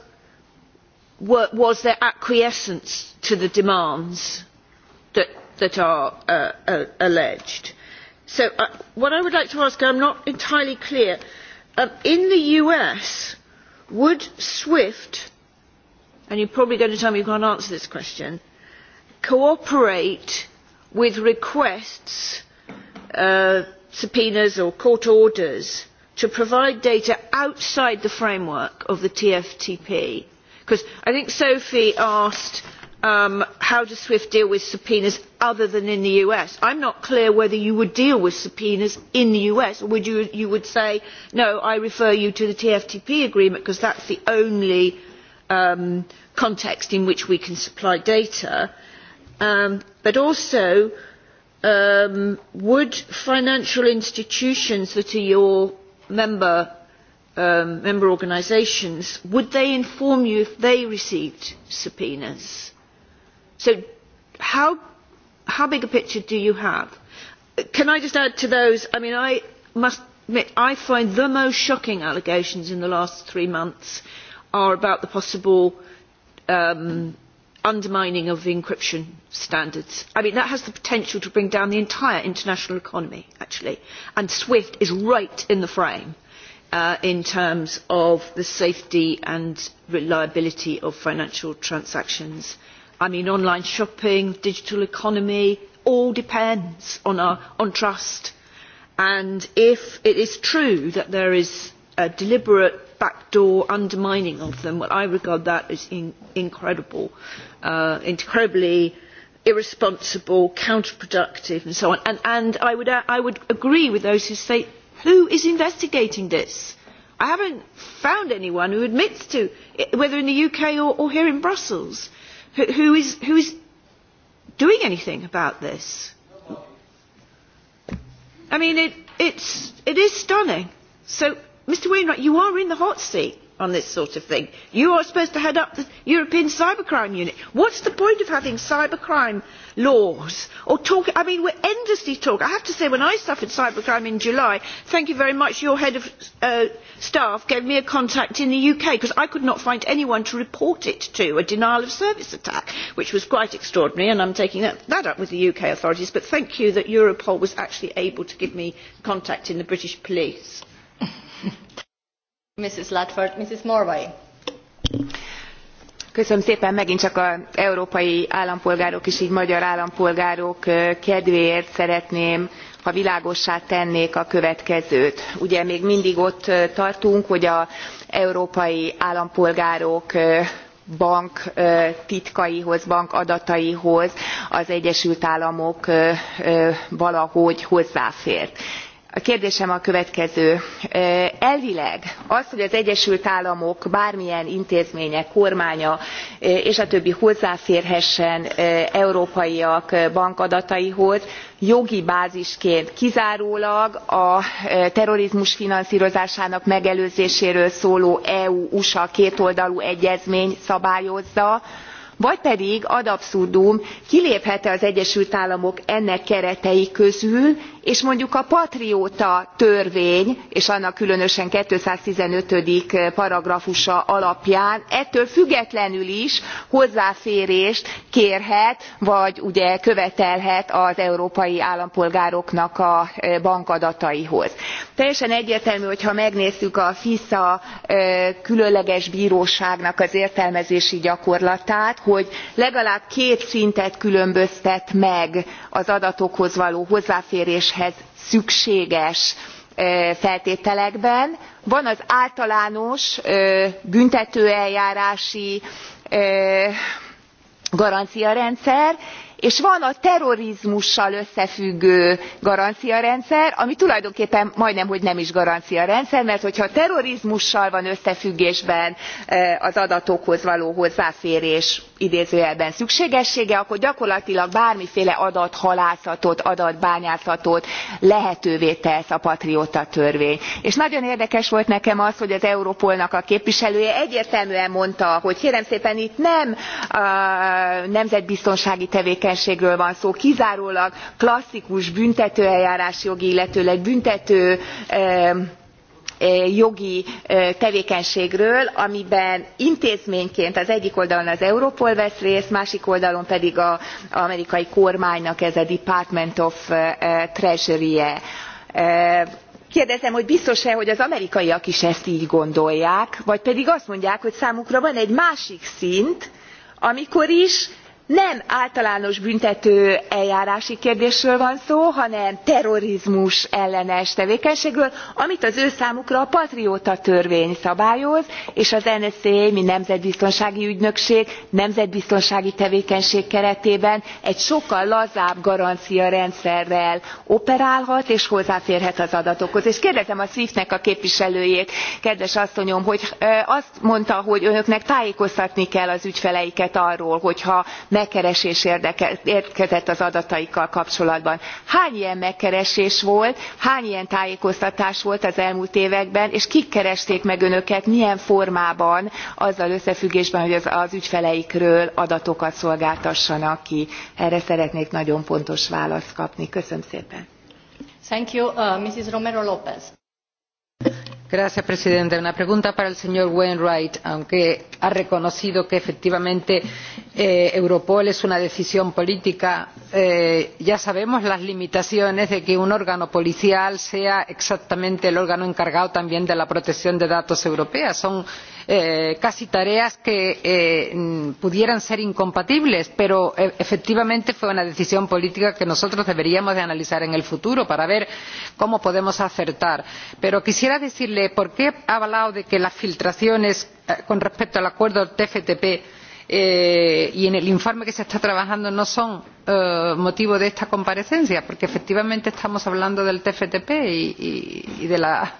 were, was there acquiescence to the demands that, that are uh, uh, alleged? So uh, what I would like to ask, I'm not entirely clear, um, in the US, would SWIFT, and you're probably going to tell me you can't answer this question, cooperate with requests, uh, subpoenas or court orders to provide data outside the framework of the TFTP? Because I think Sophie asked um, how does swift deal with subpoenas other than in the us? i am not clear whether you would deal with subpoenas in the us or would you, you would say no i refer you to the tftp agreement because that is the only um, context in which we can supply data. Um, but also um, would financial institutions that are your member um, member organisations would they inform you if they received subpoenas? So how, how big a picture do you have? Can I just add to those, I mean, I must admit, I find the most shocking allegations in the last three months are about the possible um, undermining of encryption standards. I mean, that has the potential to bring down the entire international economy, actually. And SWIFT is right in the frame uh, in terms of the safety and reliability of financial transactions I mean, online shopping, digital economy, all depends on, our, on trust. And if it is true that there is a deliberate backdoor undermining of them, well, I regard that as in, incredible, uh, incredibly irresponsible, counterproductive, and so on. And, and I, would, uh, I would agree with those who say, who is investigating this? I haven't found anyone who admits to, whether in the UK or, or here in Brussels. Uh, Who, who, is, who is doing anything about this? I mean, it, it's, it is stunning. So, Mr Wainwright, you are in the hot seat on this sort of thing. You are supposed to head up the European Cybercrime Unit. What's the point of having cybercrime laws or talk i mean we are endlessly talking i have to say when i suffered cybercrime in july thank you very much your head of uh, staff gave me a contact in the uk because i could not find anyone to report it to a denial of service attack which was quite extraordinary and i am taking that, that up with the uk authorities but thank you that europol was actually able to give me contact in the british police. Mrs. Latford, Mrs. Morvay köszönöm szépen megint csak az európai állampolgárok és gy magyar állampolgárok kedvéért szeretném ha világossá tennék a következőt ugye még mindig ott tartunk hogy az európai állampolgárok banktitkaihoz bankadataihoz az egyesült államok valahogy hozzáfért a kérdésem a következő elvileg az hogy az egyesült államok bármilyen intézménye kormánya és a többi hozzáférhessen európaiak bankadataihoz jogi bázisként kizárólag a terrorizmus finanszrozásának megelőzéséről szóló eu usa kétoldalú egyezmény szabályozza vagy pedig ad absurdum kiléphet e az egyesült államok ennek keretei közül és mondjuk a patrióta törvény és annak különösen two hundred and fifteen paragrafusa alapján ettől függetlenül is hozzáférést kérhet vagy ugye követelhet az európai állampolgároknak a bankadataihoz. teljesen egyértelmű hogy ha megnézzük a fisza különleges bróságnak az értelmezési gyakorlatát hogy legalább két szintet különböztet meg az adatokhoz való hozzáféréshez szükséges feltételekben van az általános büntetőeljárási garanciarendszer és és van a terrorizmussal összefüggő garanciarendszer ami tulajdonképpen majdnem hogy nem is garanciarendszer mert hogyha a terrorizmussal van összefüggésben e, az adatokhoz való hozzáférés idézőjelben szükségessége akkor gyakorlatilag bármiféle adathalászatot adatbányászatot lehetővé tesz a patrióta törvény. és nagyon érdekes volt nekem az hogy az europolnak a képviselője egyértelműen mondta hogy kérem szépen itt nem nemzetbiztonsági tevékenységről tevékenységről van szó kizárólag klasszikus büntetőeljárás jogi illetőleg büntetőjogi tevékenységről amiben intézményként az egyik oldalon az europol vesz részt másik oldalon pedig az amerikai kormánynak ez a department of treasury je kérdezem hogy biztos e hogy az amerikaiak is ezt gy gondolják vagy pedig azt mondják hogy számukra van egy másik szint amikor is nem általános büntetőeljárási kérdésről van szó hanem terrorizmus ellenes tevékenységről amit az ő számukra a patrióta törvény szabályoz és az nsa mint nemzetbiztonsági ügynökség nemzetbiztonsági tevékenység keretében egy sokkal lazább garanciarendszerrel operálhat és hozzáférhet az adatokhoz. és kérdezem a swift nek a képviselőjét kedves asszonyom hogy azt mondta hogy önöknek tájékoztatni kell az ügyfeleiket arról hogyha megkeresés érkezett az adataikkal kapcsolatban. hány ilyen megkeresés volt hány ilyen tájékoztatás volt az elmúlt években és kik keresték meg önöket milyen formában azzal összefüggésben hogy az, az ügyfeleikről adatokat szolgáltassanak ki? erre szeretnék nagyon pontos választ kapni. köszönöm szépen. Thank you, uh, Mrs. Romero Lopez señor presidente una pregunta para el señor wainwright aunque ha reconocido que efectivamente eh, europol es una decisión política eh, ya sabemos las limitaciones de que un órgano policial sea exactamente el órgano encargado también de la protección de datos europeos son eh, casi tareas que eh, pudieran ser incompatibles pero eh, efectivamente fue una decisión política que nosotros deberíamos de analizar en el futuro para ver cómo podemos acertar. pero quisiera decirle por qué ha hablado de que las filtraciones eh, con respecto al acuerdo tftp eh, y en el informe que se está trabajando no son eh, motivo de esta comparecencia, porque efectivamente estamos hablando del TFTP y, y, y, de la,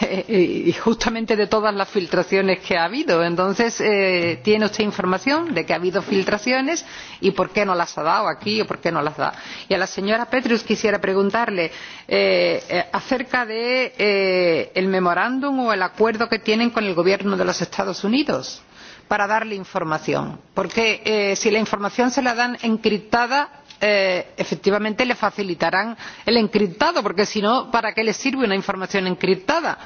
eh, y justamente de todas las filtraciones que ha habido. Entonces, eh, tiene usted información de que ha habido filtraciones y por qué no las ha dado aquí o por qué no las da. Y a la señora Petrus quisiera preguntarle eh, eh, acerca del de, eh, memorándum o el acuerdo que tienen con el gobierno de los Estados Unidos. Eh, para darle información porque eh, si la información se la dan encriptada eh, efectivamente le facilitarán el encriptado porque si no para qué le sirve una información encriptada?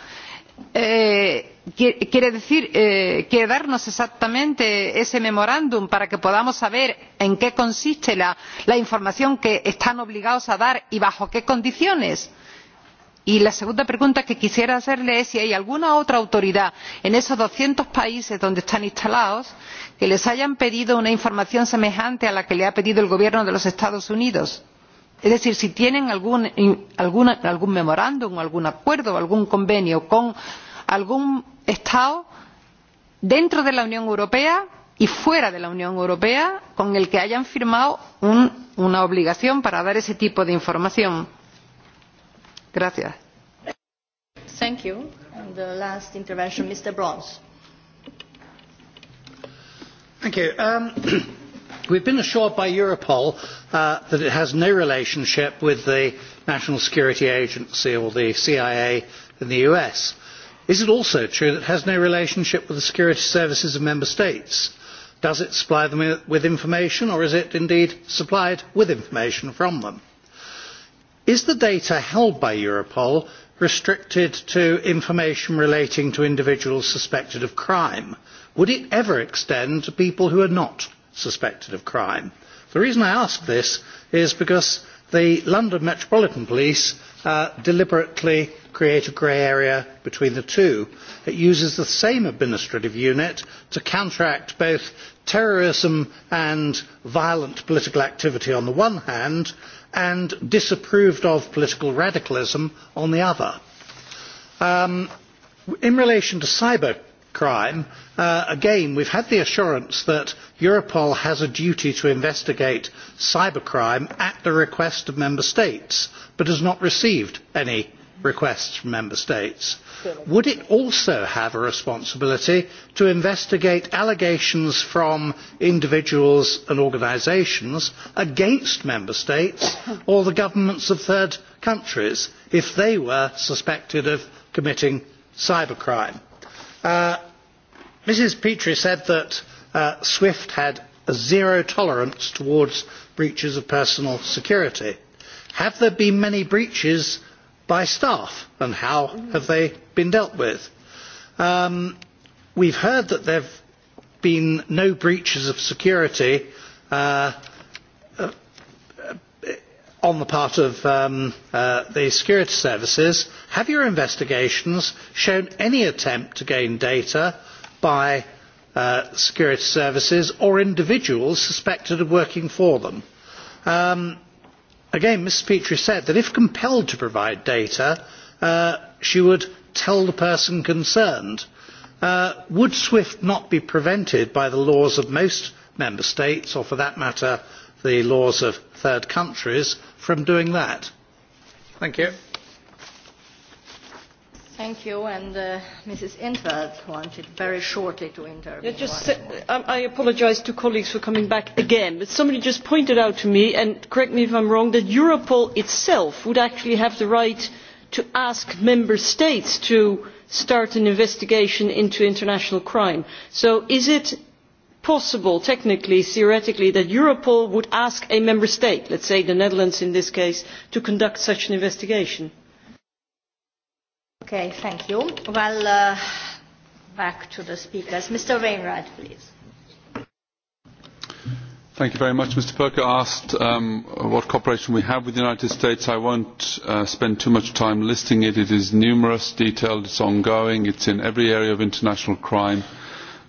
Eh, quiere decir eh, quiere darnos exactamente ese memorándum para que podamos saber en qué consiste la, la información que están obligados a dar y bajo qué condiciones? eh, y la segunda pregunta que quisiera hacerle es si hay alguna otra autoridad en esos doscientos países donde están instalados que les haya pedido una información semejante a la que le ha pedido el gobierno de los estados unidos es decir si tienen algún, algún, algún memorándum algún acuerdo algún convenio con algún estado dentro de la unión europea y fuera de la unión europea con el que hayan firmado un, una obligación para dar ese tipo de información. Gracias. Thank you. And the last intervention, Mr. Bronze. Thank you. Um, we've been assured by Europol uh, that it has no relationship with the National Security Agency or the CIA in the US. Is it also true that it has no relationship with the security services of member states? Does it supply them with information or is it indeed supplied with information from them? is the data held by europol restricted to information relating to individuals suspected of crime? would it ever extend to people who are not suspected of crime? the reason i ask this is because the london metropolitan police uh, deliberately create a grey area between the two. it uses the same administrative unit to counteract both terrorism and violent political activity on the one hand and and disapproved of political radicalism on the other. Um, in relation to cybercrime, uh, again, we've had the assurance that Europol has a duty to investigate cybercrime at the request of member states, but has not received any requests from member states. Would it also have a responsibility to investigate allegations from individuals and organisations against member states or the governments of third countries if they were suspected of committing cybercrime? Uh, Mrs Petrie said that uh, SWIFT had a zero tolerance towards breaches of personal security. Have there been many breaches by staff and how have they been dealt with? Um, we've heard that there have been no breaches of security uh, uh, on the part of um, uh, the security services. Have your investigations shown any attempt to gain data by uh, security services or individuals suspected of working for them? Um, Again, Ms. Petrie said that if compelled to provide data, uh, she would tell the person concerned. Uh, would SWIFT not be prevented by the laws of most member states, or for that matter, the laws of third countries, from doing that? Thank you. Thank you, and uh, Mrs. Intveld wanted very shortly to intervene. Yeah, just say, uh, um, I, I apologise to colleagues for coming back again, but somebody just pointed out to me, and correct me if I'm wrong, that Europol itself would actually have the right to ask member states to start an investigation into international crime. So is it possible, technically, theoretically, that Europol would ask a member state, let's say the Netherlands in this case, to conduct such an investigation? Okay, thank you. Well, uh, back to the speakers. Mr. Wainwright, please. Thank you very much. Mr. Perker asked um, what cooperation we have with the United States. I won't uh, spend too much time listing it. It is numerous, detailed, it's ongoing, it's in every area of international crime.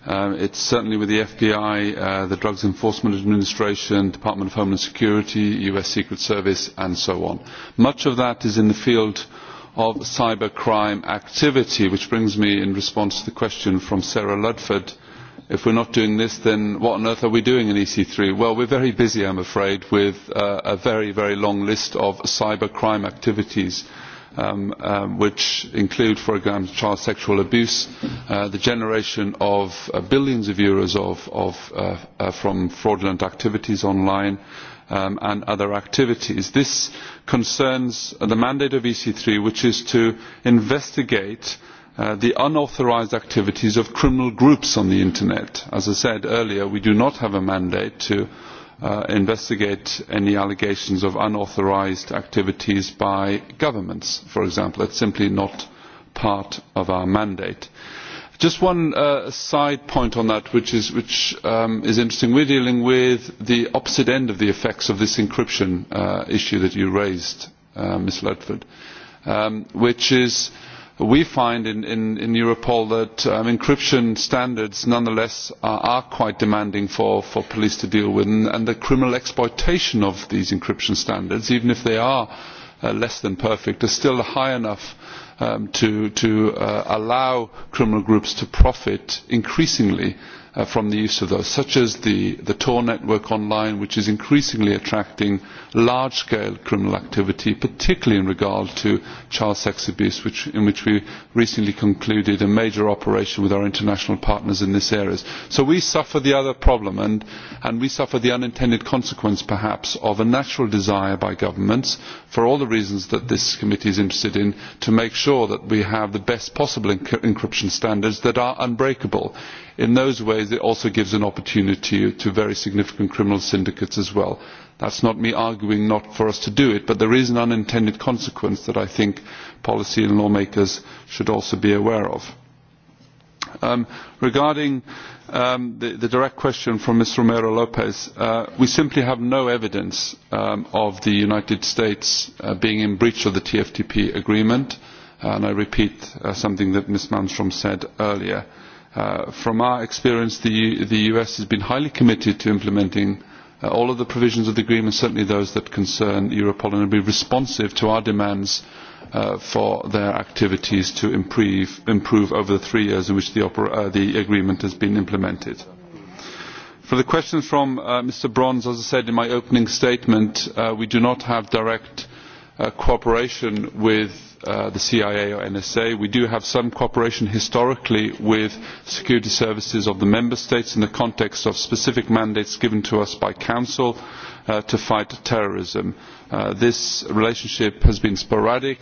Um, it's certainly with the FBI, uh, the Drugs Enforcement Administration, Department of Homeland Security, US Secret Service, and so on. Much of that is in the field of of cybercrime activity which brings me in response to the question from sarah ludford if we are not doing this then what on earth are we doing in ec3? well we are very busy i am afraid with uh, a very very long list of cybercrime activities um, um, which include for example child sexual abuse uh, the generation of uh, billions of euros of, of, uh, uh, from fraudulent activities online um, and other activities. This concerns the mandate of EC3, which is to investigate uh, the unauthorized activities of criminal groups on the Internet. As I said earlier, we do not have a mandate to uh, investigate any allegations of unauthorized activities by governments, for example. It's simply not part of our mandate. Uh, Just one uh, side point on that, which, is, which um, is interesting. We're dealing with the opposite end of the effects of this encryption uh, issue that you raised, uh, Ms. Ledford, um, which is we find in, in, in Europol that um, encryption standards nonetheless are, are quite demanding for, for police to deal with and, and the criminal exploitation of these encryption standards, even if they are uh, less than perfect, are still high enough um, to, to uh, allow criminal groups to profit increasingly uh, from the use of those, such as the, the Tor network online, which is increasingly attracting large-scale criminal activity, particularly in regard to child sex abuse, which, in which we recently concluded a major operation with our international partners in this area. So we suffer the other problem, and, and we suffer the unintended consequence, perhaps, of a natural desire by governments, for all the reasons that this committee is interested in, to make sure sure that we have the best possible enc encryption standards that are unbreakable. In those ways, it also gives an opportunity to very significant criminal syndicates as well. That's not me arguing not for us to do it, but there is an unintended consequence that I think policy and lawmakers should also be aware of. Um, regarding um, the, the direct question from Ms. Romero Lopez, uh, we simply have no evidence um, of the United States uh, being in breach of the TFTP agreement. Uh, and I repeat uh, something that Ms. Manstrom said earlier. Uh, from our experience, the, U the US has been highly committed to implementing uh, all of the provisions of the agreement, certainly those that concern Europol, and will be responsive to our demands uh, for their activities to improve, improve over the three years in which the, uh, the agreement has been implemented. For the question from uh, Mr. Bronze, as I said in my opening statement, uh, we do not have direct uh, cooperation with uh, the CIA or NSA. We do have some cooperation historically with security services of the member states in the context of specific mandates given to us by Council uh, to fight terrorism. Uh, this relationship has been sporadic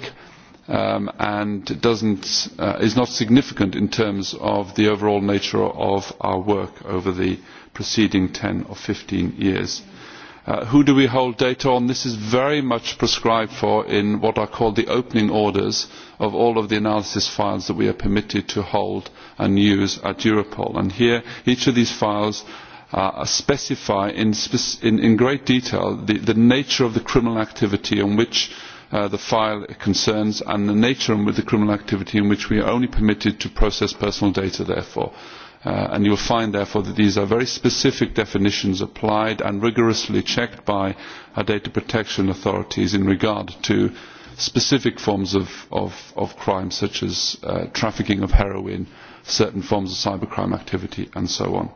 um, and doesn't, uh, is not significant in terms of the overall nature of our work over the preceding 10 or 15 years. Mm -hmm Uh, who do we hold data on? This is very much prescribed for in what are called the opening orders of all of the analysis files that we are permitted to hold and use at Europol. And here, each of these files uh, specify in, spec in, in great detail the, the nature of the criminal activity on which uh, the file concerns and the nature of the criminal activity in which we are only permitted to process personal data, therefore. Uh, Uh, and you'll find, therefore, that these are very specific definitions applied and rigorously checked by our data protection authorities in regard to specific forms of, of, of crime, such as uh, trafficking of heroin, certain forms of cybercrime activity, and so on.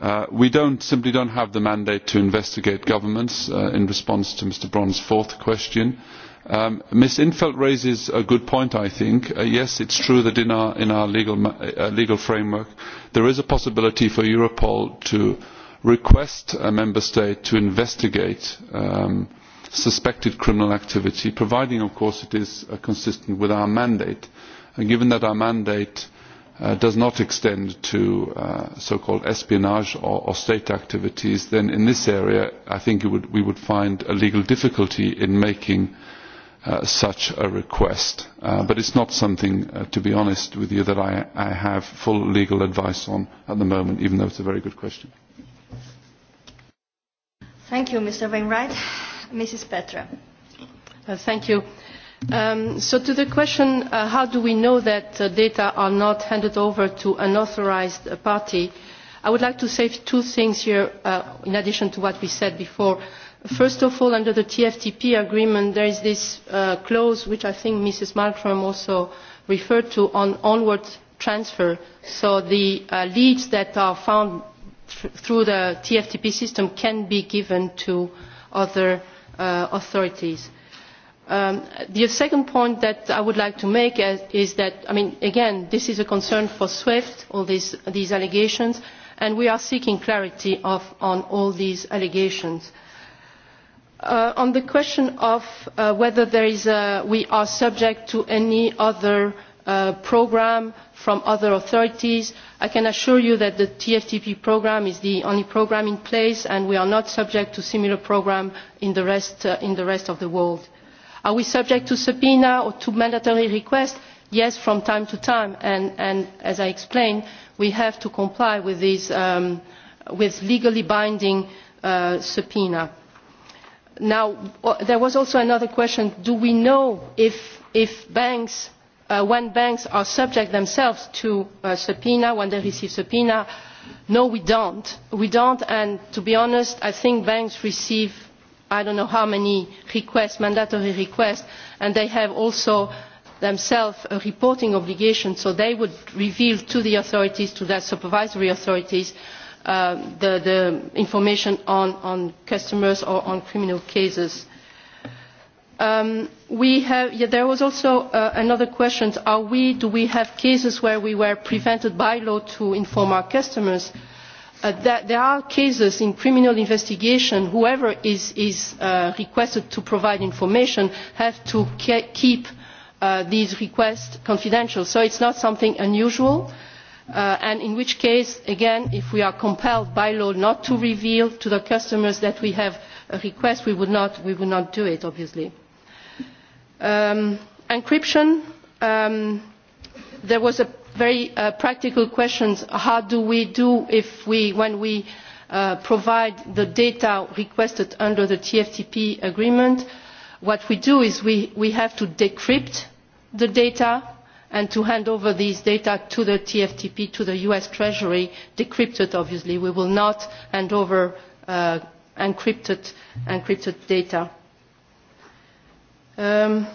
Uh, we don't, simply don't have the mandate to investigate governments uh, in response to Mr. Braun's fourth question. Uh, Um, Ms. Infeld raises a good point, I think. Uh, yes, it's true that in our, in our legal, uh, uh, legal framework, there is a possibility for Europol to request a member state to investigate um, suspected criminal activity, providing, of course, it is uh, consistent with our mandate. And given that our mandate uh, does not extend to uh, so-called espionage or, or state activities, then in this area, I think it would, we would find a legal difficulty in making uh, such a request. Uh, but it's not something, uh, to be honest with you, that I, I have full legal advice on at the moment, even though it's a very good question. Thank you, Mr. Wainwright. Mrs. Petra. Uh, thank you. Um, so to the question, uh, how do we know that uh, data are not handed over to an authorized uh, party, I would like to say two things here uh, in addition to what we said before. Uh, first of all under the tftp agreement there is this uh, clause which i think mrs malmstrm also referred to on onward transfer so the uh, leads that are found th through the tftp system can be given to other uh, authorities. Um, the second point that i would like to make is, uh, is that I mean, again this is a concern for swift all these, these allegations and we are seeking clarity of, on all these allegations. Uh, Uh, on the question of uh, whether a, we are subject to any other uh, programme from other authorities i can assure you that the tftp programme is the only programme in place and we are not subject to similar programmes in, uh, in the rest of the world. are we subject to subpoena or to mandatory requests? yes from time to time and, and as i explained we have to comply with these um, with legally binding uh, subpoenas now there was also another question do we know if, if banks uh, when banks are subject themselves to a uh, subpoena when they receive subpoena no we don't we don't and to be honest i think banks receive i don't know how many requests mandatory requests and they have also themselves a reporting obligation so they would reveal to the authorities to their supervisory authorities uh, uh, the, the information on, on customers or on criminal cases. Um, we have, yeah, there was also uh, another question. Are we, do we have cases where we were prevented by law to inform our customers? Uh, that there are cases in criminal investigation, whoever is, is uh, requested to provide information have to ke keep uh, these requests confidential. So it's not something unusual. Uh, Uh, and in which case again if we are compelled by law not to reveal to the customers that we have a request we would not, we would not do it obviously. Um, encryption um, there was a very uh, practical question how do we do if we when we uh, provide the data requested under the tftp agreement what we do is we, we have to decrypt the data and to hand over these data to the tftp to the us treasury decrypted obviously we will not hand over uh, encrypted, encrypted data. Um,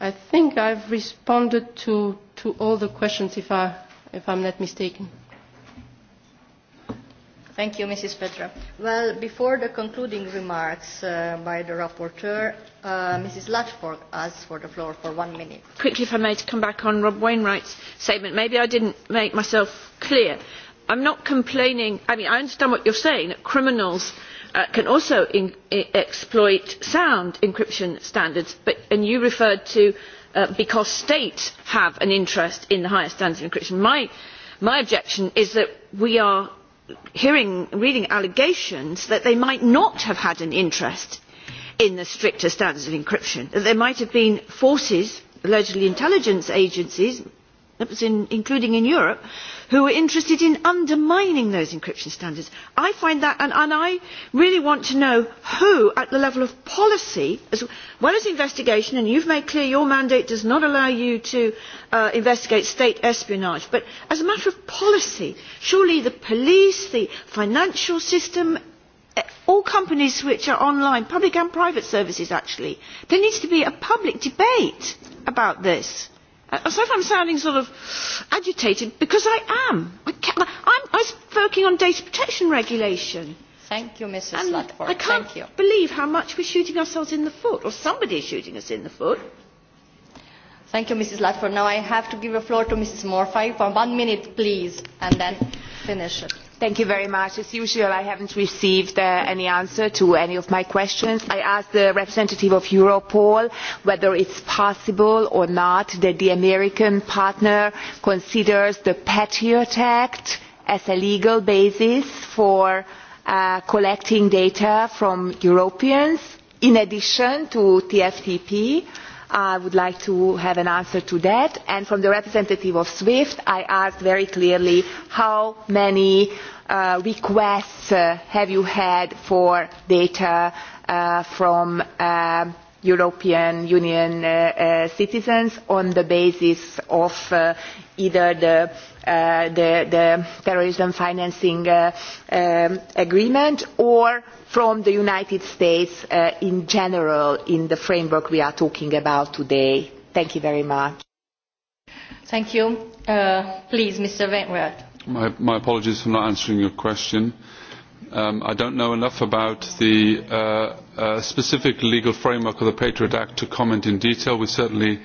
i think i have responded to, to all the questions if, I, if i'm not mistaken. Thank you, Mrs. Petra. Well, before the concluding remarks uh, by the rapporteur, uh, Mrs. Latford asks for the floor for one minute. Quickly, if I may, to come back on Rob Wainwright's statement. Maybe I didn't make myself clear. I'm not complaining. I mean, I understand what you're saying, that criminals uh, can also in, I, e, exploit sound encryption standards, but, and you referred to uh, because states have an interest in the highest standards of encryption. My, my objection is that we are hearing and reading allegations that they might not have had an interest in the stricter standards of encryption that there might have been forces allegedly intelligence agencies in, including in Europe, who are interested in undermining those encryption standards. I find that, and, and I really want to know who, at the level of policy, as well as investigation, and you've made clear your mandate does not allow you to uh, investigate state espionage, but as a matter of policy, surely the police, the financial system, eh, all companies which are online, public and private services actually, there needs to be a public debate about this Uh, sorry if I'm sounding sort of agitated, because I am. I can't, I'm, I was working on data protection regulation. Thank you, Mrs. And Ludford. I can't Thank you. believe how much we're shooting ourselves in the foot, or somebody is shooting us in the foot. Thank you, Mrs. Ludford. Now I have to give the floor to Mrs. Morphy for one minute, please, and then finish it thank you very much. as usual i have not received uh, any answer to any of my questions. i asked the representative of europol whether it is possible or not that the american partner considers the patriot act as a legal basis for uh, collecting data from europeans in addition to the tftp i would like to have an answer to that and from the representative of swift i asked very clearly how many uh, requests uh, have you had for data uh, from um, european union uh, uh, citizens on the basis of uh, either the uh, the, the terrorism financing uh, um, agreement or from the united states uh, in general in the framework we are talking about today. thank you very much. thank you. Uh, please mr wainwright. My, my apologies for not answering your question. Um, i do not know enough about the uh, uh, specific legal framework of the patriot act to comment in detail. we certainly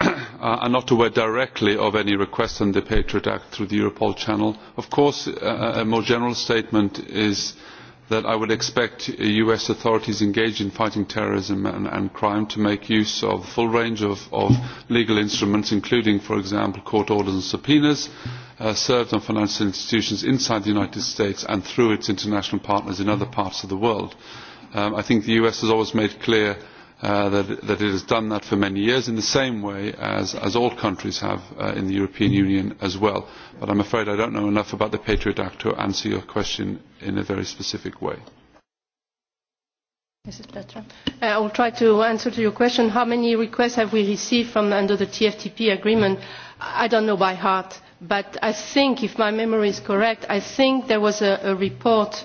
uh, are not aware directly of any request on the Patriot Act through the Europol channel. Of course, uh, a more general statement is that I would expect US authorities engaged in fighting terrorism and, and crime to make use of a full range of, of legal instruments, including, for example, court orders and subpoenas, uh, served on financial institutions inside the United States and through its international partners in other parts of the world. Um, I think the US has always made clear uh, uh, that, that it has done that for many years in the same way as, as all countries have uh, in the European Union as well. But I'm afraid I don't know enough about the Patriot Act to answer your question in a very specific way. Mrs. Petra. Uh, I will try to answer to your question. How many requests have we received from under the TFTP agreement? I don't know by heart, but I think, if my memory is correct, I think there was a, a report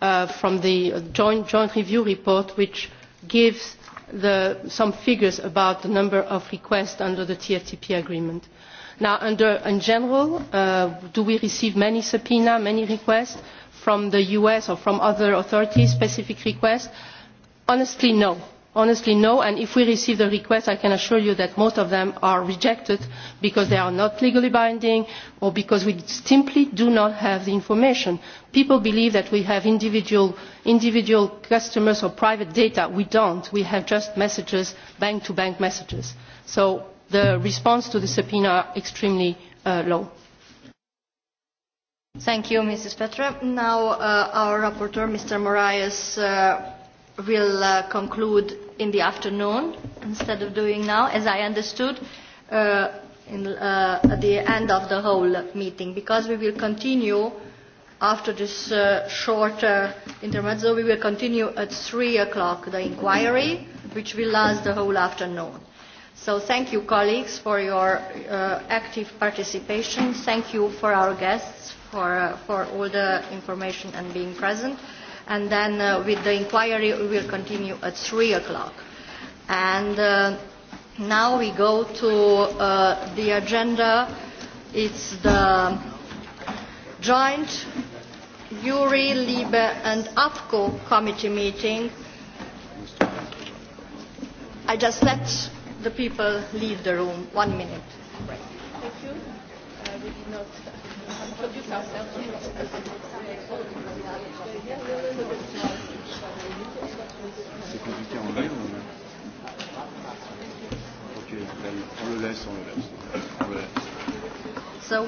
uh, from the joint, joint review report which gives the, some figures about the number of requests under the TFTP agreement. Now, under, in general, uh, do we receive many subpoena, many requests from the US or from other authorities, specific requests? Honestly, no honestly no and if we receive the requests i can assure you that most of them are rejected because they are not legally binding or because we simply do not have the information. people believe that we have individual customers or private data we do not we have just messages bank to bank messages so the response to the subpoena is extremely uh, low. Thank you, Mrs. Petra. Now, uh, our rapporteur, Mr. Moraes, uh, will uh, conclude in the afternoon instead of doing now, as I understood, uh, in, uh, at the end of the whole meeting, because we will continue after this uh, short uh, intermezzo, we will continue at 3 o'clock the inquiry, which will last the whole afternoon. So thank you, colleagues, for your uh, active participation. Thank you for our guests for, uh, for all the information and being present and then uh, with the inquiry we will continue at 3 o'clock. And uh, now we go to uh, the agenda. It's the joint URI, LIBE and AFCO committee meeting. I just let the people leave the room. One minute. Right. Thank you. Uh, we did not introduce ourselves. le laisse, on le laisse. On le laisse. So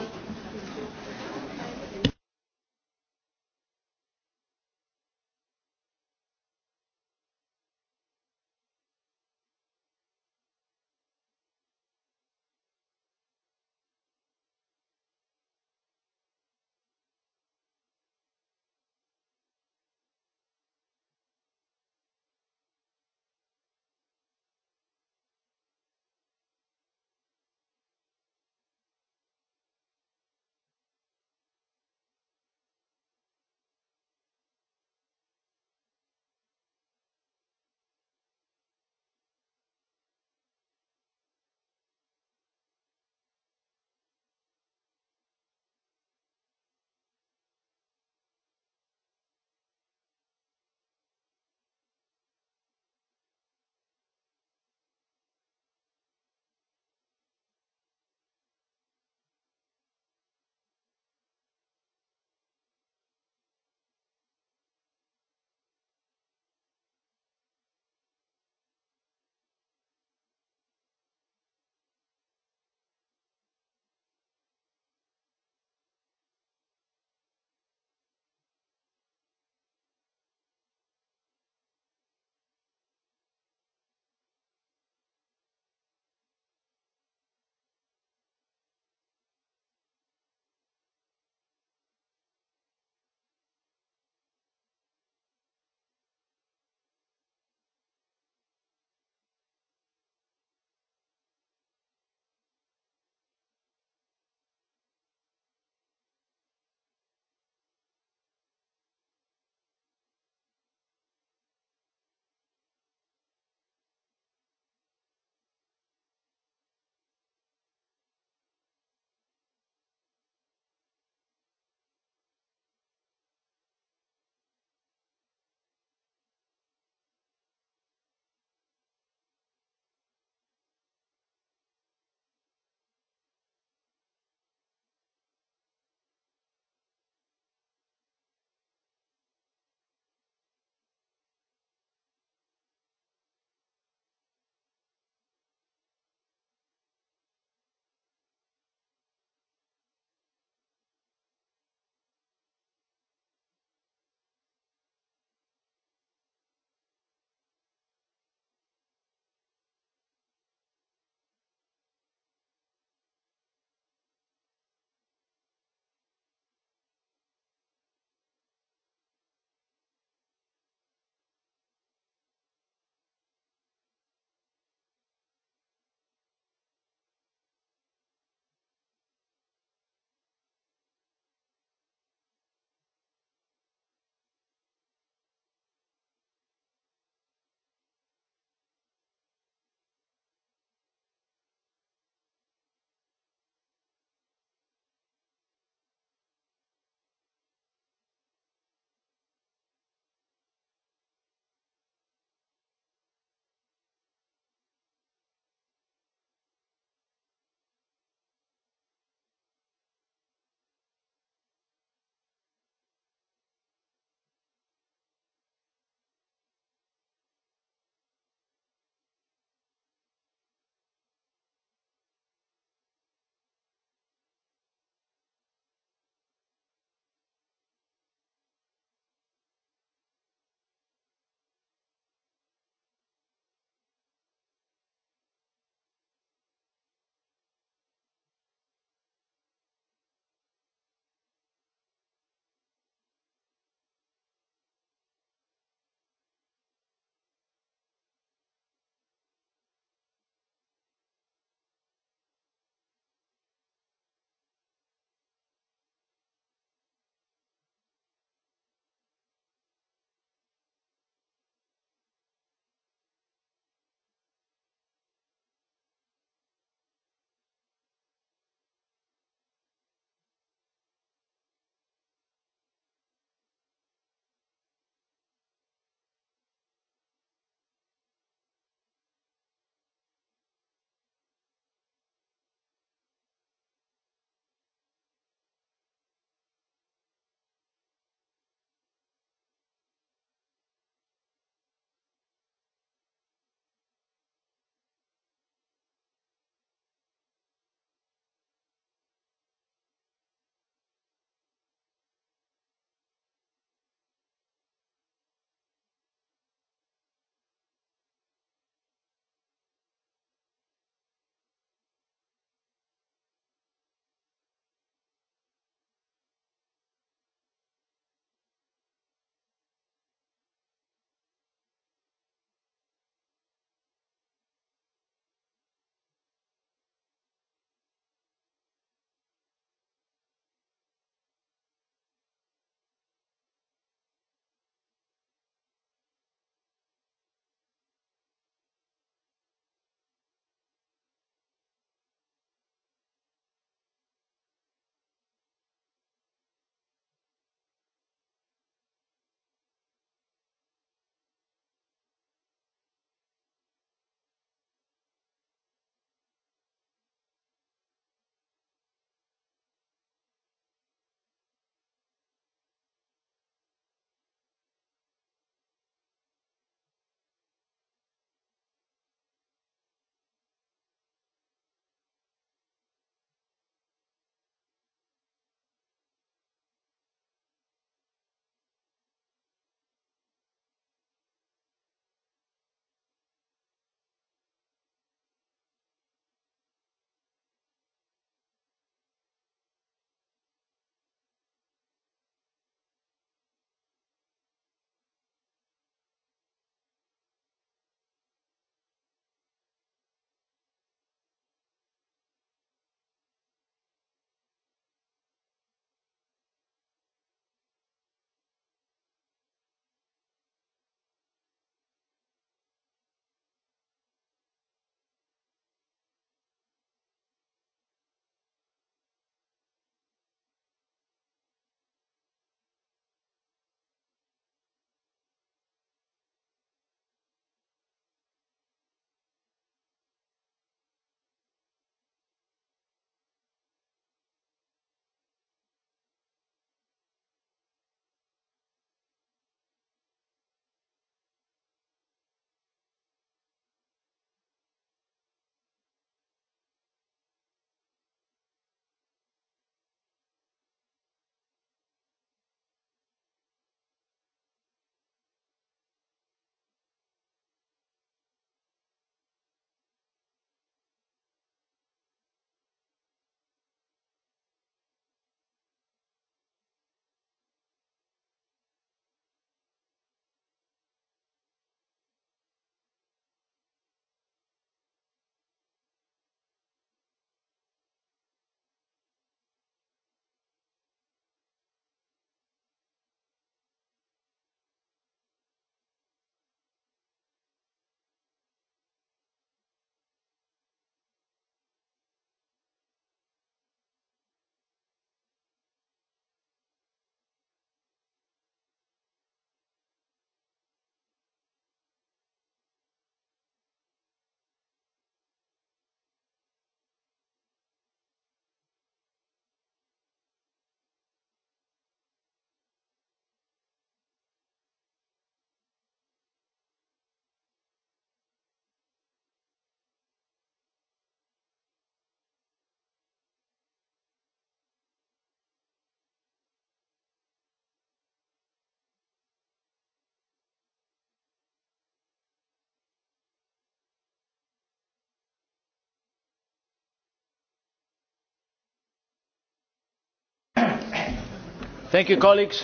thank you colleagues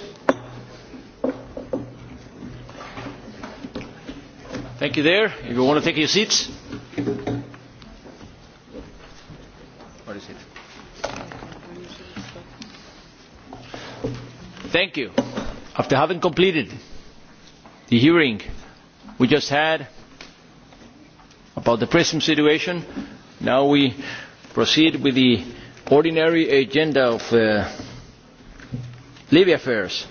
thank you there if you want to take your seats what is it thank you after having completed the hearing we just had about the prism situation now we proceed with the ordinary agenda of uh, Libya affairs.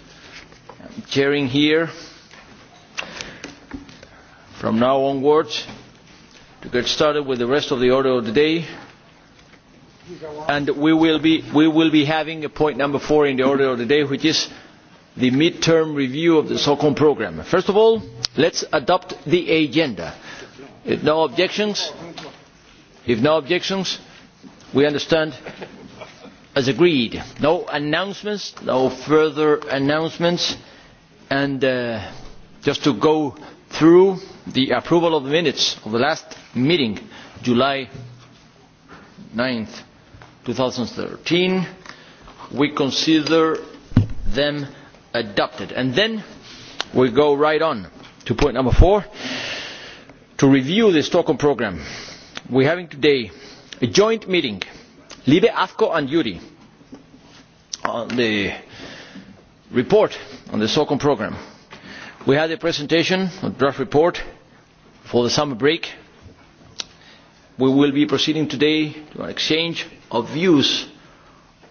I'm chairing here from now onwards to get started with the rest of the order of the day. And we will be, we will be having a point number four in the order of the day, which is the midterm review of the SOCOM program. First of all, let's adopt the agenda. If no objections, if no objections, we understand as agreed. No announcements, no further announcements. And uh, just to go through the approval of the minutes of the last meeting, July 9th, 2013, we consider them adopted. And then we go right on to point number four, to review the Stockholm programme. We're having today a joint meeting libe afco and juri on the report on the socom programme we had a presentation a draft report for the summer break we will be proceeding today to an exchange of views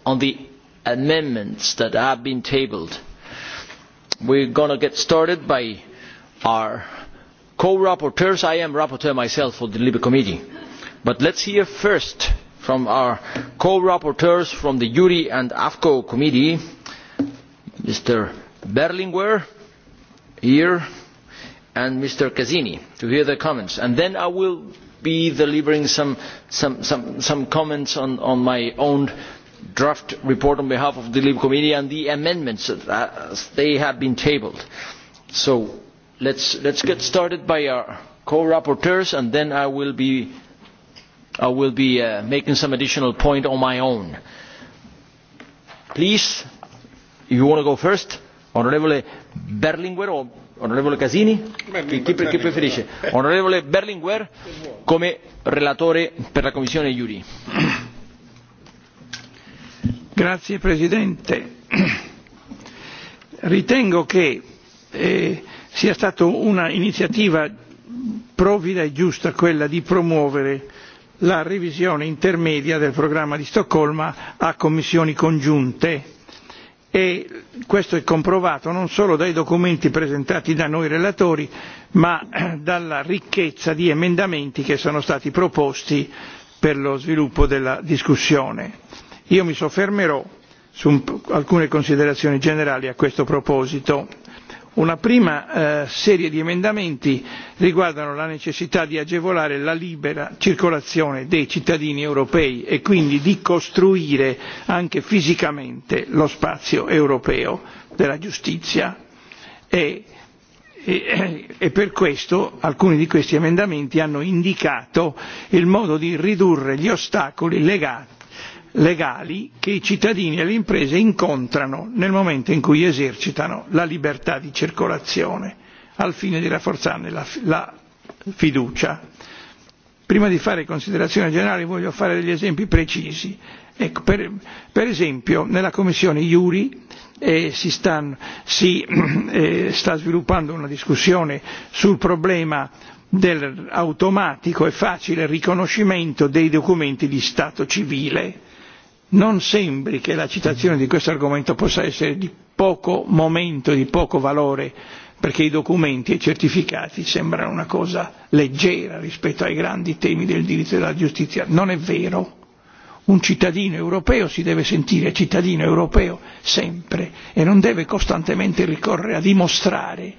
on the amendments that have been tabled. We're going to get started by our co-rapporteurs. I am rapporteur myself for the Libre Committee. But let's hear first from our co rapporteurs from the juri and afco committee mr berlinguer here and mr casini to hear their comments and then i will be delivering some, some, some, some comments on, on my own draft report on behalf of the libe committee and the amendments as they have been tabled. so let us get started by our co rapporteurs and then i will be I will be uh, making some additional point on my own. Please, you want to go first? Onorevole Berlinguer o onorevole Casini? Berlinguer, chi, chi preferisce? Onorevole Berlinguer come relatore per la Commissione Iuri. Grazie Presidente. Ritengo che eh, sia stata un'iniziativa provvida e giusta quella di promuovere la revisione intermedia del programma di Stoccolma a commissioni congiunte e questo è comprovato non solo dai documenti presentati da noi relatori ma dalla ricchezza di emendamenti che sono stati proposti per lo sviluppo della discussione. Io mi soffermerò su alcune considerazioni generali a questo proposito una prima eh, serie di emendamenti riguardano la necessità di agevolare la libera circolazione dei cittadini europei e quindi di costruire anche fisicamente lo spazio europeo della giustizia e, e, e per questo alcuni di questi emendamenti hanno indicato il modo di ridurre gli ostacoli legati legali che i cittadini e le imprese incontrano nel momento in cui esercitano la libertà di circolazione al fine di rafforzarne la, la fiducia. Prima di fare considerazioni generali voglio fare degli esempi precisi. Ecco, per, per esempio nella commissione Iuri eh, si, stan, si eh, sta sviluppando una discussione sul problema dell'automatico e facile riconoscimento dei documenti di stato civile non sembri che la citazione di questo argomento possa essere di poco momento di poco valore perché i documenti e i certificati sembrano una cosa leggera rispetto ai grandi temi del diritto e della giustizia. non è vero un cittadino europeo si deve sentire cittadino europeo sempre e non deve costantemente ricorrere a dimostrare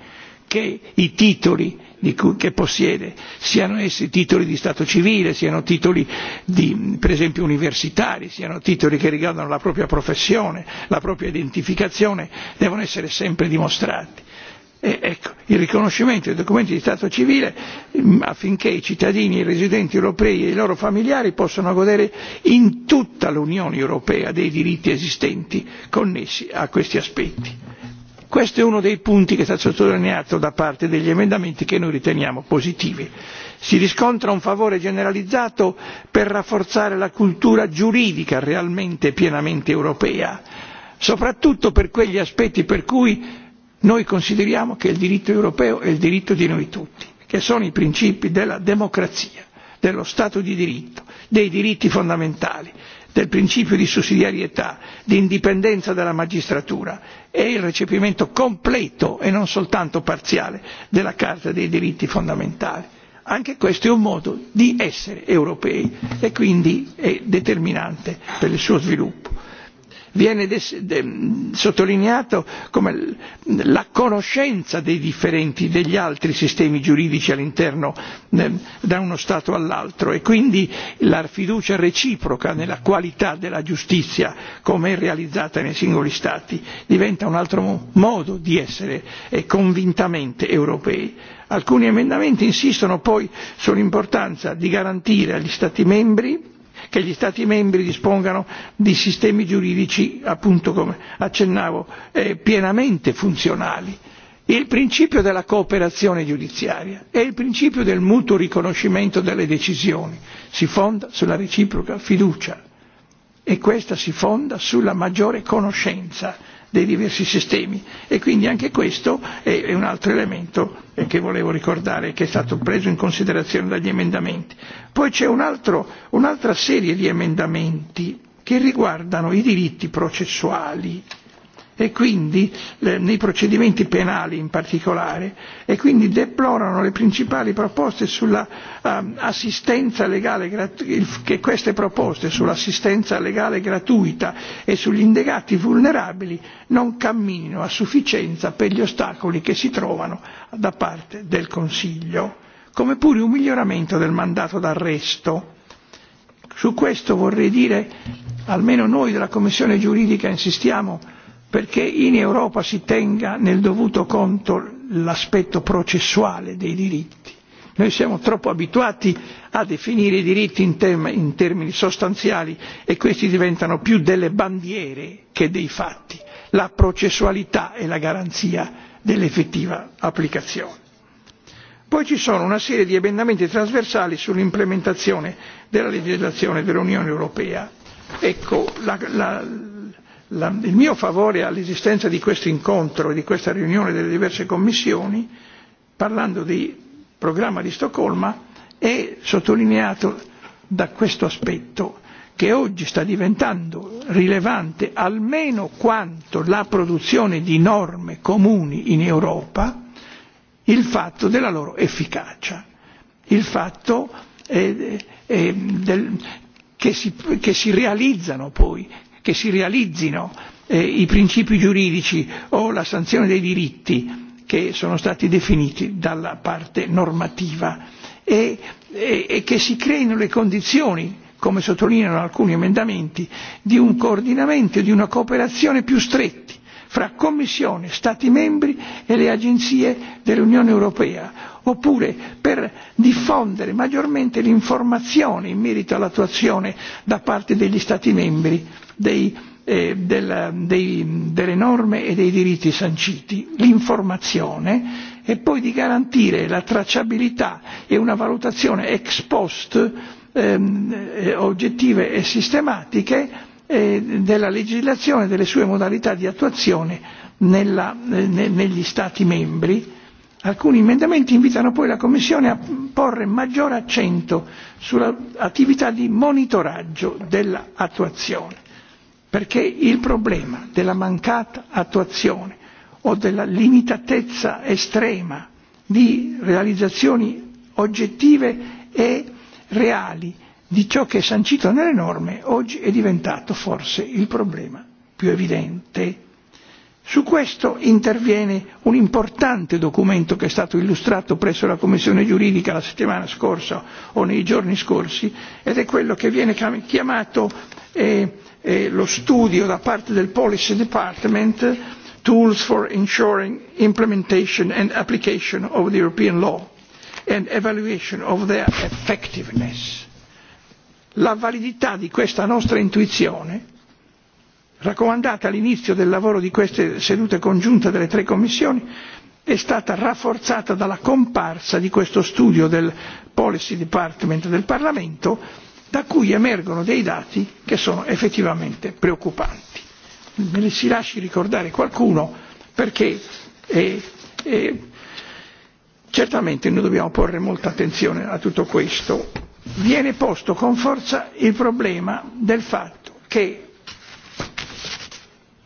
che i titoli cui, che possiede siano essi titoli di stato civile siano titoli di, per esempio universitari siano titoli che riguardano la propria professione la propria identificazione devono essere sempre dimostrati. E, ecco, il riconoscimento dei documenti di stato civile mm, affinché i cittadini i residenti europei e i loro familiari possano godere in tutta l'unione europea dei diritti esistenti connessi a questi aspetti questo è uno dei punti che è stato sottolineato da parte degli emendamenti che noi riteniamo positivi. si riscontra un favore generalizzato per rafforzare la cultura giuridica realmente e pienamente europea soprattutto per quegli aspetti per cui noi consideriamo che il diritto europeo è il diritto di noi tutti che sono i principi della democrazia dello stato di diritto dei diritti fondamentali del principio di sussidiarietà di indipendenza della magistratura e il recepimento completo e non soltanto parziale della carta dei diritti fondamentali. anche questo è un modo di essere europei e quindi è determinante per il suo sviluppo viene des, de, sottolineato come la conoscenza dei differenti degli altri sistemi giuridici all'interno eh, da uno Stato all'altro e quindi la fiducia reciproca nella qualità della giustizia come è realizzata nei singoli Stati diventa un altro modo di essere eh, convintamente europei. Alcuni emendamenti insistono poi sull'importanza di garantire agli Stati membri che gli stati membri dispongano di sistemi giuridici appunto come accennavo eh, pienamente funzionali il principio della cooperazione giudiziaria e il principio del mutuo riconoscimento delle decisioni si fonda sulla reciproca fiducia e questa si fonda sulla maggiore conoscenza dei diversi sistemi e quindi anche questo è, è un altro elemento eh, che volevo ricordare che è stato preso in considerazione dagli emendamenti. Poi c'è un altro, un'altra serie di emendamenti che riguardano i diritti processuali e quindi eh, nei procedimenti penali in particolare e quindi deplorano le principali proposte sull'assistenza ehm, eh, legale che queste proposte sull'assistenza legale gratuita e sugli indagati vulnerabili non camminino a sufficienza per gli ostacoli che si trovano da parte del Consiglio, come pure un miglioramento del mandato d'arresto. Su questo vorrei dire, almeno noi della Commissione giuridica insistiamo perché in Europa si tenga nel dovuto conto l'aspetto processuale dei diritti. Noi siamo troppo abituati a definire i diritti in, tem- in termini sostanziali e questi diventano più delle bandiere che dei fatti. La processualità è la garanzia dell'effettiva applicazione. Poi ci sono una serie di emendamenti trasversali sull'implementazione della legislazione dell'Unione Europea. Ecco, la, la, la, il mio favore all'esistenza di questo incontro e di questa riunione delle diverse commissioni parlando di programma di Stoccolma è sottolineato da questo aspetto che oggi sta diventando rilevante almeno quanto la produzione di norme comuni in Europa il fatto della loro efficacia, il fatto eh, eh, del, che, si, che si realizzano poi che si realizzino eh, i principi giuridici o la sanzione dei diritti che sono stati definiti dalla parte normativa e, e, e che si creino le condizioni come sottolineano alcuni emendamenti di un coordinamento e di una cooperazione più stretti fra commissione stati membri e le agenzie dell'unione europea oppure per diffondere maggiormente l'informazione in merito all'attuazione da parte degli stati membri dei, eh, della, dei, delle norme e dei diritti sanciti, l'informazione e poi di garantire la tracciabilità e una valutazione ex post ehm, eh, oggettive e sistematiche eh, della legislazione e delle sue modalità di attuazione nella, eh, ne, negli Stati membri. Alcuni emendamenti invitano poi la Commissione a porre maggiore accento sull'attività di monitoraggio dell'attuazione perché il problema della mancata attuazione o della limitatezza estrema di realizzazioni oggettive e reali di ciò che è sancito nelle norme oggi è diventato forse il problema più evidente. Su questo interviene un importante documento che è stato illustrato presso la Commissione giuridica la settimana scorsa o nei giorni scorsi ed è quello che viene chiamato eh, eh, lo studio da parte del Policy Department Tools for Ensuring Implementation and Application of the European Law and Evaluation of Their Effectiveness. La validità di questa nostra intuizione, raccomandata all'inizio del lavoro di queste sedute congiunte delle tre commissioni, è stata rafforzata dalla comparsa di questo studio del Policy Department del Parlamento da cui emergono dei dati che sono effettivamente preoccupanti. Me li si lasci ricordare qualcuno perché eh, eh, certamente noi dobbiamo porre molta attenzione a tutto questo. Viene posto con forza il problema del fatto che,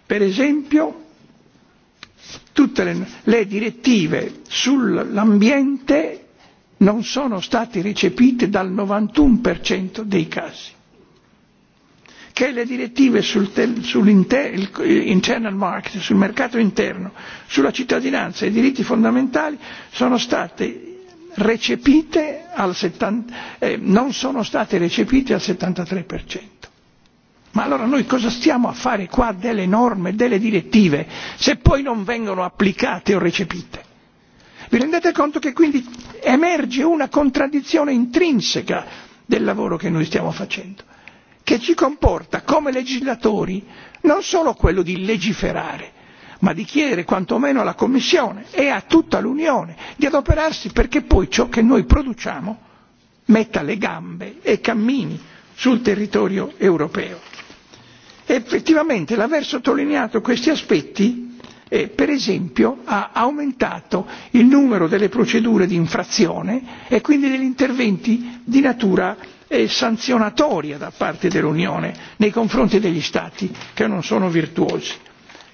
per esempio, tutte le, le direttive sull'ambiente non sono stati recepiti dal 91% dei casi che le direttive sul internal market, sul mercato interno, sulla cittadinanza e i diritti fondamentali sono state recepite al 70, eh, non sono state recepite al 73%. Ma allora noi cosa stiamo a fare qua delle norme, delle direttive, se poi non vengono applicate o recepite? vi rendete conto che quindi emerge una contraddizione intrinseca del lavoro che noi stiamo facendo che ci comporta come legislatori non solo quello di legiferare ma di chiedere quantomeno alla commissione e a tutta l'unione di adoperarsi perché poi ciò che noi produciamo metta le gambe e cammini sul territorio europeo. effettivamente l'aver sottolineato questi aspetti eh, per esempio ha aumentato il numero delle procedure di infrazione e quindi degli interventi di natura eh, sanzionatoria da parte dell'Unione nei confronti degli Stati che non sono virtuosi.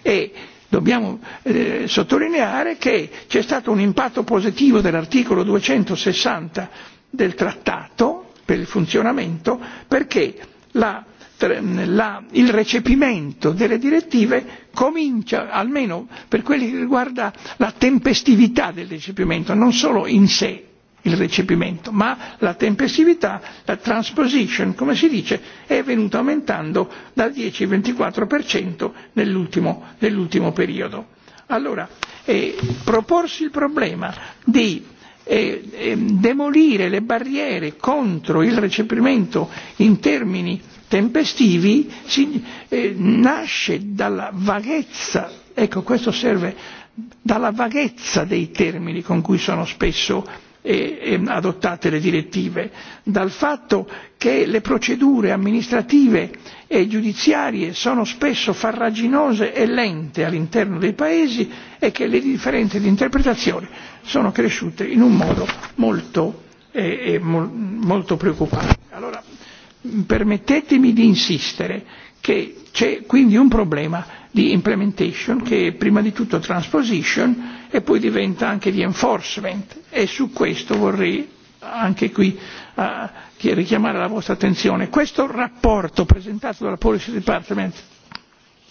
E dobbiamo eh, sottolineare che c'è stato un impatto positivo dell'articolo 260 del trattato per il funzionamento perché la la, il recepimento delle direttive comincia almeno per quelli che riguarda la tempestività del recepimento non solo in sé il recepimento ma la tempestività la transposition come si dice è venuta aumentando dal 10 al 24 nell'ultimo, nell'ultimo periodo. Allora, eh, proporsi il problema di eh, eh, demolire le barriere contro il recepimento in termini tempestivi si, eh, nasce dalla vaghezza, ecco questo serve, dalla vaghezza dei termini con cui sono spesso eh, eh, adottate le direttive, dal fatto che le procedure amministrative e giudiziarie sono spesso farraginose e lente all'interno dei paesi e che le differenze di interpretazione sono cresciute in un modo molto, eh, eh, mo- molto preoccupante. Allora, permettetemi di insistere che c'è quindi un problema di implementation che è prima di tutto transposition e poi diventa anche di enforcement e su questo vorrei anche qui eh, richiamare la vostra attenzione. Questo rapporto presentato dalla Policy Department,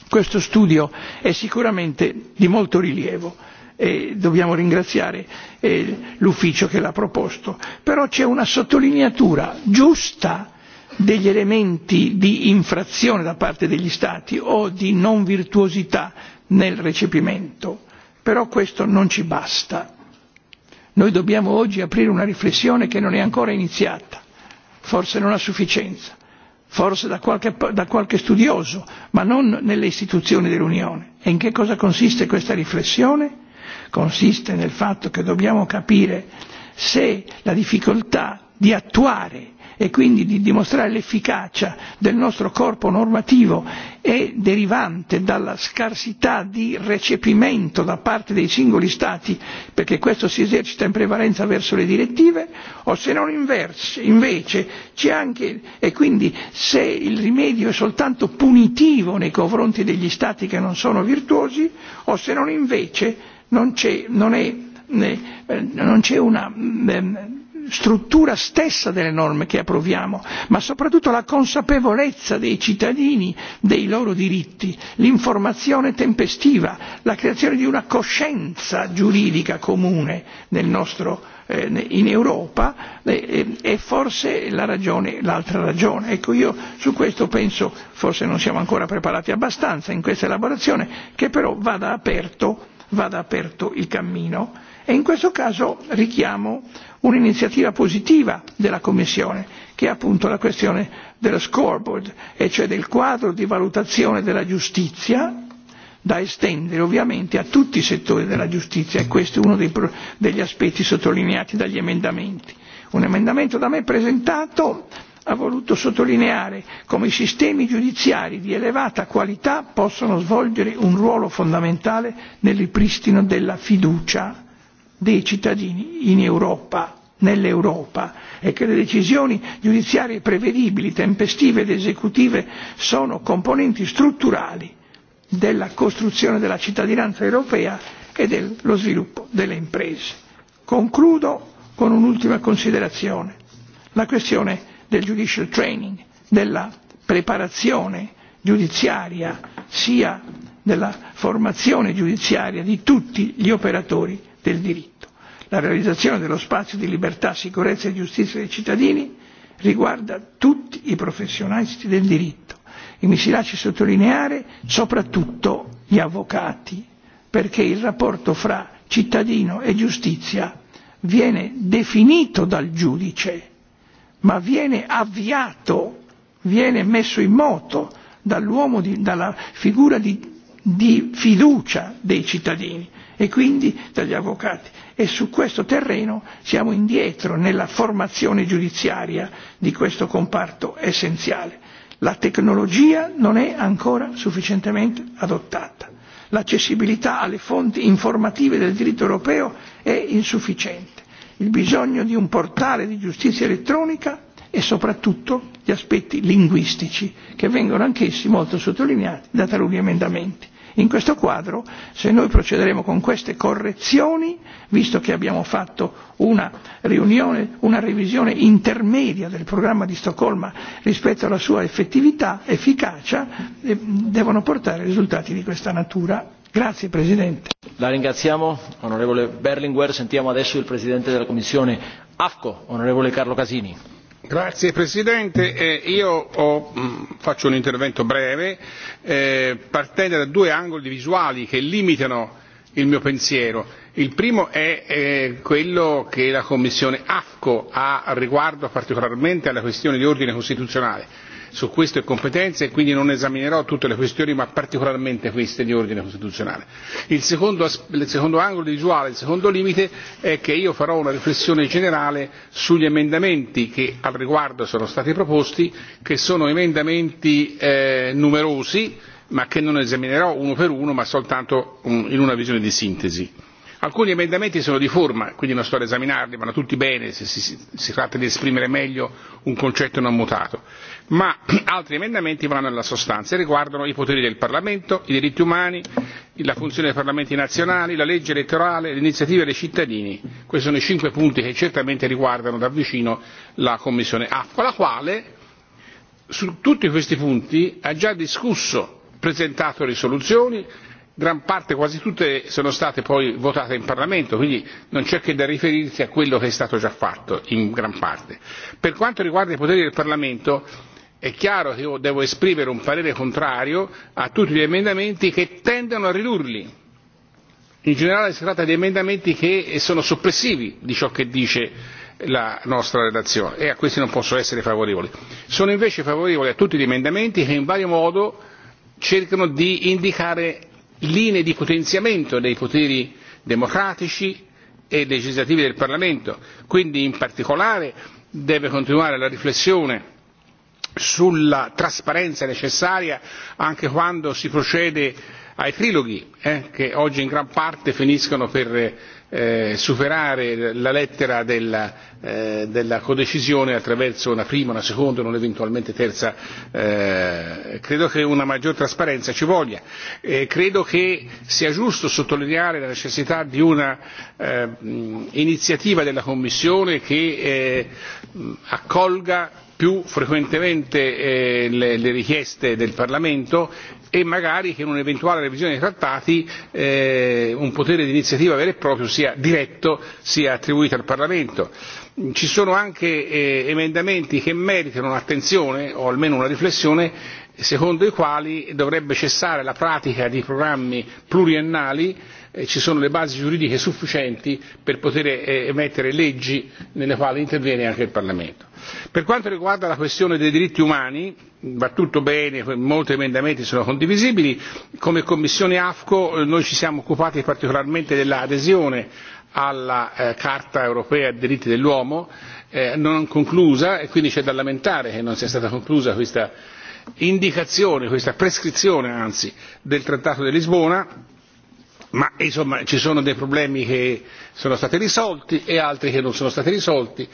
questo studio è sicuramente di molto rilievo e dobbiamo ringraziare eh, l'ufficio che l'ha proposto, però c'è una sottolineatura giusta degli elementi di infrazione da parte degli stati o di non virtuosità nel recepimento però questo non ci basta noi dobbiamo oggi aprire una riflessione che non è ancora iniziata forse non a sufficienza forse da qualche, da qualche studioso ma non nelle istituzioni dell'unione e in che cosa consiste questa riflessione? consiste nel fatto che dobbiamo capire se la difficoltà di attuare e quindi di dimostrare l'efficacia del nostro corpo normativo è derivante dalla scarsità di recepimento da parte dei singoli stati perché questo si esercita in prevalenza verso le direttive o se non invece c'è anche e quindi se il rimedio è soltanto punitivo nei confronti degli stati che non sono virtuosi o se non invece non c'è non è eh, non c'è una mm, ehm, struttura stessa delle norme che approviamo ma soprattutto la consapevolezza dei cittadini dei loro diritti l'informazione tempestiva la creazione di una coscienza giuridica comune nel nostro eh, in Europa eh, eh, è forse la ragione, l'altra ragione. Ecco, io su questo penso, forse non siamo ancora preparati abbastanza in questa elaborazione, che però vada aperto, vada aperto il cammino. E in questo caso richiamo un'iniziativa positiva della Commissione, che è appunto la questione dello scoreboard, e cioè del quadro di valutazione della giustizia, da estendere ovviamente a tutti i settori della giustizia e questo è uno dei, degli aspetti sottolineati dagli emendamenti. Un emendamento da me presentato ha voluto sottolineare come i sistemi giudiziari di elevata qualità possono svolgere un ruolo fondamentale nel ripristino della fiducia dei cittadini in Europa, nell'Europa e che le decisioni giudiziarie prevedibili, tempestive ed esecutive sono componenti strutturali della costruzione della cittadinanza europea e dello sviluppo delle imprese. Concludo con un'ultima considerazione, la questione del judicial training, della preparazione giudiziaria, sia della formazione giudiziaria di tutti gli operatori del diritto. La realizzazione dello spazio di libertà, sicurezza e giustizia dei cittadini riguarda tutti i professionisti del diritto e mi si lasci sottolineare soprattutto gli avvocati, perché il rapporto fra cittadino e giustizia viene definito dal giudice, ma viene avviato, viene messo in moto dall'uomo di, dalla figura di, di fiducia dei cittadini e quindi dagli avvocati e su questo terreno siamo indietro nella formazione giudiziaria di questo comparto essenziale. La tecnologia non è ancora sufficientemente adottata, l'accessibilità alle fonti informative del diritto europeo è insufficiente, il bisogno di un portale di giustizia elettronica e soprattutto gli aspetti linguistici che vengono anch'essi molto sottolineati da taluni emendamenti in questo quadro se noi procederemo con queste correzioni visto che abbiamo fatto una riunione una revisione intermedia del programma di stoccolma rispetto alla sua effettività efficacia eh, devono portare a risultati di questa natura. Grazie Presidente. La ringraziamo, onorevole Berlinguer. Sentiamo adesso il Presidente della Commissione AFCO, onorevole Carlo Casini signor presidente onorevoli eh, colleghi io mm, faccio un intervento breve eh, partendo da due angoli visuali che limitano il mio pensiero. il primo è eh, quello che la commissione afco ha riguardo particolarmente alle questioni di ordine costituzionale su questo è competenza e quindi non esaminerò tutte le questioni ma particolarmente queste di ordine costituzionale. Il secondo, il secondo angolo di visuale, il secondo limite è che io farò una riflessione generale sugli emendamenti che al riguardo sono stati proposti, che sono emendamenti eh, numerosi ma che non esaminerò uno per uno ma soltanto um, in una visione di sintesi. Alcuni emendamenti sono di forma, quindi non sto ad esaminarli, vanno tutti bene se si, si tratta di esprimere meglio un concetto non mutato ma altri emendamenti vanno alla sostanza e riguardano i poteri del parlamento i diritti umani la funzione dei parlamenti nazionali la legge elettorale le iniziative dei cittadini questi sono i cinque punti che certamente riguardano da vicino la commissione afco la quale su tutti questi punti ha già discusso presentato risoluzioni gran parte quasi tutte sono state poi votate in parlamento quindi non c'è che da riferirsi a quello che è stato già fatto in gran parte. per quanto riguarda i poteri del parlamento è chiaro che io devo esprimere un parere contrario a tutti gli emendamenti che tendono a ridurli. In generale si tratta di emendamenti che sono soppressivi di ciò che dice la nostra relazione e a questi non posso essere favorevoli. Sono invece favorevole a tutti gli emendamenti che in vario modo cercano di indicare linee di potenziamento dei poteri democratici e legislativi del Parlamento. Quindi in particolare deve continuare la riflessione sulla trasparenza necessaria anche quando si procede ai triloghi eh, che oggi in gran parte finiscono per eh, superare la lettera della, eh, della codecisione attraverso una prima, una seconda e un'eventualmente terza. Eh, credo che una maggior trasparenza ci voglia. Eh, credo che sia giusto sottolineare la necessità di una eh, iniziativa della Commissione che eh, accolga più frequentemente eh, le, le richieste del Parlamento e magari che in un'eventuale revisione dei trattati eh, un potere di iniziativa vero e proprio sia diretto, sia attribuito al Parlamento. Ci sono anche eh, emendamenti che meritano un'attenzione o almeno una riflessione secondo i quali dovrebbe cessare la pratica di programmi pluriennali eh, ci sono le basi giuridiche sufficienti per poter eh, emettere leggi nelle quali interviene anche il Parlamento. Per quanto riguarda la questione dei diritti umani, va tutto bene, molti emendamenti sono condivisibili, come Commissione AFCO eh, noi ci siamo occupati particolarmente dell'adesione alla eh, Carta europea dei diritti dell'uomo, eh, non conclusa, e quindi c'è da lamentare che non sia stata conclusa questa indicazione, questa prescrizione anzi, del Trattato di Lisbona ma insomma ci sono dei problemi che sono stati risolti e altri che non sono stati risolti.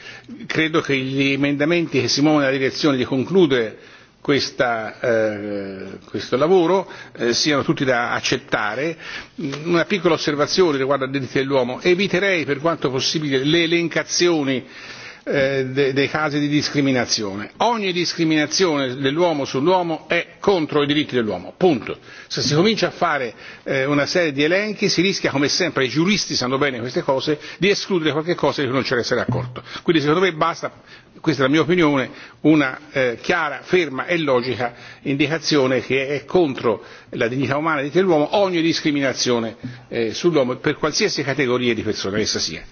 Credo che gli emendamenti che si muovono nella direzione di concludere questa, eh, questo lavoro eh, siano tutti da accettare. Mm, una piccola osservazione riguardo ai diritti dell'uomo. Eviterei per quanto possibile le elencazioni eh, de, dei casi di discriminazione. Ogni discriminazione dell'uomo sull'uomo è contro i diritti dell'uomo, punto. Se si comincia a fare eh, una serie di elenchi si rischia, come sempre, i giuristi sanno bene queste cose, di escludere qualche cosa di cui non c'è essere accorto. Quindi secondo me basta, questa è la mia opinione, una eh, chiara, ferma e logica indicazione che è contro la dignità umana e i diritti dell'uomo ogni discriminazione eh, sull'uomo per qualsiasi categoria di persona essa sia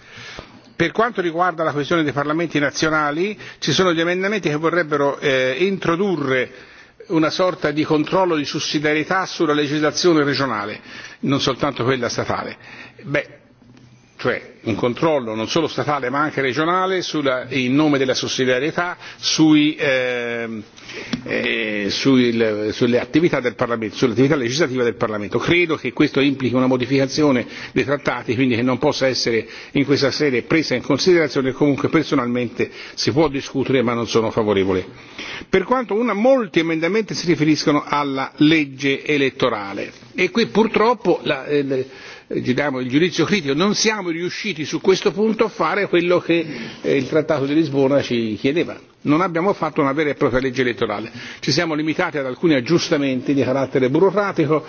per quanto riguarda la questione dei parlamenti nazionali ci sono gli emendamenti che vorrebbero eh, introdurre una sorta di controllo di sussidiarietà sulla legislazione regionale non soltanto quella statale. Beh, cioè un controllo non solo statale ma anche regionale sulla, in nome della sussidiarietà sui, ehm, eh, eh, sul, sulle attività del Parlamento, sull'attività legislativa del Parlamento. Credo che questo implichi una modificazione dei trattati, quindi che non possa essere in questa sede presa in considerazione, comunque personalmente si può discutere ma non sono favorevole. Per quanto una, molti emendamenti si riferiscono alla legge elettorale e qui purtroppo la, eh, Eh, diciamo, il giudizio critico, non siamo riusciti su questo punto a fare quello che eh, il Trattato di Lisbona ci chiedeva. Non abbiamo fatto una vera e propria legge elettorale, ci siamo limitati ad alcuni aggiustamenti di carattere burocratico,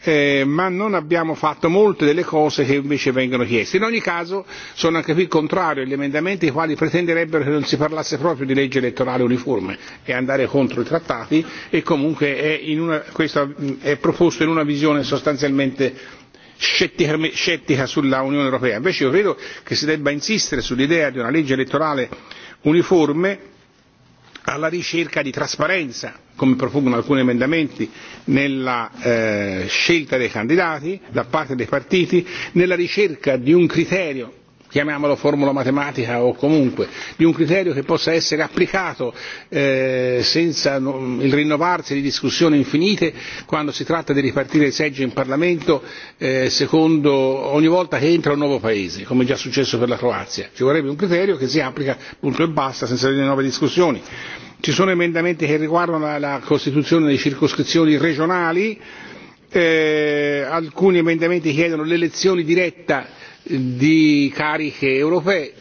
eh, ma non abbiamo fatto molte delle cose che invece vengono chieste. In ogni caso sono anche qui contrario agli emendamenti i quali pretenderebbero che non si parlasse proprio di legge elettorale uniforme e andare contro i trattati e comunque è in una, questo è proposto in una visione sostanzialmente scettica sulla Unione Europea. Invece io credo che si debba insistere sull'idea di una legge elettorale uniforme alla ricerca di trasparenza, come propongono alcuni emendamenti, nella eh, scelta dei candidati da parte dei partiti, nella ricerca di un criterio chiamiamola formula matematica o comunque di un criterio che possa essere applicato eh, senza no, il rinnovarsi di discussioni infinite quando si tratta di ripartire i seggi in Parlamento eh, secondo ogni volta che entra un nuovo paese, come è già successo per la Croazia. Ci vorrebbe un criterio che si applica punto e basta senza nuove discussioni. Ci sono emendamenti che riguardano la, la costituzione di circoscrizioni regionali, eh, alcuni emendamenti chiedono l'elezione diretta di cariche europee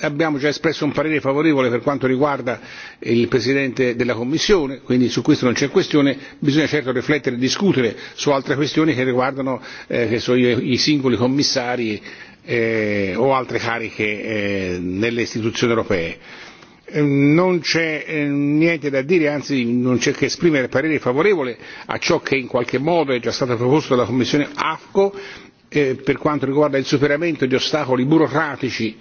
abbiamo già espresso un parere favorevole per quanto riguarda il presidente della commissione quindi su questo non c'è questione bisogna certo riflettere e discutere su altre questioni che riguardano eh, che so io, i singoli commissari eh, o altre cariche eh, nelle istituzioni europee. Ehm, non c'è eh, niente da dire, anzi non c'è che esprimere parere favorevole a ciò che in qualche modo è già stato proposto dalla Commissione AFCO eh, per quanto riguarda il superamento di ostacoli burocratici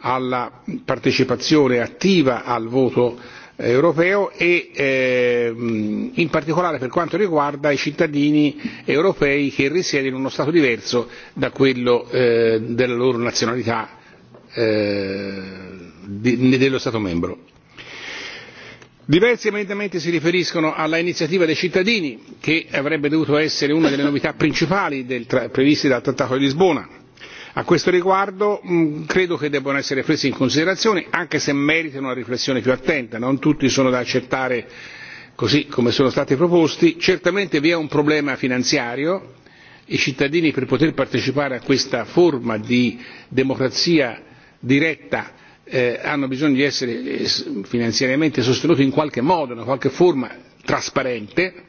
alla partecipazione attiva al voto eh, europeo e eh, in particolare per quanto riguarda i cittadini europei che risiedono in uno Stato diverso da quello eh, della loro nazionalità eh, di, dello Stato membro diversi emendamenti si riferiscono all'iniziativa dei cittadini che avrebbe dovuto essere una delle novità principali del, previste dal trattato di lisbona. a questo riguardo mh, credo che debbano essere presi in considerazione anche se meritano una riflessione più attenta non tutti sono da accettare così come sono stati proposti. certamente vi è un problema finanziario i cittadini per poter partecipare a questa forma di democrazia diretta eh, hanno bisogno di essere eh, finanziariamente sostenuti in qualche modo, in qualche forma trasparente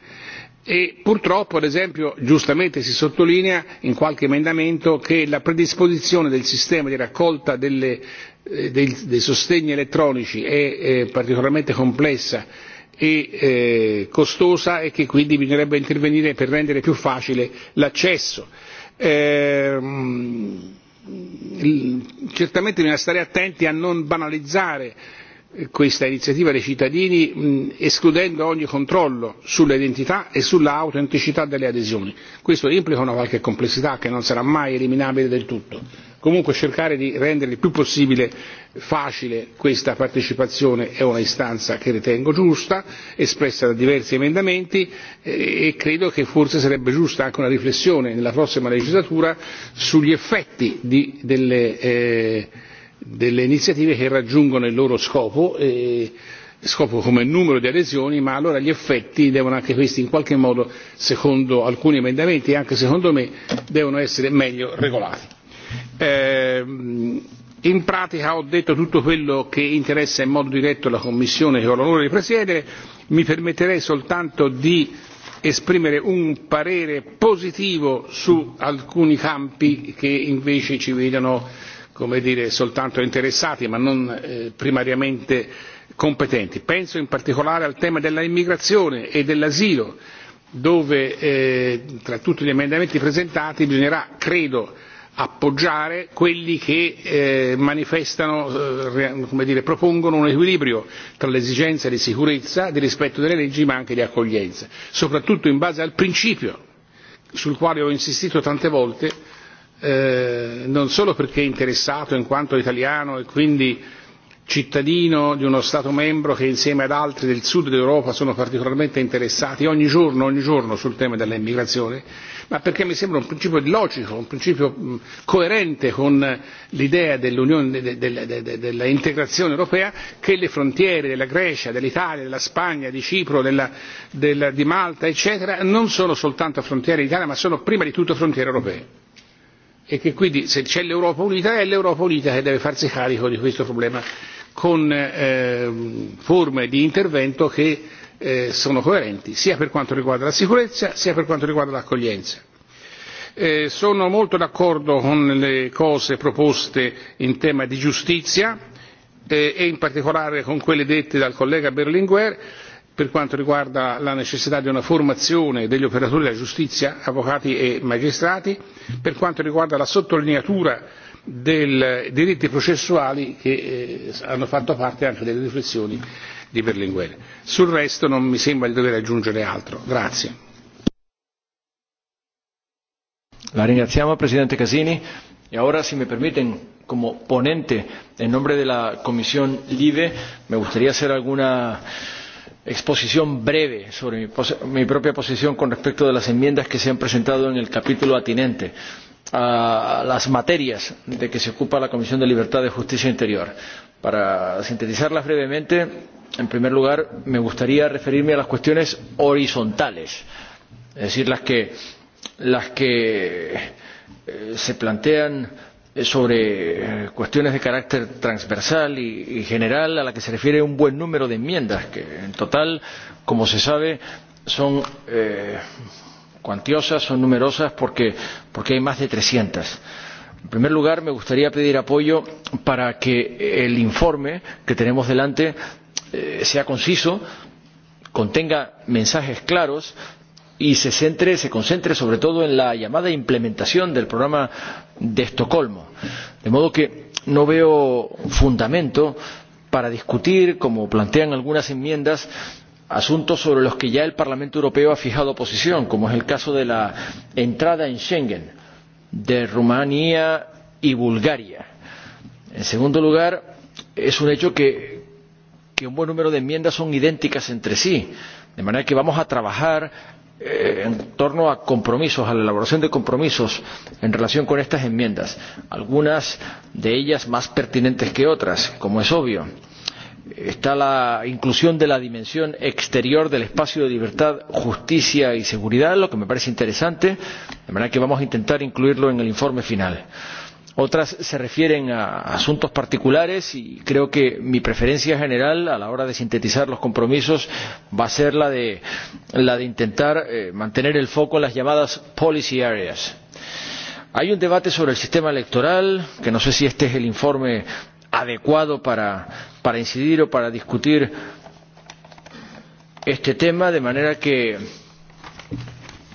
e purtroppo, ad esempio, giustamente si sottolinea in qualche emendamento che la predisposizione del sistema di raccolta delle, eh, dei, dei sostegni elettronici è eh, particolarmente complessa e eh, costosa e che quindi bisognerebbe intervenire per rendere più facile l'accesso. Ehm, Mm, certamente bisogna stare attenti a non banalizzare eh, questa iniziativa dei cittadini mm, escludendo ogni controllo sull'identità e sull'autenticità delle adesioni. questo implica una qualche complessità che non sarà mai eliminabile del tutto comunque cercare di rendere il più possibile facile questa partecipazione è un'istanza che ritengo giusta espressa da diversi emendamenti eh, e credo che forse sarebbe giusta anche una riflessione nella prossima legislatura sugli effetti di, delle, eh, delle iniziative che raggiungono il loro scopo e scopo come numero di adesioni ma allora gli effetti devono anche questi in qualche modo secondo alcuni emendamenti e anche secondo me devono essere meglio regolati. Eh, in pratica ho detto tutto quello che interessa in modo diretto la Commissione che ho l'onore di presiedere, mi permetterei soltanto di esprimere un parere positivo su alcuni campi che invece ci vedono come dire, soltanto interessati ma non eh, primariamente competenti. Penso in particolare al tema dell'immigrazione e dell'asilo, dove eh, tra tutti gli emendamenti presentati bisognerà, credo, appoggiare quelli che eh, manifestano, eh, come dire, propongono un equilibrio tra l'esigenza di sicurezza, di rispetto delle leggi, ma anche di accoglienza, soprattutto in base al principio sul quale ho insistito tante volte, eh, non solo perché interessato in quanto italiano e quindi cittadino di uno Stato membro che insieme ad altri del sud d'Europa sono particolarmente interessati ogni giorno, ogni giorno sul tema dell'immigrazione, ma perché mi sembra un principio logico un principio coerente con eh, l'idea dell'unione dell'integrazione europea che le frontiere della grecia dell'italia della spagna di cipro di malta eccetera non sono soltanto frontiere d'italia ma sono prima di tutto frontiere europee e che quindi se c'è l'europa unita è l'europa unita che deve farsi carico di questo problema con eh, ehm, forme di intervento che eh, sono coerenti sia per quanto riguarda la sicurezza sia per quanto riguarda l'accoglienza. Eh, sono molto d'accordo con le cose proposte in tema di giustizia eh, e in particolare con quelle dette dal collega berlinguer per quanto riguarda la necessità di una formazione degli operatori della giustizia avvocati e magistrati per quanto riguarda la sottolineatura dei diritti processuali che eh, hanno fatto parte anche delle riflessioni di Berlinguer. Sul resto non mi sembra di dover aggiungere altro. Grazie. La ringraziamo, Presidente Casini. Y e ahora, si me permiten, como ponente en nombre de la Comisión LIBE, me gustaría hacer alguna exposición breve sobre mi, mi propia posición con respecto de las enmiendas que se han presentado en el capítulo atinente a las materias de que se ocupa la Comisión de Libertades, Justicia e Interior. Para sintetizarlas brevemente, en primer lugar, me gustaría referirme a las cuestiones horizontales, es decir, las que, las que eh, se plantean sobre cuestiones de carácter transversal y, y general a la que se refiere un buen número de enmiendas que en total como se sabe son eh, cuantiosas, son numerosas porque, porque hay más de 300. En primer lugar, me gustaría pedir apoyo para que el informe que tenemos delante eh, sea conciso, contenga mensajes claros y se, centre, se concentre sobre todo en la llamada implementación del programa de Estocolmo. De modo que no veo fundamento para discutir, como plantean algunas enmiendas, asuntos sobre los que ya el Parlamento Europeo ha fijado posición, como es el caso de la entrada en Schengen de Rumanía y Bulgaria. En segundo lugar, es un hecho que, que un buen número de enmiendas son idénticas entre sí, de manera que vamos a trabajar eh, en torno a compromisos, a la elaboración de compromisos en relación con estas enmiendas, algunas de ellas más pertinentes que otras, como es obvio. Eh, está la inclusión de la dimensión exterior del espacio de libertad justicia y seguridad lo que me parece interesante de manera que vamos a intentar incluirlo en el informe final. otras se refieren a asuntos particulares y creo que mi preferencia general a la hora de sintetizar los compromisos va a ser la de, la de intentar eh, mantener el foco en las llamadas policy areas hay un debate sobre el sistema electoral que no sé si este es el informe adecuado para, para incidir o para discutir este tema, de manera que,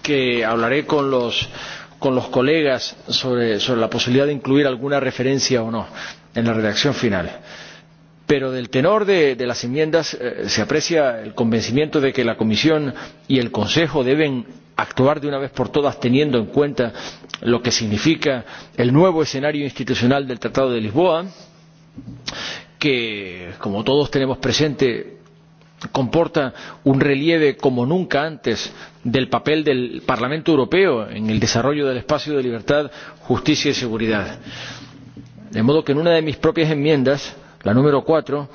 que hablaré con los, con los colegas sobre, sobre la posibilidad de incluir alguna referencia o no en la redacción final. Pero del tenor de, de las enmiendas eh, se aprecia el convencimiento de que la Comisión y el Consejo deben actuar de una vez por todas teniendo en cuenta lo que significa el nuevo escenario institucional del Tratado de Lisboa, eh, que, como todos tenemos presente, comporta un relieve como nunca antes del papel del Parlamento Europeo en el desarrollo del espacio de libertad, justicia y seguridad. De modo que en una de mis propias enmiendas, la número cuatro,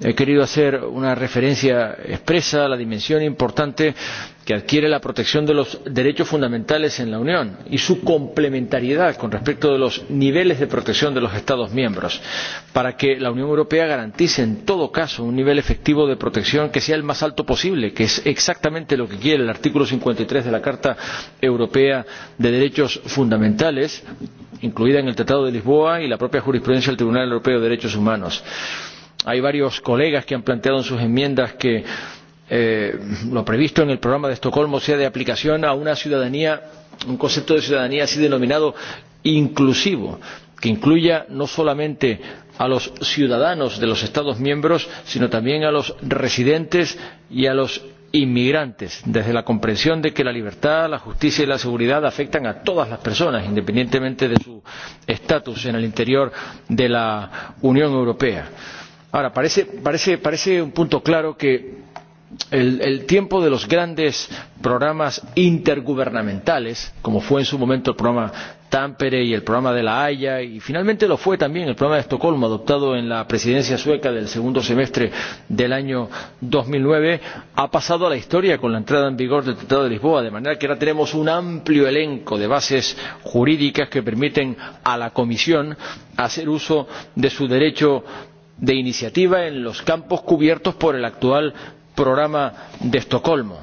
he querido hacer una referencia expresa a la dimensión importante que adquiere la protección de los derechos fundamentales en la unión y su complementariedad con respecto de los niveles de protección de los estados miembros para que la unión europea garantice en todo caso un nivel efectivo de protección que sea el más alto posible que es exactamente lo que quiere el artículo cincuenta y tres de la carta europea de derechos fundamentales incluida en el tratado de lisboa y la propia jurisprudencia del tribunal europeo de derechos humanos así hay varios colegas que han planteado en sus enmiendas que eh, lo previsto en el programa de estocolmo sea de aplicación a una ciudadanía un concepto de ciudadanía así denominado inclusivo que incluya no solamente a los ciudadanos de los estados miembros sino también a los residentes y a los inmigrantes desde la comprensión de que la libertad la justicia y la seguridad afectan a todas las personas independientemente de su estatus en el interior de la unión europea ahora parece, parece, parece un punto claro que el, el tiempo de los grandes programas intergubernamentales como fue en su momento el programa tampere y el programa de la haya y finalmente lo fue también el programa de estocolmo adoptado en la presidencia sueca del segundo semestre del año dos mil nueve ha pasado a la historia con la entrada en vigor del tratado de lisboa de manera que ahora tenemos un amplio elenco de bases jurídicas que permiten a la comisión hacer uso de su derecho de iniciativa en los campos cubiertos por el actual programa de estocolmo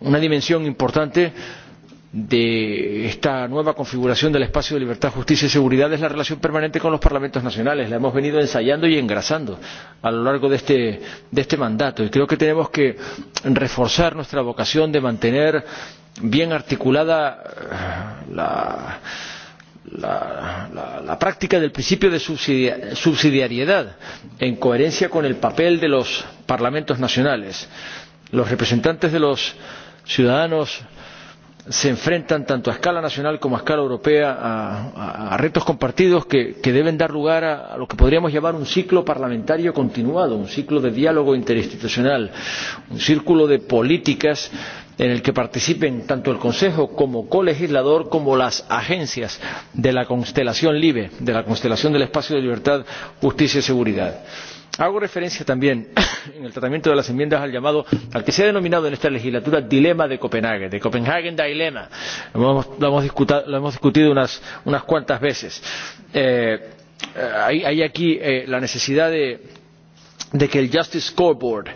una dimensión importante de esta nueva configuración del espacio de libertad justicia y seguridad es la relación permanente con los parlamentos nacionales la hemos venido ensayando y engrasando a lo largo de este, de este mandato y creo que tenemos que reforzar nuestra vocación de mantener bien articulada eh, la la, la, la práctica del principio de subsidia, subsidiariedad en coherencia con el papel de los parlamentos nacionales. Los representantes de los ciudadanos se enfrentan tanto a escala nacional como a escala europea a, a, a retos compartidos que, que deben dar lugar a, a lo que podríamos llamar un ciclo parlamentario continuado, un ciclo de diálogo interinstitucional, un círculo de políticas en el que participen tanto el consejo como colegislador como las agencias de la constelación libe de la constelación del espacio de libertad justicia y seguridad. hago referencia también en el tratamiento de las enmiendas al llamado al que se ha denominado en esta legislatura dilema de copenhague the copenhagen dilemma lo hemos, lo hemos discutido unas, unas cuantas veces. Eh, eh, hay, hay aquí eh, la necesidad de, de que el justice scoreboard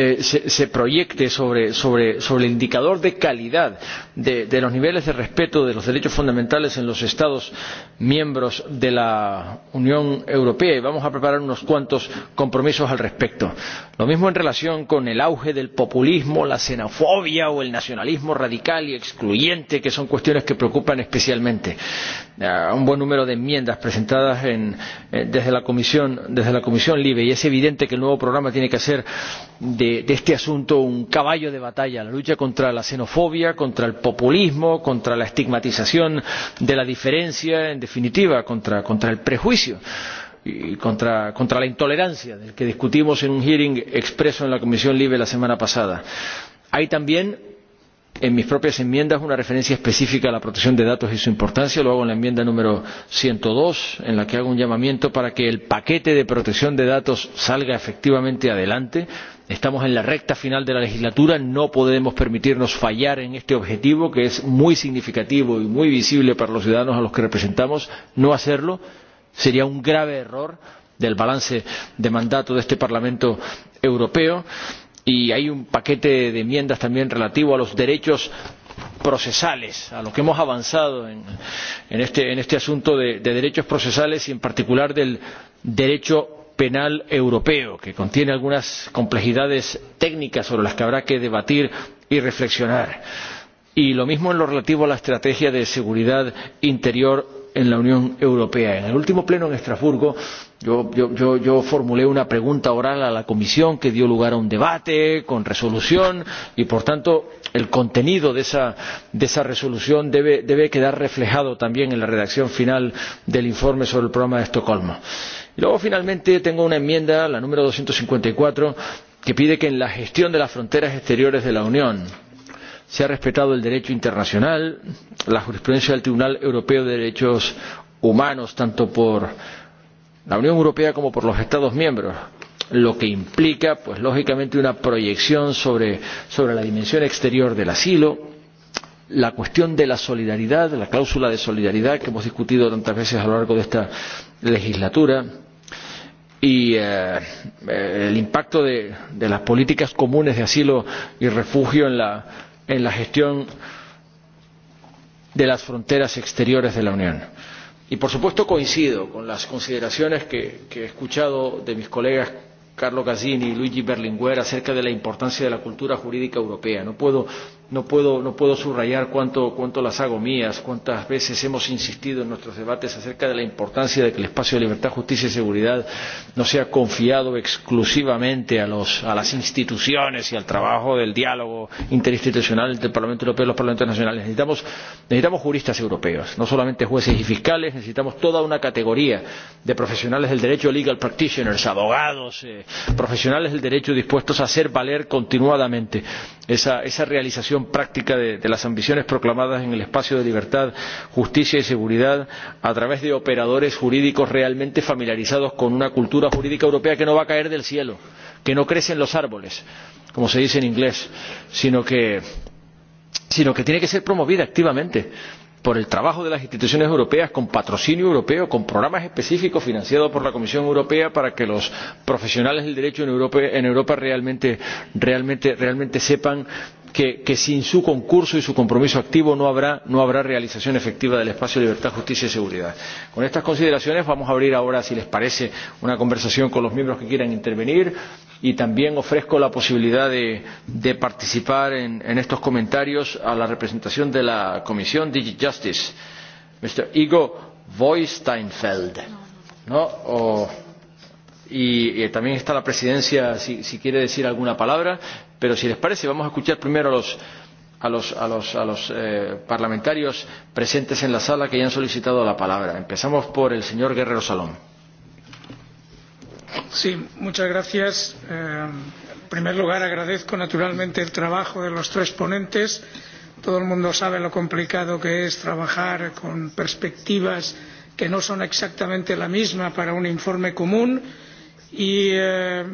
eh, se, se proyecte sobre, sobre, sobre el indicador de calidad de, de los niveles de respeto de los derechos fundamentales en los Estados miembros de la Unión Europea y vamos a preparar unos cuantos compromisos al respecto. Lo mismo en relación con el auge del populismo, la xenofobia o el nacionalismo radical y excluyente, que son cuestiones que preocupan especialmente a un buen número de enmiendas presentadas en, eh, desde, la comisión, desde la comisión libe y es evidente que el nuevo programa tiene que hacer de, de este asunto un caballo de batalla la lucha contra la xenofobia contra el populismo contra la estigmatización de la diferencia en definitiva contra, contra el prejuicio y contra, contra la intolerancia del que discutimos en un hearing expreso en la comisión libe la semana pasada. hay también en mis propias enmiendas una referencia específica a la protección de datos y su importancia. Lo hago en la enmienda número 102, en la que hago un llamamiento para que el paquete de protección de datos salga efectivamente adelante. Estamos en la recta final de la legislatura, no podemos permitirnos fallar en este objetivo, que es muy significativo y muy visible para los ciudadanos a los que representamos. No hacerlo sería un grave error del balance de mandato de este Parlamento europeo y hay un paquete de enmiendas también relativo a los derechos procesales a lo que hemos avanzado en, en, este, en este asunto de, de derechos procesales y en particular del derecho penal europeo que contiene algunas complejidades técnicas sobre las que habrá que debatir y reflexionar y lo mismo en lo relativo a la estrategia de seguridad interior en la unión europea. en el último pleno en estrasburgo Yo, yo, yo, yo formulé una pregunta oral a la comisión que dio lugar a un debate con resolución y por tanto el contenido de esa, de esa resolución debe, debe quedar reflejado también en la redacción final del informe sobre el programa de estocolmo. y luego finalmente tengo una enmienda la número doscientos cincuenta y cuatro que pide que en la gestión de las fronteras exteriores de la unión se ha respetado el derecho internacional la jurisprudencia del tribunal europeo de derechos humanos tanto por la unión europea como por los estados miembros lo que implica pues lógicamente una proyección sobre, sobre la dimensión exterior del asilo la cuestión de la solidaridad la cláusula de solidaridad que hemos discutido tantas veces a lo largo de esta legislatura y eh, eh el impacto de, de las políticas comunes de asilo y refugio en la, en la gestión de las fronteras exteriores de la unión Y por supuesto coincido con las consideraciones que, que he escuchado de mis colegas Carlo Casini y Luigi Berlinguer acerca de la importancia de la cultura jurídica europea. No puedo no puedo, no puedo subrayar cuánto, cuánto las hago mías, cuántas veces hemos insistido en nuestros debates acerca de la importancia de que el espacio de libertad, justicia y seguridad no sea confiado exclusivamente a, los, a las instituciones y al trabajo del diálogo interinstitucional entre el Parlamento Europeo y los Parlamentos Nacionales. Necesitamos, necesitamos juristas europeos, no solamente jueces y fiscales, necesitamos toda una categoría de profesionales del derecho, legal practitioners, abogados, eh, profesionales del derecho dispuestos a hacer valer continuadamente esa, esa realización aplicación práctica de, de las ambiciones proclamadas en el espacio de libertad justicia y seguridad a través de operadores jurídicos realmente familiarizados con una cultura jurídica europea que no va a caer del cielo que no crece en los árboles como se dice en inglés sino que, sino que tiene que ser promovida activamente por el trabajo de las instituciones europeas con patrocinio europeo con programas específicos financiados por la comisión europea para que los profesionales del derecho en europa, en europa realmente, realmente, realmente sepan que, que sin su concurso y su compromiso activo no habrá, no habrá realización efectiva del espacio de libertad, justicia y seguridad. Con estas consideraciones vamos a abrir ahora, si les parece, una conversación con los miembros que quieran intervenir y también ofrezco la posibilidad de, de participar en, en estos comentarios a la representación de la Comisión Digi Justice, Mr. Igor Voisteinfeld. ¿No? O, y, y también está la presidencia si, si quiere decir alguna palabra Pero si les parece, vamos a escuchar primero a los, a los, a los, a los eh, parlamentarios presentes en la sala que ya han solicitado la palabra. Empezamos por el señor Guerrero Salón. Sí, muchas gracias. Eh, en primer lugar, agradezco naturalmente el trabajo de los tres ponentes. Todo el mundo sabe lo complicado que es trabajar con perspectivas que no son exactamente la misma para un informe común y eh,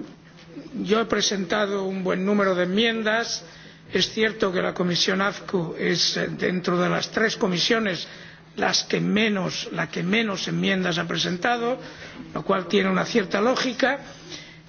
yo he presentado un buen número de enmiendas es cierto que la comisión afco es eh, dentro de las tres comisiones que menos, la que menos enmiendas ha presentado lo cual tiene una cierta lógica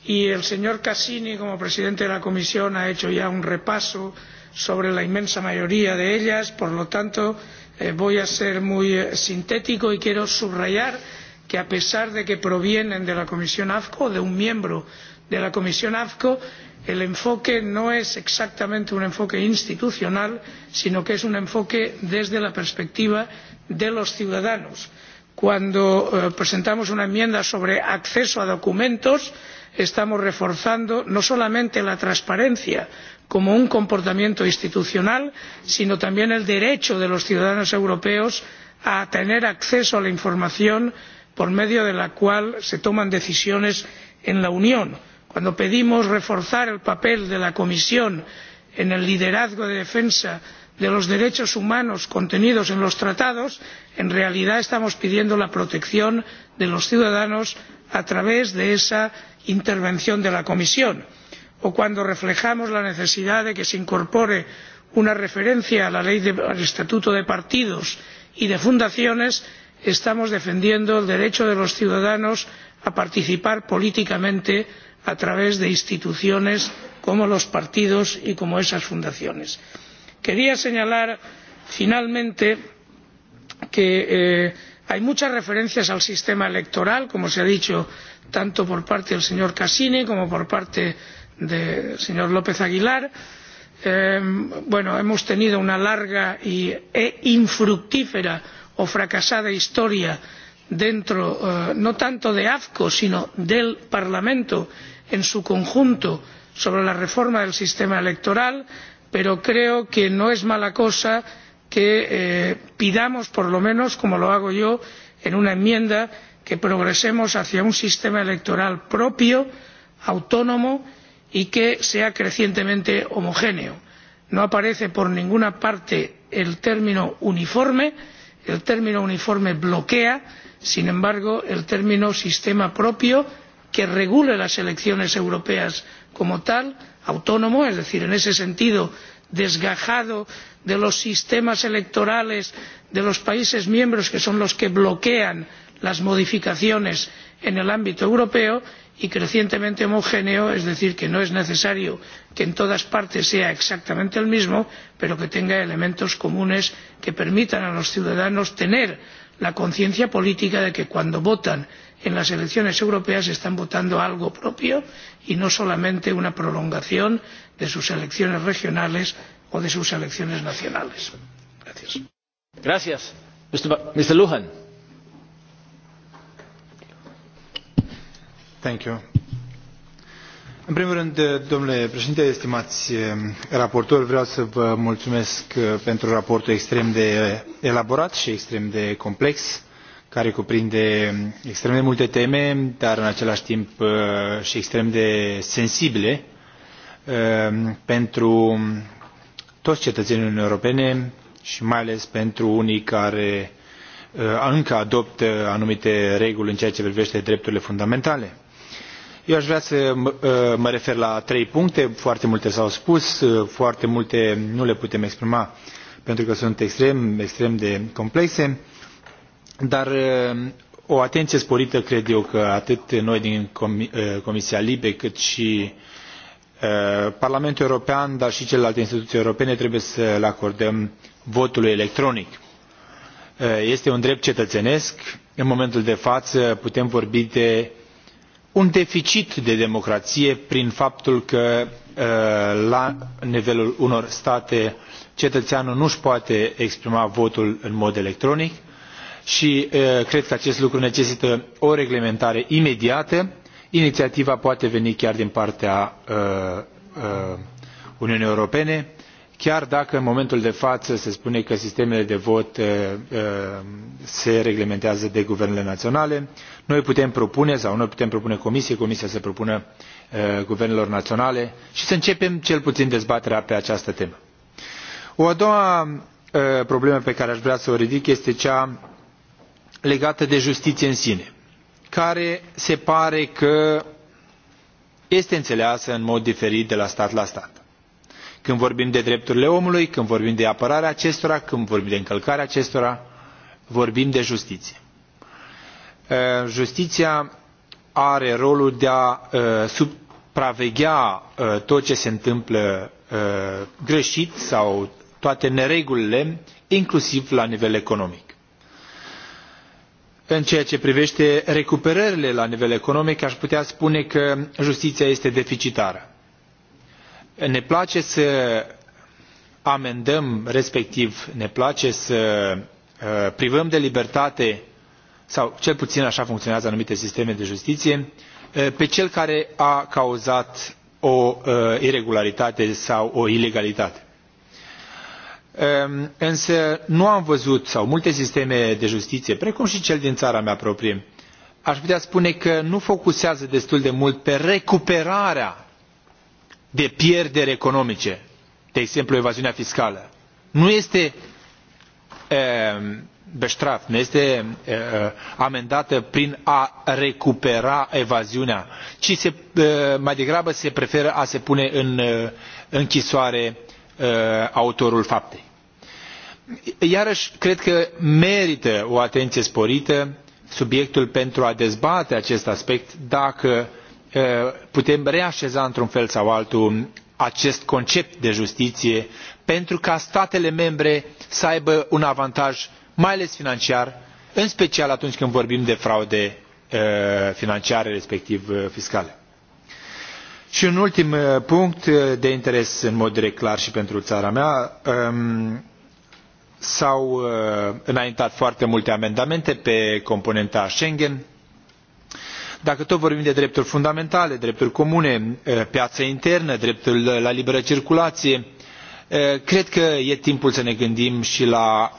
y el señor casini como presidente de la comisión ha hecho ya un repaso sobre la inmensa mayoría de ellas por lo tanto eh, voy a ser muy eh, sintético y quiero subrayar que a pesar de que provienen de la comisión afco de un miembro de de la comisión afco el enfoque no es exactamente un enfoque institucional sino que es un enfoque desde la perspectiva de los ciudadanos. cuando eh, presentamos una enmienda sobre acceso a documentos estamos reforzando no solamente la transparencia como un comportamiento institucional sino también el derecho de los ciudadanos europeos a tener acceso a la información por medio de la cual se toman decisiones en la unión cuando pedimos reforzar el papel de la comisión en el liderazgo de defensa de los derechos humanos contenidos en los tratados en realidad estamos pidiendo la protección de los ciudadanos a través de esa intervención de la comisión o cuando reflejamos la necesidad de que se incorpore una referencia a la ley del estatuto de partidos y de fundaciones estamos defendiendo el derecho de los ciudadanos a participar políticamente en a través de instituciones como los partidos y como esas fundaciones. quería señalar finalmente que eh, hay muchas referencias al sistema electoral como se ha dicho tanto por parte del señor casini como por parte del señor lópez aguilar. Eh, bueno, hemos tenido una larga y, e infructífera o fracasada historia dentro eh, no tanto de afco sino del parlamento y en su conjunto sobre la reforma del sistema electoral pero creo que no es mala cosa que eh, pidamos por lo menos como lo hago yo en una enmienda que progresemos hacia un sistema electoral propio autónomo y que sea crecientemente homogéneo. no aparece por ninguna parte el término uniforme el término uniforme bloquea sin embargo el término sistema propio que regule las elecciones europeas como tal autónomo es decir en ese sentido desgajado de los sistemas electorales de los países miembros que son los que bloquean las modificaciones en el ámbito europeo y crecientemente homogéneo es decir que no es necesario que en todas partes sea exactamente el mismo pero que tenga elementos comunes que permitan a los ciudadanos tener la conciencia política de que cuando votan en las elecciones europeas están votando algo propio y no solamente una prolongación de sus elecciones regionales o de sus elecciones nacionales. în primul rând eh, domnule președinte stimați eh, raportori vreau să vă mulțumesc eh, pentru raportul extrem de elaborat și extrem de complex care cuprinde extrem de multe teme, dar în același timp uh, și extrem de sensibile uh, pentru toți cetățenii Uniunii Europene și mai ales pentru unii care uh, încă adoptă anumite reguli în ceea ce privește drepturile fundamentale. Eu aș vrea să mă refer la trei puncte, foarte multe s-au spus, foarte multe nu le putem exprima pentru că sunt extrem, extrem de complexe dar uh, o atenție sporită cred eu că atât noi din uh, comisia libe cât și uh, parlamentul european dar și celelalte instituții europene trebuie să le acordăm votului electronic. este un drept cetățenesc în momentul de față putem vorbi de un deficit de democrație prin faptul că la nivelul unor state cetățeanul nu își poate exprima votul în mod electronic și e, cred că acest lucru necesită o reglementare imediată inițiativa poate veni chiar din partea e, e, uniunii europene chiar dacă în momentul de față se spune că sistemele de vot se reglementează de guvernele naționale noi putem propune sau noi putem propune comisiei comisia să propună guvernelor naționale și să începem cel puțin dezbaterea pe această temă. o a doua problemă pe care aș vrea să o ridic este cea legată de justiție în sine, care se pare că este înțeleasă în mod diferit de la stat la stat. Când vorbim de drepturile omului, când vorbim de apărarea acestora, când vorbim de încălcarea acestora, vorbim de justiție. Uh, justiția are rolul de a uh, supraveghea uh, tot ce se întâmplă greșit sau toate neregulile, inclusiv la nivel economic în ceea ce privește recuperările la nivel economic aș putea spune că justiția este deficitară. ne place să amendăm respectiv ne place să uh, privăm de libertate sau cel puțin așa funcționează anumite sisteme de justiție uh, pe cel care a cauzat o uh, iregularitate sau o ilegalitate. Ehm, însă nu am văzut sau multe sisteme de justiție, precum și cel din țara mea proprie, aș putea spune că nu focusează destul de mult pe recuperarea de pierderi economice, de exemplu evaziunea fiscală. Nu este ehm, bestraft, nu este e, e, amendată prin a recupera evaziunea, ci se, e, mai degrabă se preferă a se pune în închisoare Uh, autorul faptei. Iarăși, cred că merită o atenție sporită subiectul pentru a dezbate acest aspect dacă uh, putem reașeza într-un fel sau altul acest concept de justiție pentru ca statele membre să aibă un avantaj, mai ales financiar, în special atunci când vorbim de fraude uh, financiare, respectiv fiscale Și un ultim uh, punct uh, de interes în mod direct clar și pentru țara mea. Um, s-au uh, înaintat foarte multe amendamente pe componenta Schengen. Dacă tot vorbim de drepturi fundamentale, drepturi comune, piață internă, dreptul la liberă circulație, cred că e timpul să ne gândim și la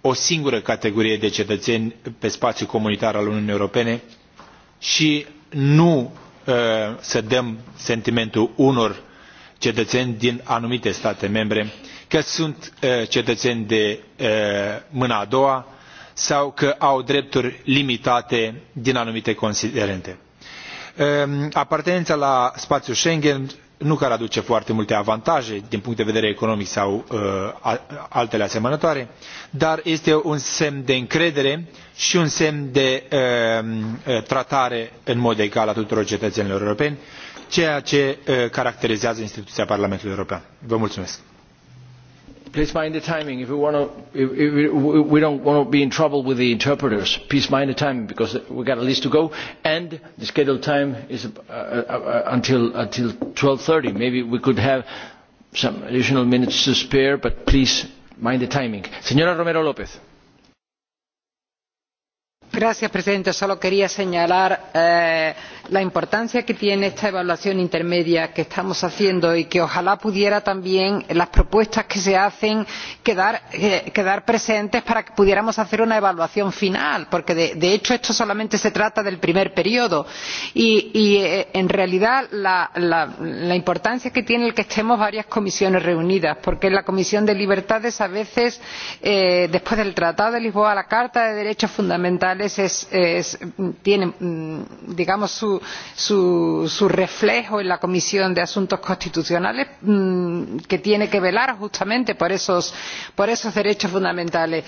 o singură categorie de cetățeni pe spațiul comunitar al Uniunii Europene și nu să dăm sentimentul unor cetățeni din anumite state membre că sunt cetățeni de mâna a doua sau că au drepturi limitate din anumite considerente. apartenența la spațiul schengen nu că ar aduce foarte multe avantaje din punct de vedere economic sau uh, altele asemănătoare, dar este un semn de încredere și un semn de um, uh, tratare în mod egal a tuturor cetățenilor europeni, ceea ce uh, caracterizează instituția Parlamentului European. Vă mulțumesc! Please mind the timing. If we want to, if, if we don't want to be in trouble with the interpreters. Please mind the timing because we got a list to go, and the scheduled time is uh, uh, uh, until until 12:30. Maybe we could have some additional minutes to spare, but please mind the timing. Señora Romero López. Gracias, presidente. Solo quería señalar. Eh, la importancia que tiene esta evaluación intermedia que estamos haciendo y que ojalá pudiera también las propuestas que se hacen quedar, eh, quedar presentes para que pudiéramos hacer una evaluación final porque de, de hecho esto solamente se trata del primer periodo y, y eh, en realidad la, la, la importancia que tiene el que estemos varias comisiones reunidas porque en la comisión de libertades a veces eh, después del tratado de lisboa la carta de derechos fundamentales es, es, tiene mm, digamos su, su, su, su reflejo en la Comisión de Asuntos Constitucionales, mmm, que tiene que velar justamente por esos, por esos derechos fundamentales.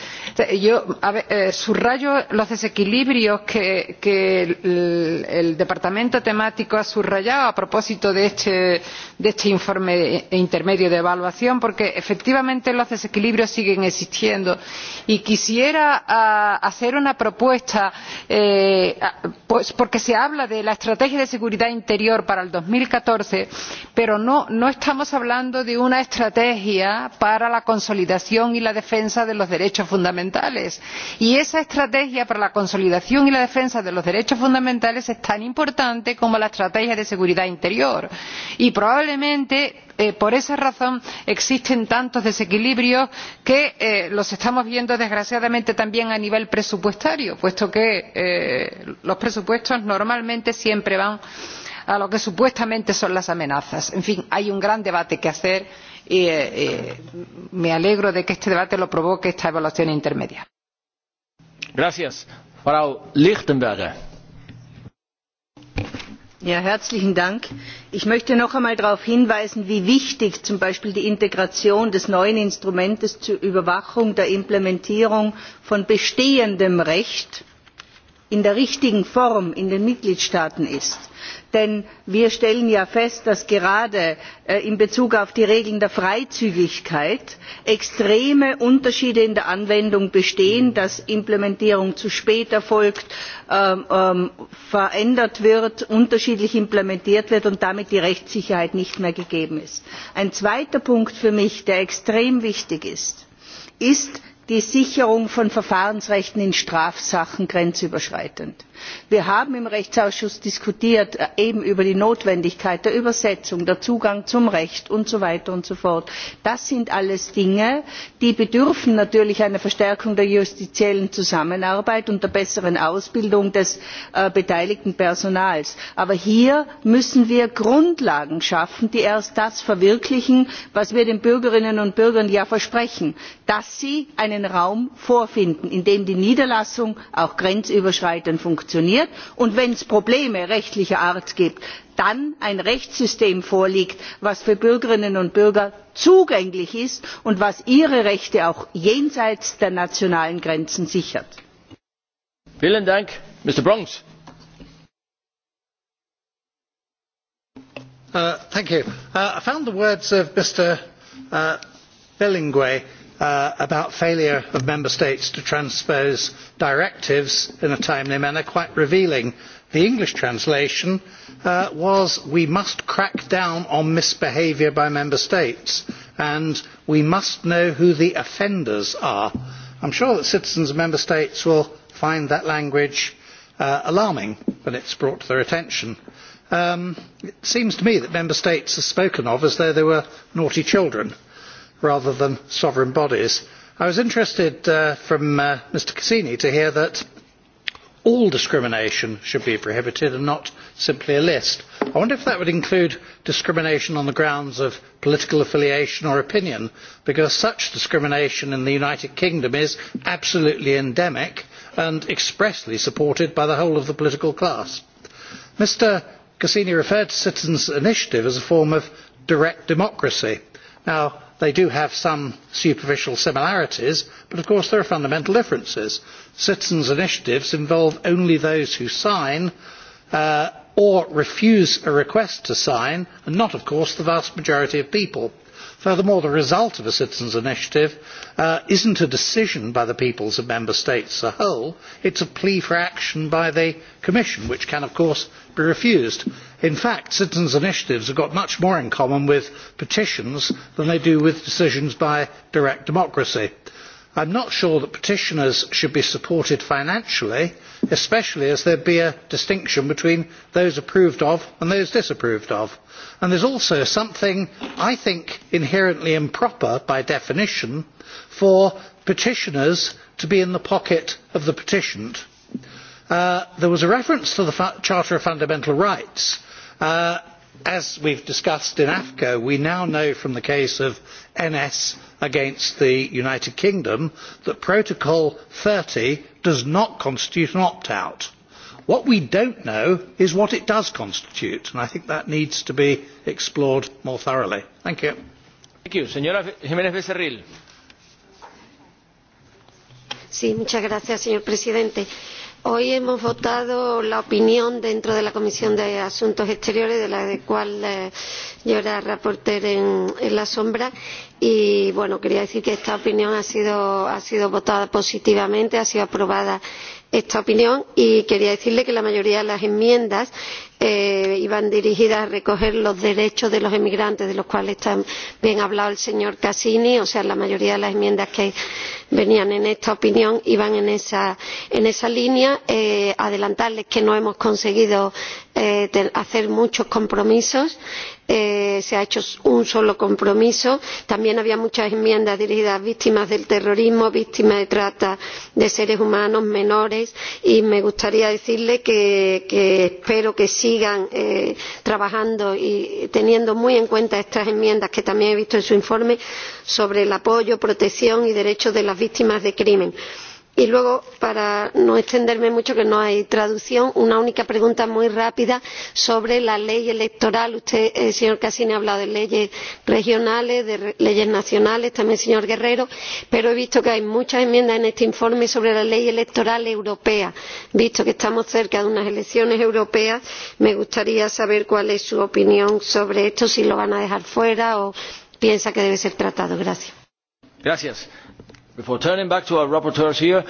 Yo a ver, eh, subrayo los desequilibrios que, que el, el Departamento temático ha subrayado a propósito de este, de este informe intermedio de evaluación, porque efectivamente los desequilibrios siguen existiendo. Y quisiera a, ah, hacer una propuesta, eh, pues porque se habla de la estrategia de seguridad interior para dos mil catorce pero no, no estamos hablando de una estrategia para la consolidación y la defensa de los derechos fundamentales y esa estrategia para la consolidación y la defensa de los derechos fundamentales es tan importante como la estrategia de seguridad interior y probablemente Eh, por esa razón existen tantos desequilibrios que eh, los estamos viendo desgraciadamente también a nivel presupuestario puesto que eh, los presupuestos normalmente siempre van a lo que supuestamente son las amenazas. en fin hay un gran debate que hacer y eh, eh, me alegro de que este debate lo provoque esta evaluación intermedia. Gracias, Frau Lichtenberger herr präsident! ich möchte noch einmal darauf hinweisen wie wichtig zum beispiel die integration des neuen instruments zur überwachung der implementierung von bestehendem recht in der richtigen form in den mitgliedstaaten ist denn wir stellen ja fest dass gerade äh, in bezug auf die regeln der freizügigkeit extreme unterschiede in der anwendung bestehen dass implementierung zu spät erfolgt ähm, ähm, verändert wird unterschiedlich implementiert wird und damit die rechtssicherheit nicht mehr gegeben ist. ein zweiter punkt der für mich extrem wichtig ist ist die sicherung von verfahrensrechten in strafsachen grenzüberschreitend wir haben im rechtsausschuss diskutiert äh, eben über die notwendigkeit der übersetzung den zugang zum recht und so weiter und so fort. das sind alles dinge die bedürfen natürlich einer verstärkung der justiziellen zusammenarbeit und der besseren ausbildung des äh, beteiligten personals. aber hier müssen wir grundlagen schaffen die erst das verwirklichen was wir den bürgerinnen und bürgern ja versprechen dass sie einen raum vorfinden in dem die niederlassung auch grenzüberschreitend sanktioniert und wenn es probleme rechtlicher art gibt dann ein rechtssystem vorliegt das für bürgerinnen und bürger zugänglich ist und das ihre rechte auch jenseits der nationalen grenzen sichert. vielen dank mr bronx. Uh, thank you. Uh, i found the words of mr uh, berlinguer uh, about failure of member states to transpose directives in a timely manner quite revealing. The English translation uh, was we must crack down on misbehaviour by member states and we must know who the offenders are. I'm sure that citizens of member states will find that language uh, alarming when it's brought to their attention. Um, it seems to me that member states are spoken of as though they were naughty children. Uh, rather than sovereign bodies. I was interested uh, from uh, Mr Cassini to hear that all discrimination should be prohibited and not simply a list. I wonder if that would include discrimination on the grounds of political affiliation or opinion, because such discrimination in the United Kingdom is absolutely endemic and expressly supported by the whole of the political class. Mr Cassini referred to citizens' initiative as a form of direct democracy. Now, They do have some superficial similarities, but of course there are fundamental differences. Citizens' initiatives involve only those who sign uh, or refuse a request to sign, and not, of course, the vast majority of people furthermore the result of a citizens' initiative uh, is not a decision by the peoples of member states as a whole it is a plea for action by the commission which can of course be refused. in fact citizens' initiatives have got much more in common with petitions than they do with decisions by direct democracy i am not sure that petitioners should be supported financially especially as there would be a distinction between those approved of and those disapproved of. there is also something i think inherently improper by definition for petitioners to be in the pocket of the petitioned. Uh, there was a reference to the charter of fundamental rights. Uh, as we have discussed in afco we now know from the case of ns against the united kingdom that protocol thirty does not constitute an opt out. what we do not know is what it does constitute and i think that needs to be explored more thoroughly. thank you. señor presidente Hoy hemos votado la opinión dentro de la Comisión de Asuntos Exteriores, de la de cual eh, yo era reporter en, en la sombra, y bueno, quería decir que esta opinión ha sido, ha sido votada positivamente, ha sido aprobada esta opinión, y quería decirle que la mayoría de las enmiendas eh, iban dirigidas a recoger los derechos de los emigrantes de los cuales también ha hablado el señor casini o sea la mayoría de las enmiendas que venían en esta opinión iban en esa, en esa línea. Eh, adelantarles que no hemos conseguido eh, hacer muchos compromisos y eh, se ha hecho un solo compromiso. También había muchas enmiendas dirigidas a víctimas del terrorismo, víctimas de trata de seres humanos, menores, y me gustaría decirle que, que espero que sigan eh, trabajando y teniendo muy en cuenta estas enmiendas que también he visto en su informe sobre el apoyo, protección y derechos de las víctimas de crimen. Eh, y luego para no extenderme mucho que no hay traducción una única pregunta muy rápida sobre la ley electoral usted eh, señor casini ha hablado de leyes regionales de leyes nacionales también el señor guerrero pero he visto que hay muchas enmiendas en este informe sobre la ley electoral europea. visto que estamos cerca de unas elecciones europeas me gustaría saber cuál es su opinión sobre esto si lo van a dejar fuera o piensa que debe ser tratado. gracias. gracias before turning back to our rapporteurs here,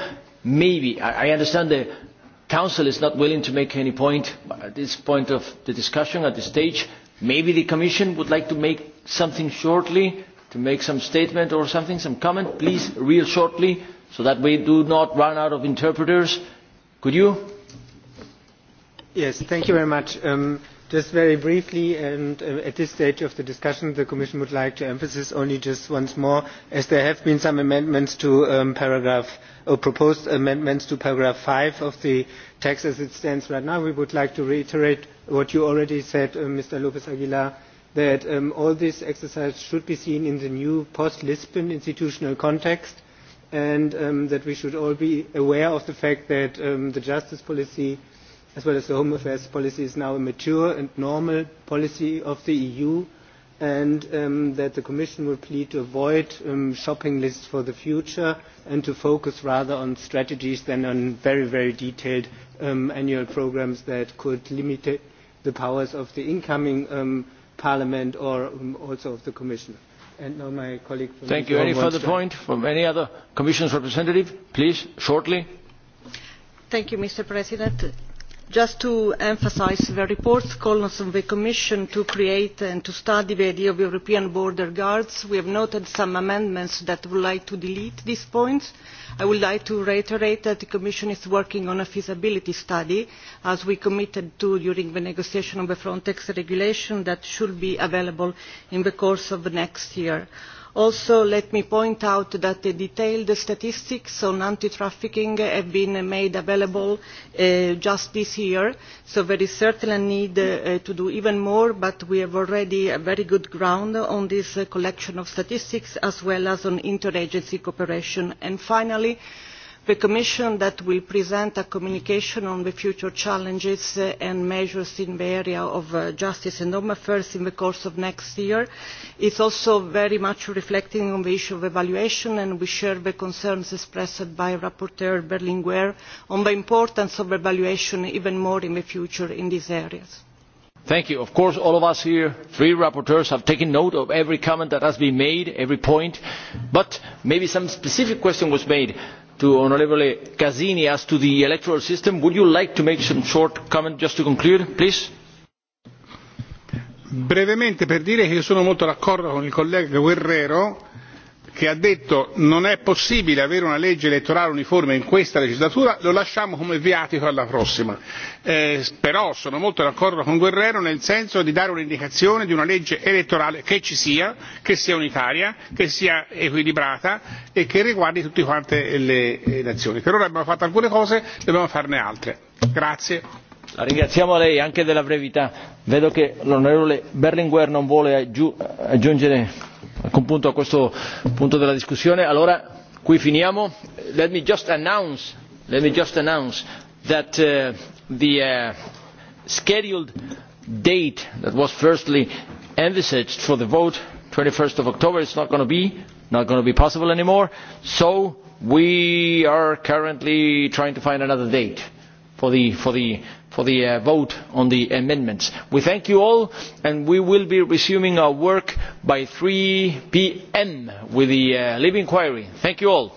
maybe, I, I understand the Council is not willing to make any point at this point of the discussion, at this stage. Maybe the Commission would like to make something shortly, to make some statement or something, some comment, please, real shortly, so that we do not run out of interpreters. Could you? Yes, thank you very much. Um, Just very briefly, and uh, at this stage of the discussion, the Commission would like to emphasize only just once more, as there have been some amendments to um, paragraph, or proposed amendments to paragraph 5 of the text as it stands right now. We would like to reiterate what you already said, uh, Mr. Lopez Aguilar, that um, all this exercise should be seen in the new post-Lisbon institutional context, and um, that we should all be aware of the fact that um, the justice policy as well as the Home Affairs policy is now a mature and normal policy of the EU and um, that the Commission will plead to avoid um, shopping lists for the future and to focus rather on strategies than on very, very detailed um, annual programs that could limit the powers of the incoming um, Parliament or um, also of the Commission. And now my colleague from Thank you. Any further point from any other Commission's representative? Please, shortly. Thank you, Mr. President just to emphasise the report calls on the commission to create and to study the idea of european border guards. we have noted some amendments that would like to delete these points. i would like to reiterate that the commission is working on a feasibility study as we committed to during the negotiation of the frontex regulation that should be available in the course of next year also let me point out that the detailed statistics on anti trafficking have been made available uh, just this year so there is certainly a need uh, to do even more but we have already a very good ground on this uh, collection of statistics as well as on interagency cooperation. And finally the commission that will present a communication on the future challenges uh, and measures in the area of uh, justice and home affairs in the course of next year is also very much reflecting on the issue of evaluation and we share the concerns expressed by rapporteur berlinguer on the importance of evaluation even more in the future in these areas. Thank you. Of course, all of us here, three rapporteurs, have taken note of every comment that has been made, every point. But maybe some specific question was made to honourable casini as to the electoral system would you like to make some short comment just to conclude please? brevemente per dire che io sono molto d'accordo con il collega guerrero che ha detto non è possibile avere una legge elettorale uniforme in questa legislatura lo lasciamo come viatico alla prossima eh, però sono molto d'accordo con guerrero nel senso di dare un'indicazione di una legge elettorale che ci sia che sia unitaria che sia equilibrata e che riguardi tutte quante le nazioni. per ora abbiamo fatto alcune cose dobbiamo farne altre ringraziamo lei anche della brevità vedo che l'onorevole berlinguer non vuole aggiungere alcun punto a questo punto della discussione allora qui finiamo. let me just announce, let me just announce that uh, the uh, scheduled date that was firstly envisaged for the vote twenty one october is not going to be not going to be possible anymore so we are currently trying to find another date for the for the for the uh, vote on the amendments. we thank you all and we will be resuming our work by three pm with the uh, libe inquiry. thank you all.